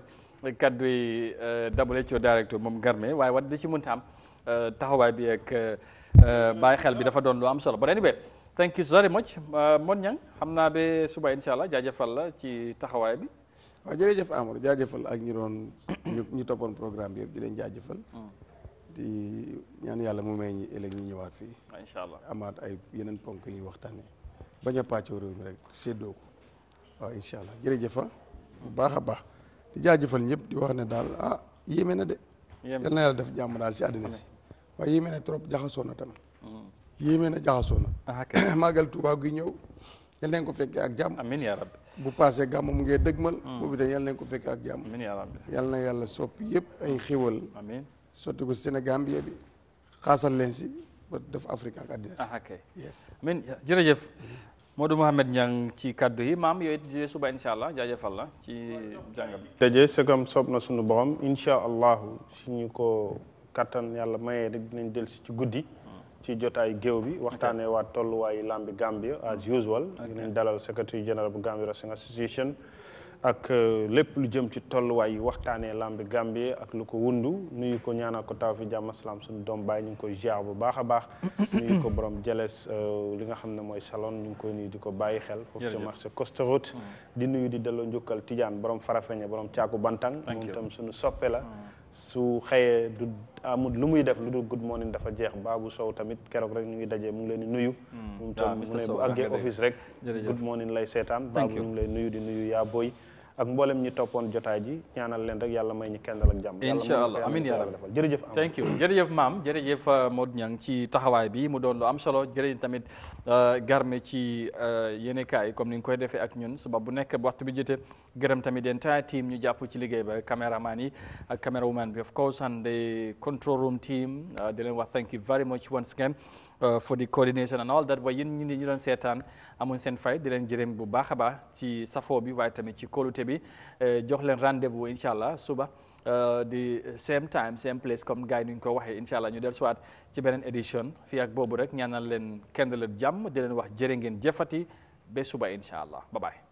[SPEAKER 1] kaddu yi WHO euh, directeur moom Garme waaye wat di ci mënta am euh, taxawaay bi ak euh, bàyyi xel bi dafa doon lu am solo ba anyway thank you very much euh, Modou Niang xam naa ba suba incha allah jaajëfal la ci taxawaay bi. waaw jërëjëf Amadou jaajëfal ak ñu
[SPEAKER 2] ñu toppoon programme bi di leen jaajëfal. Hmm. di ñaan yàlla mu may ñi ñu ñëwaat fii. Ah, incha allah amaat ay yeneen ponk yu ñuy waxtaanee bañ a pàccoo réew mi rek séddoo ko waa incha allah jërëjëf ah. bu baax a baax di jaajëfal ñëpp di wax ne daal ah yéeme na de. yal na yàlla def jàmm daal si àddina si. waaye yéeme na trop jaxasoo na yéeme na jaxasoo na ah, *coughs* màggal Tuubaa gi yal nañ ko fekkee ak amin ya rabbi bu passé gàmm mu ngee dëgmal hmm. boobu tam yal nañ ko fekkee ak amin ya rabbi yal na yalla soppi yëpp ay xewal amin soti ko Sénégambie bi xaasal
[SPEAKER 1] len ci ba def afrika ak adina ah ok yes Amin. jërëjëf Modou mohammed ñang ci kaddu yi maam yooyu suba inshallah allah jaajëfal la ci jàngam jëjë sëgam
[SPEAKER 3] soob na suñu borom inshallah suñu ko katan yalla maye rek dinañ del ci guddii ci jotaay géew bi waxtaanee waa tolluwaayu lambi Gambia as usual. dinañ dalal secretary general bu Gambia Wrestling Association. ak euh, lépp lu jëm ci tolluwaay waxtaanee làmbi Gambie ak lu ko wundu nuyu ko ñaanal ko taw fi jàmm asalaam suñu doom baay ñu ngi koy ziar bu baax a baax *coughs* nuyu ko borom Jales euh, li nga xam ne mooy salon ñu ngi koy nuyu di ko bàyyi xel foofu ci marché Costa Route mm. di nuyu di delloo njukkal tijaan borom fara Farafeñe borom Caaku Bantang moom tam suñu soppe la mm. su xëyee du amul lu muy def lu dul good morning dafa jeex Babou Sow tamit keroog rek ñu ngi dajee mu ngi leen di nuyu hmm. moom ah, tam mu ne bu àggee office rek good morning lay seetaan Babou ñu lay nuyu di nuyu yaa boy ak mbolem ñi toppoon jotaay ji ñaanal leen rek yàlla may ñu kendal ak jàmm inshallah amin ya
[SPEAKER 1] rabbi thank you jërëjëf maam jërëjëf uh, mod ñang ci taxawaay bi mu doon lu am solo jërëjëf tamit uh, garme ci uh, yene kaay comme ni nga koy defee ak ñun suba bu nekk waxtu bi jëte tamit den team ñu jàpp ci liggéey ba cameraman yi ak woman bi of course and the control room team uh, Dylan, well, thank you very much once again. Uh, for the coordination and all that waaye yéen ñi ñu doon seetaan amuñ seen fay di leen jërëm bu baax a baax ci safoo bi waaye tamit ci kóolute bi eh, jox leen rendez-vous incha suba the uh, same time same place comme gars yi ñu ko waxee incha allah ñu del suwaat ci beneen édition fii ak boobu rek ñaanal leen kenn leen jàmm di leen wax jërë jëfati ba suba bye bye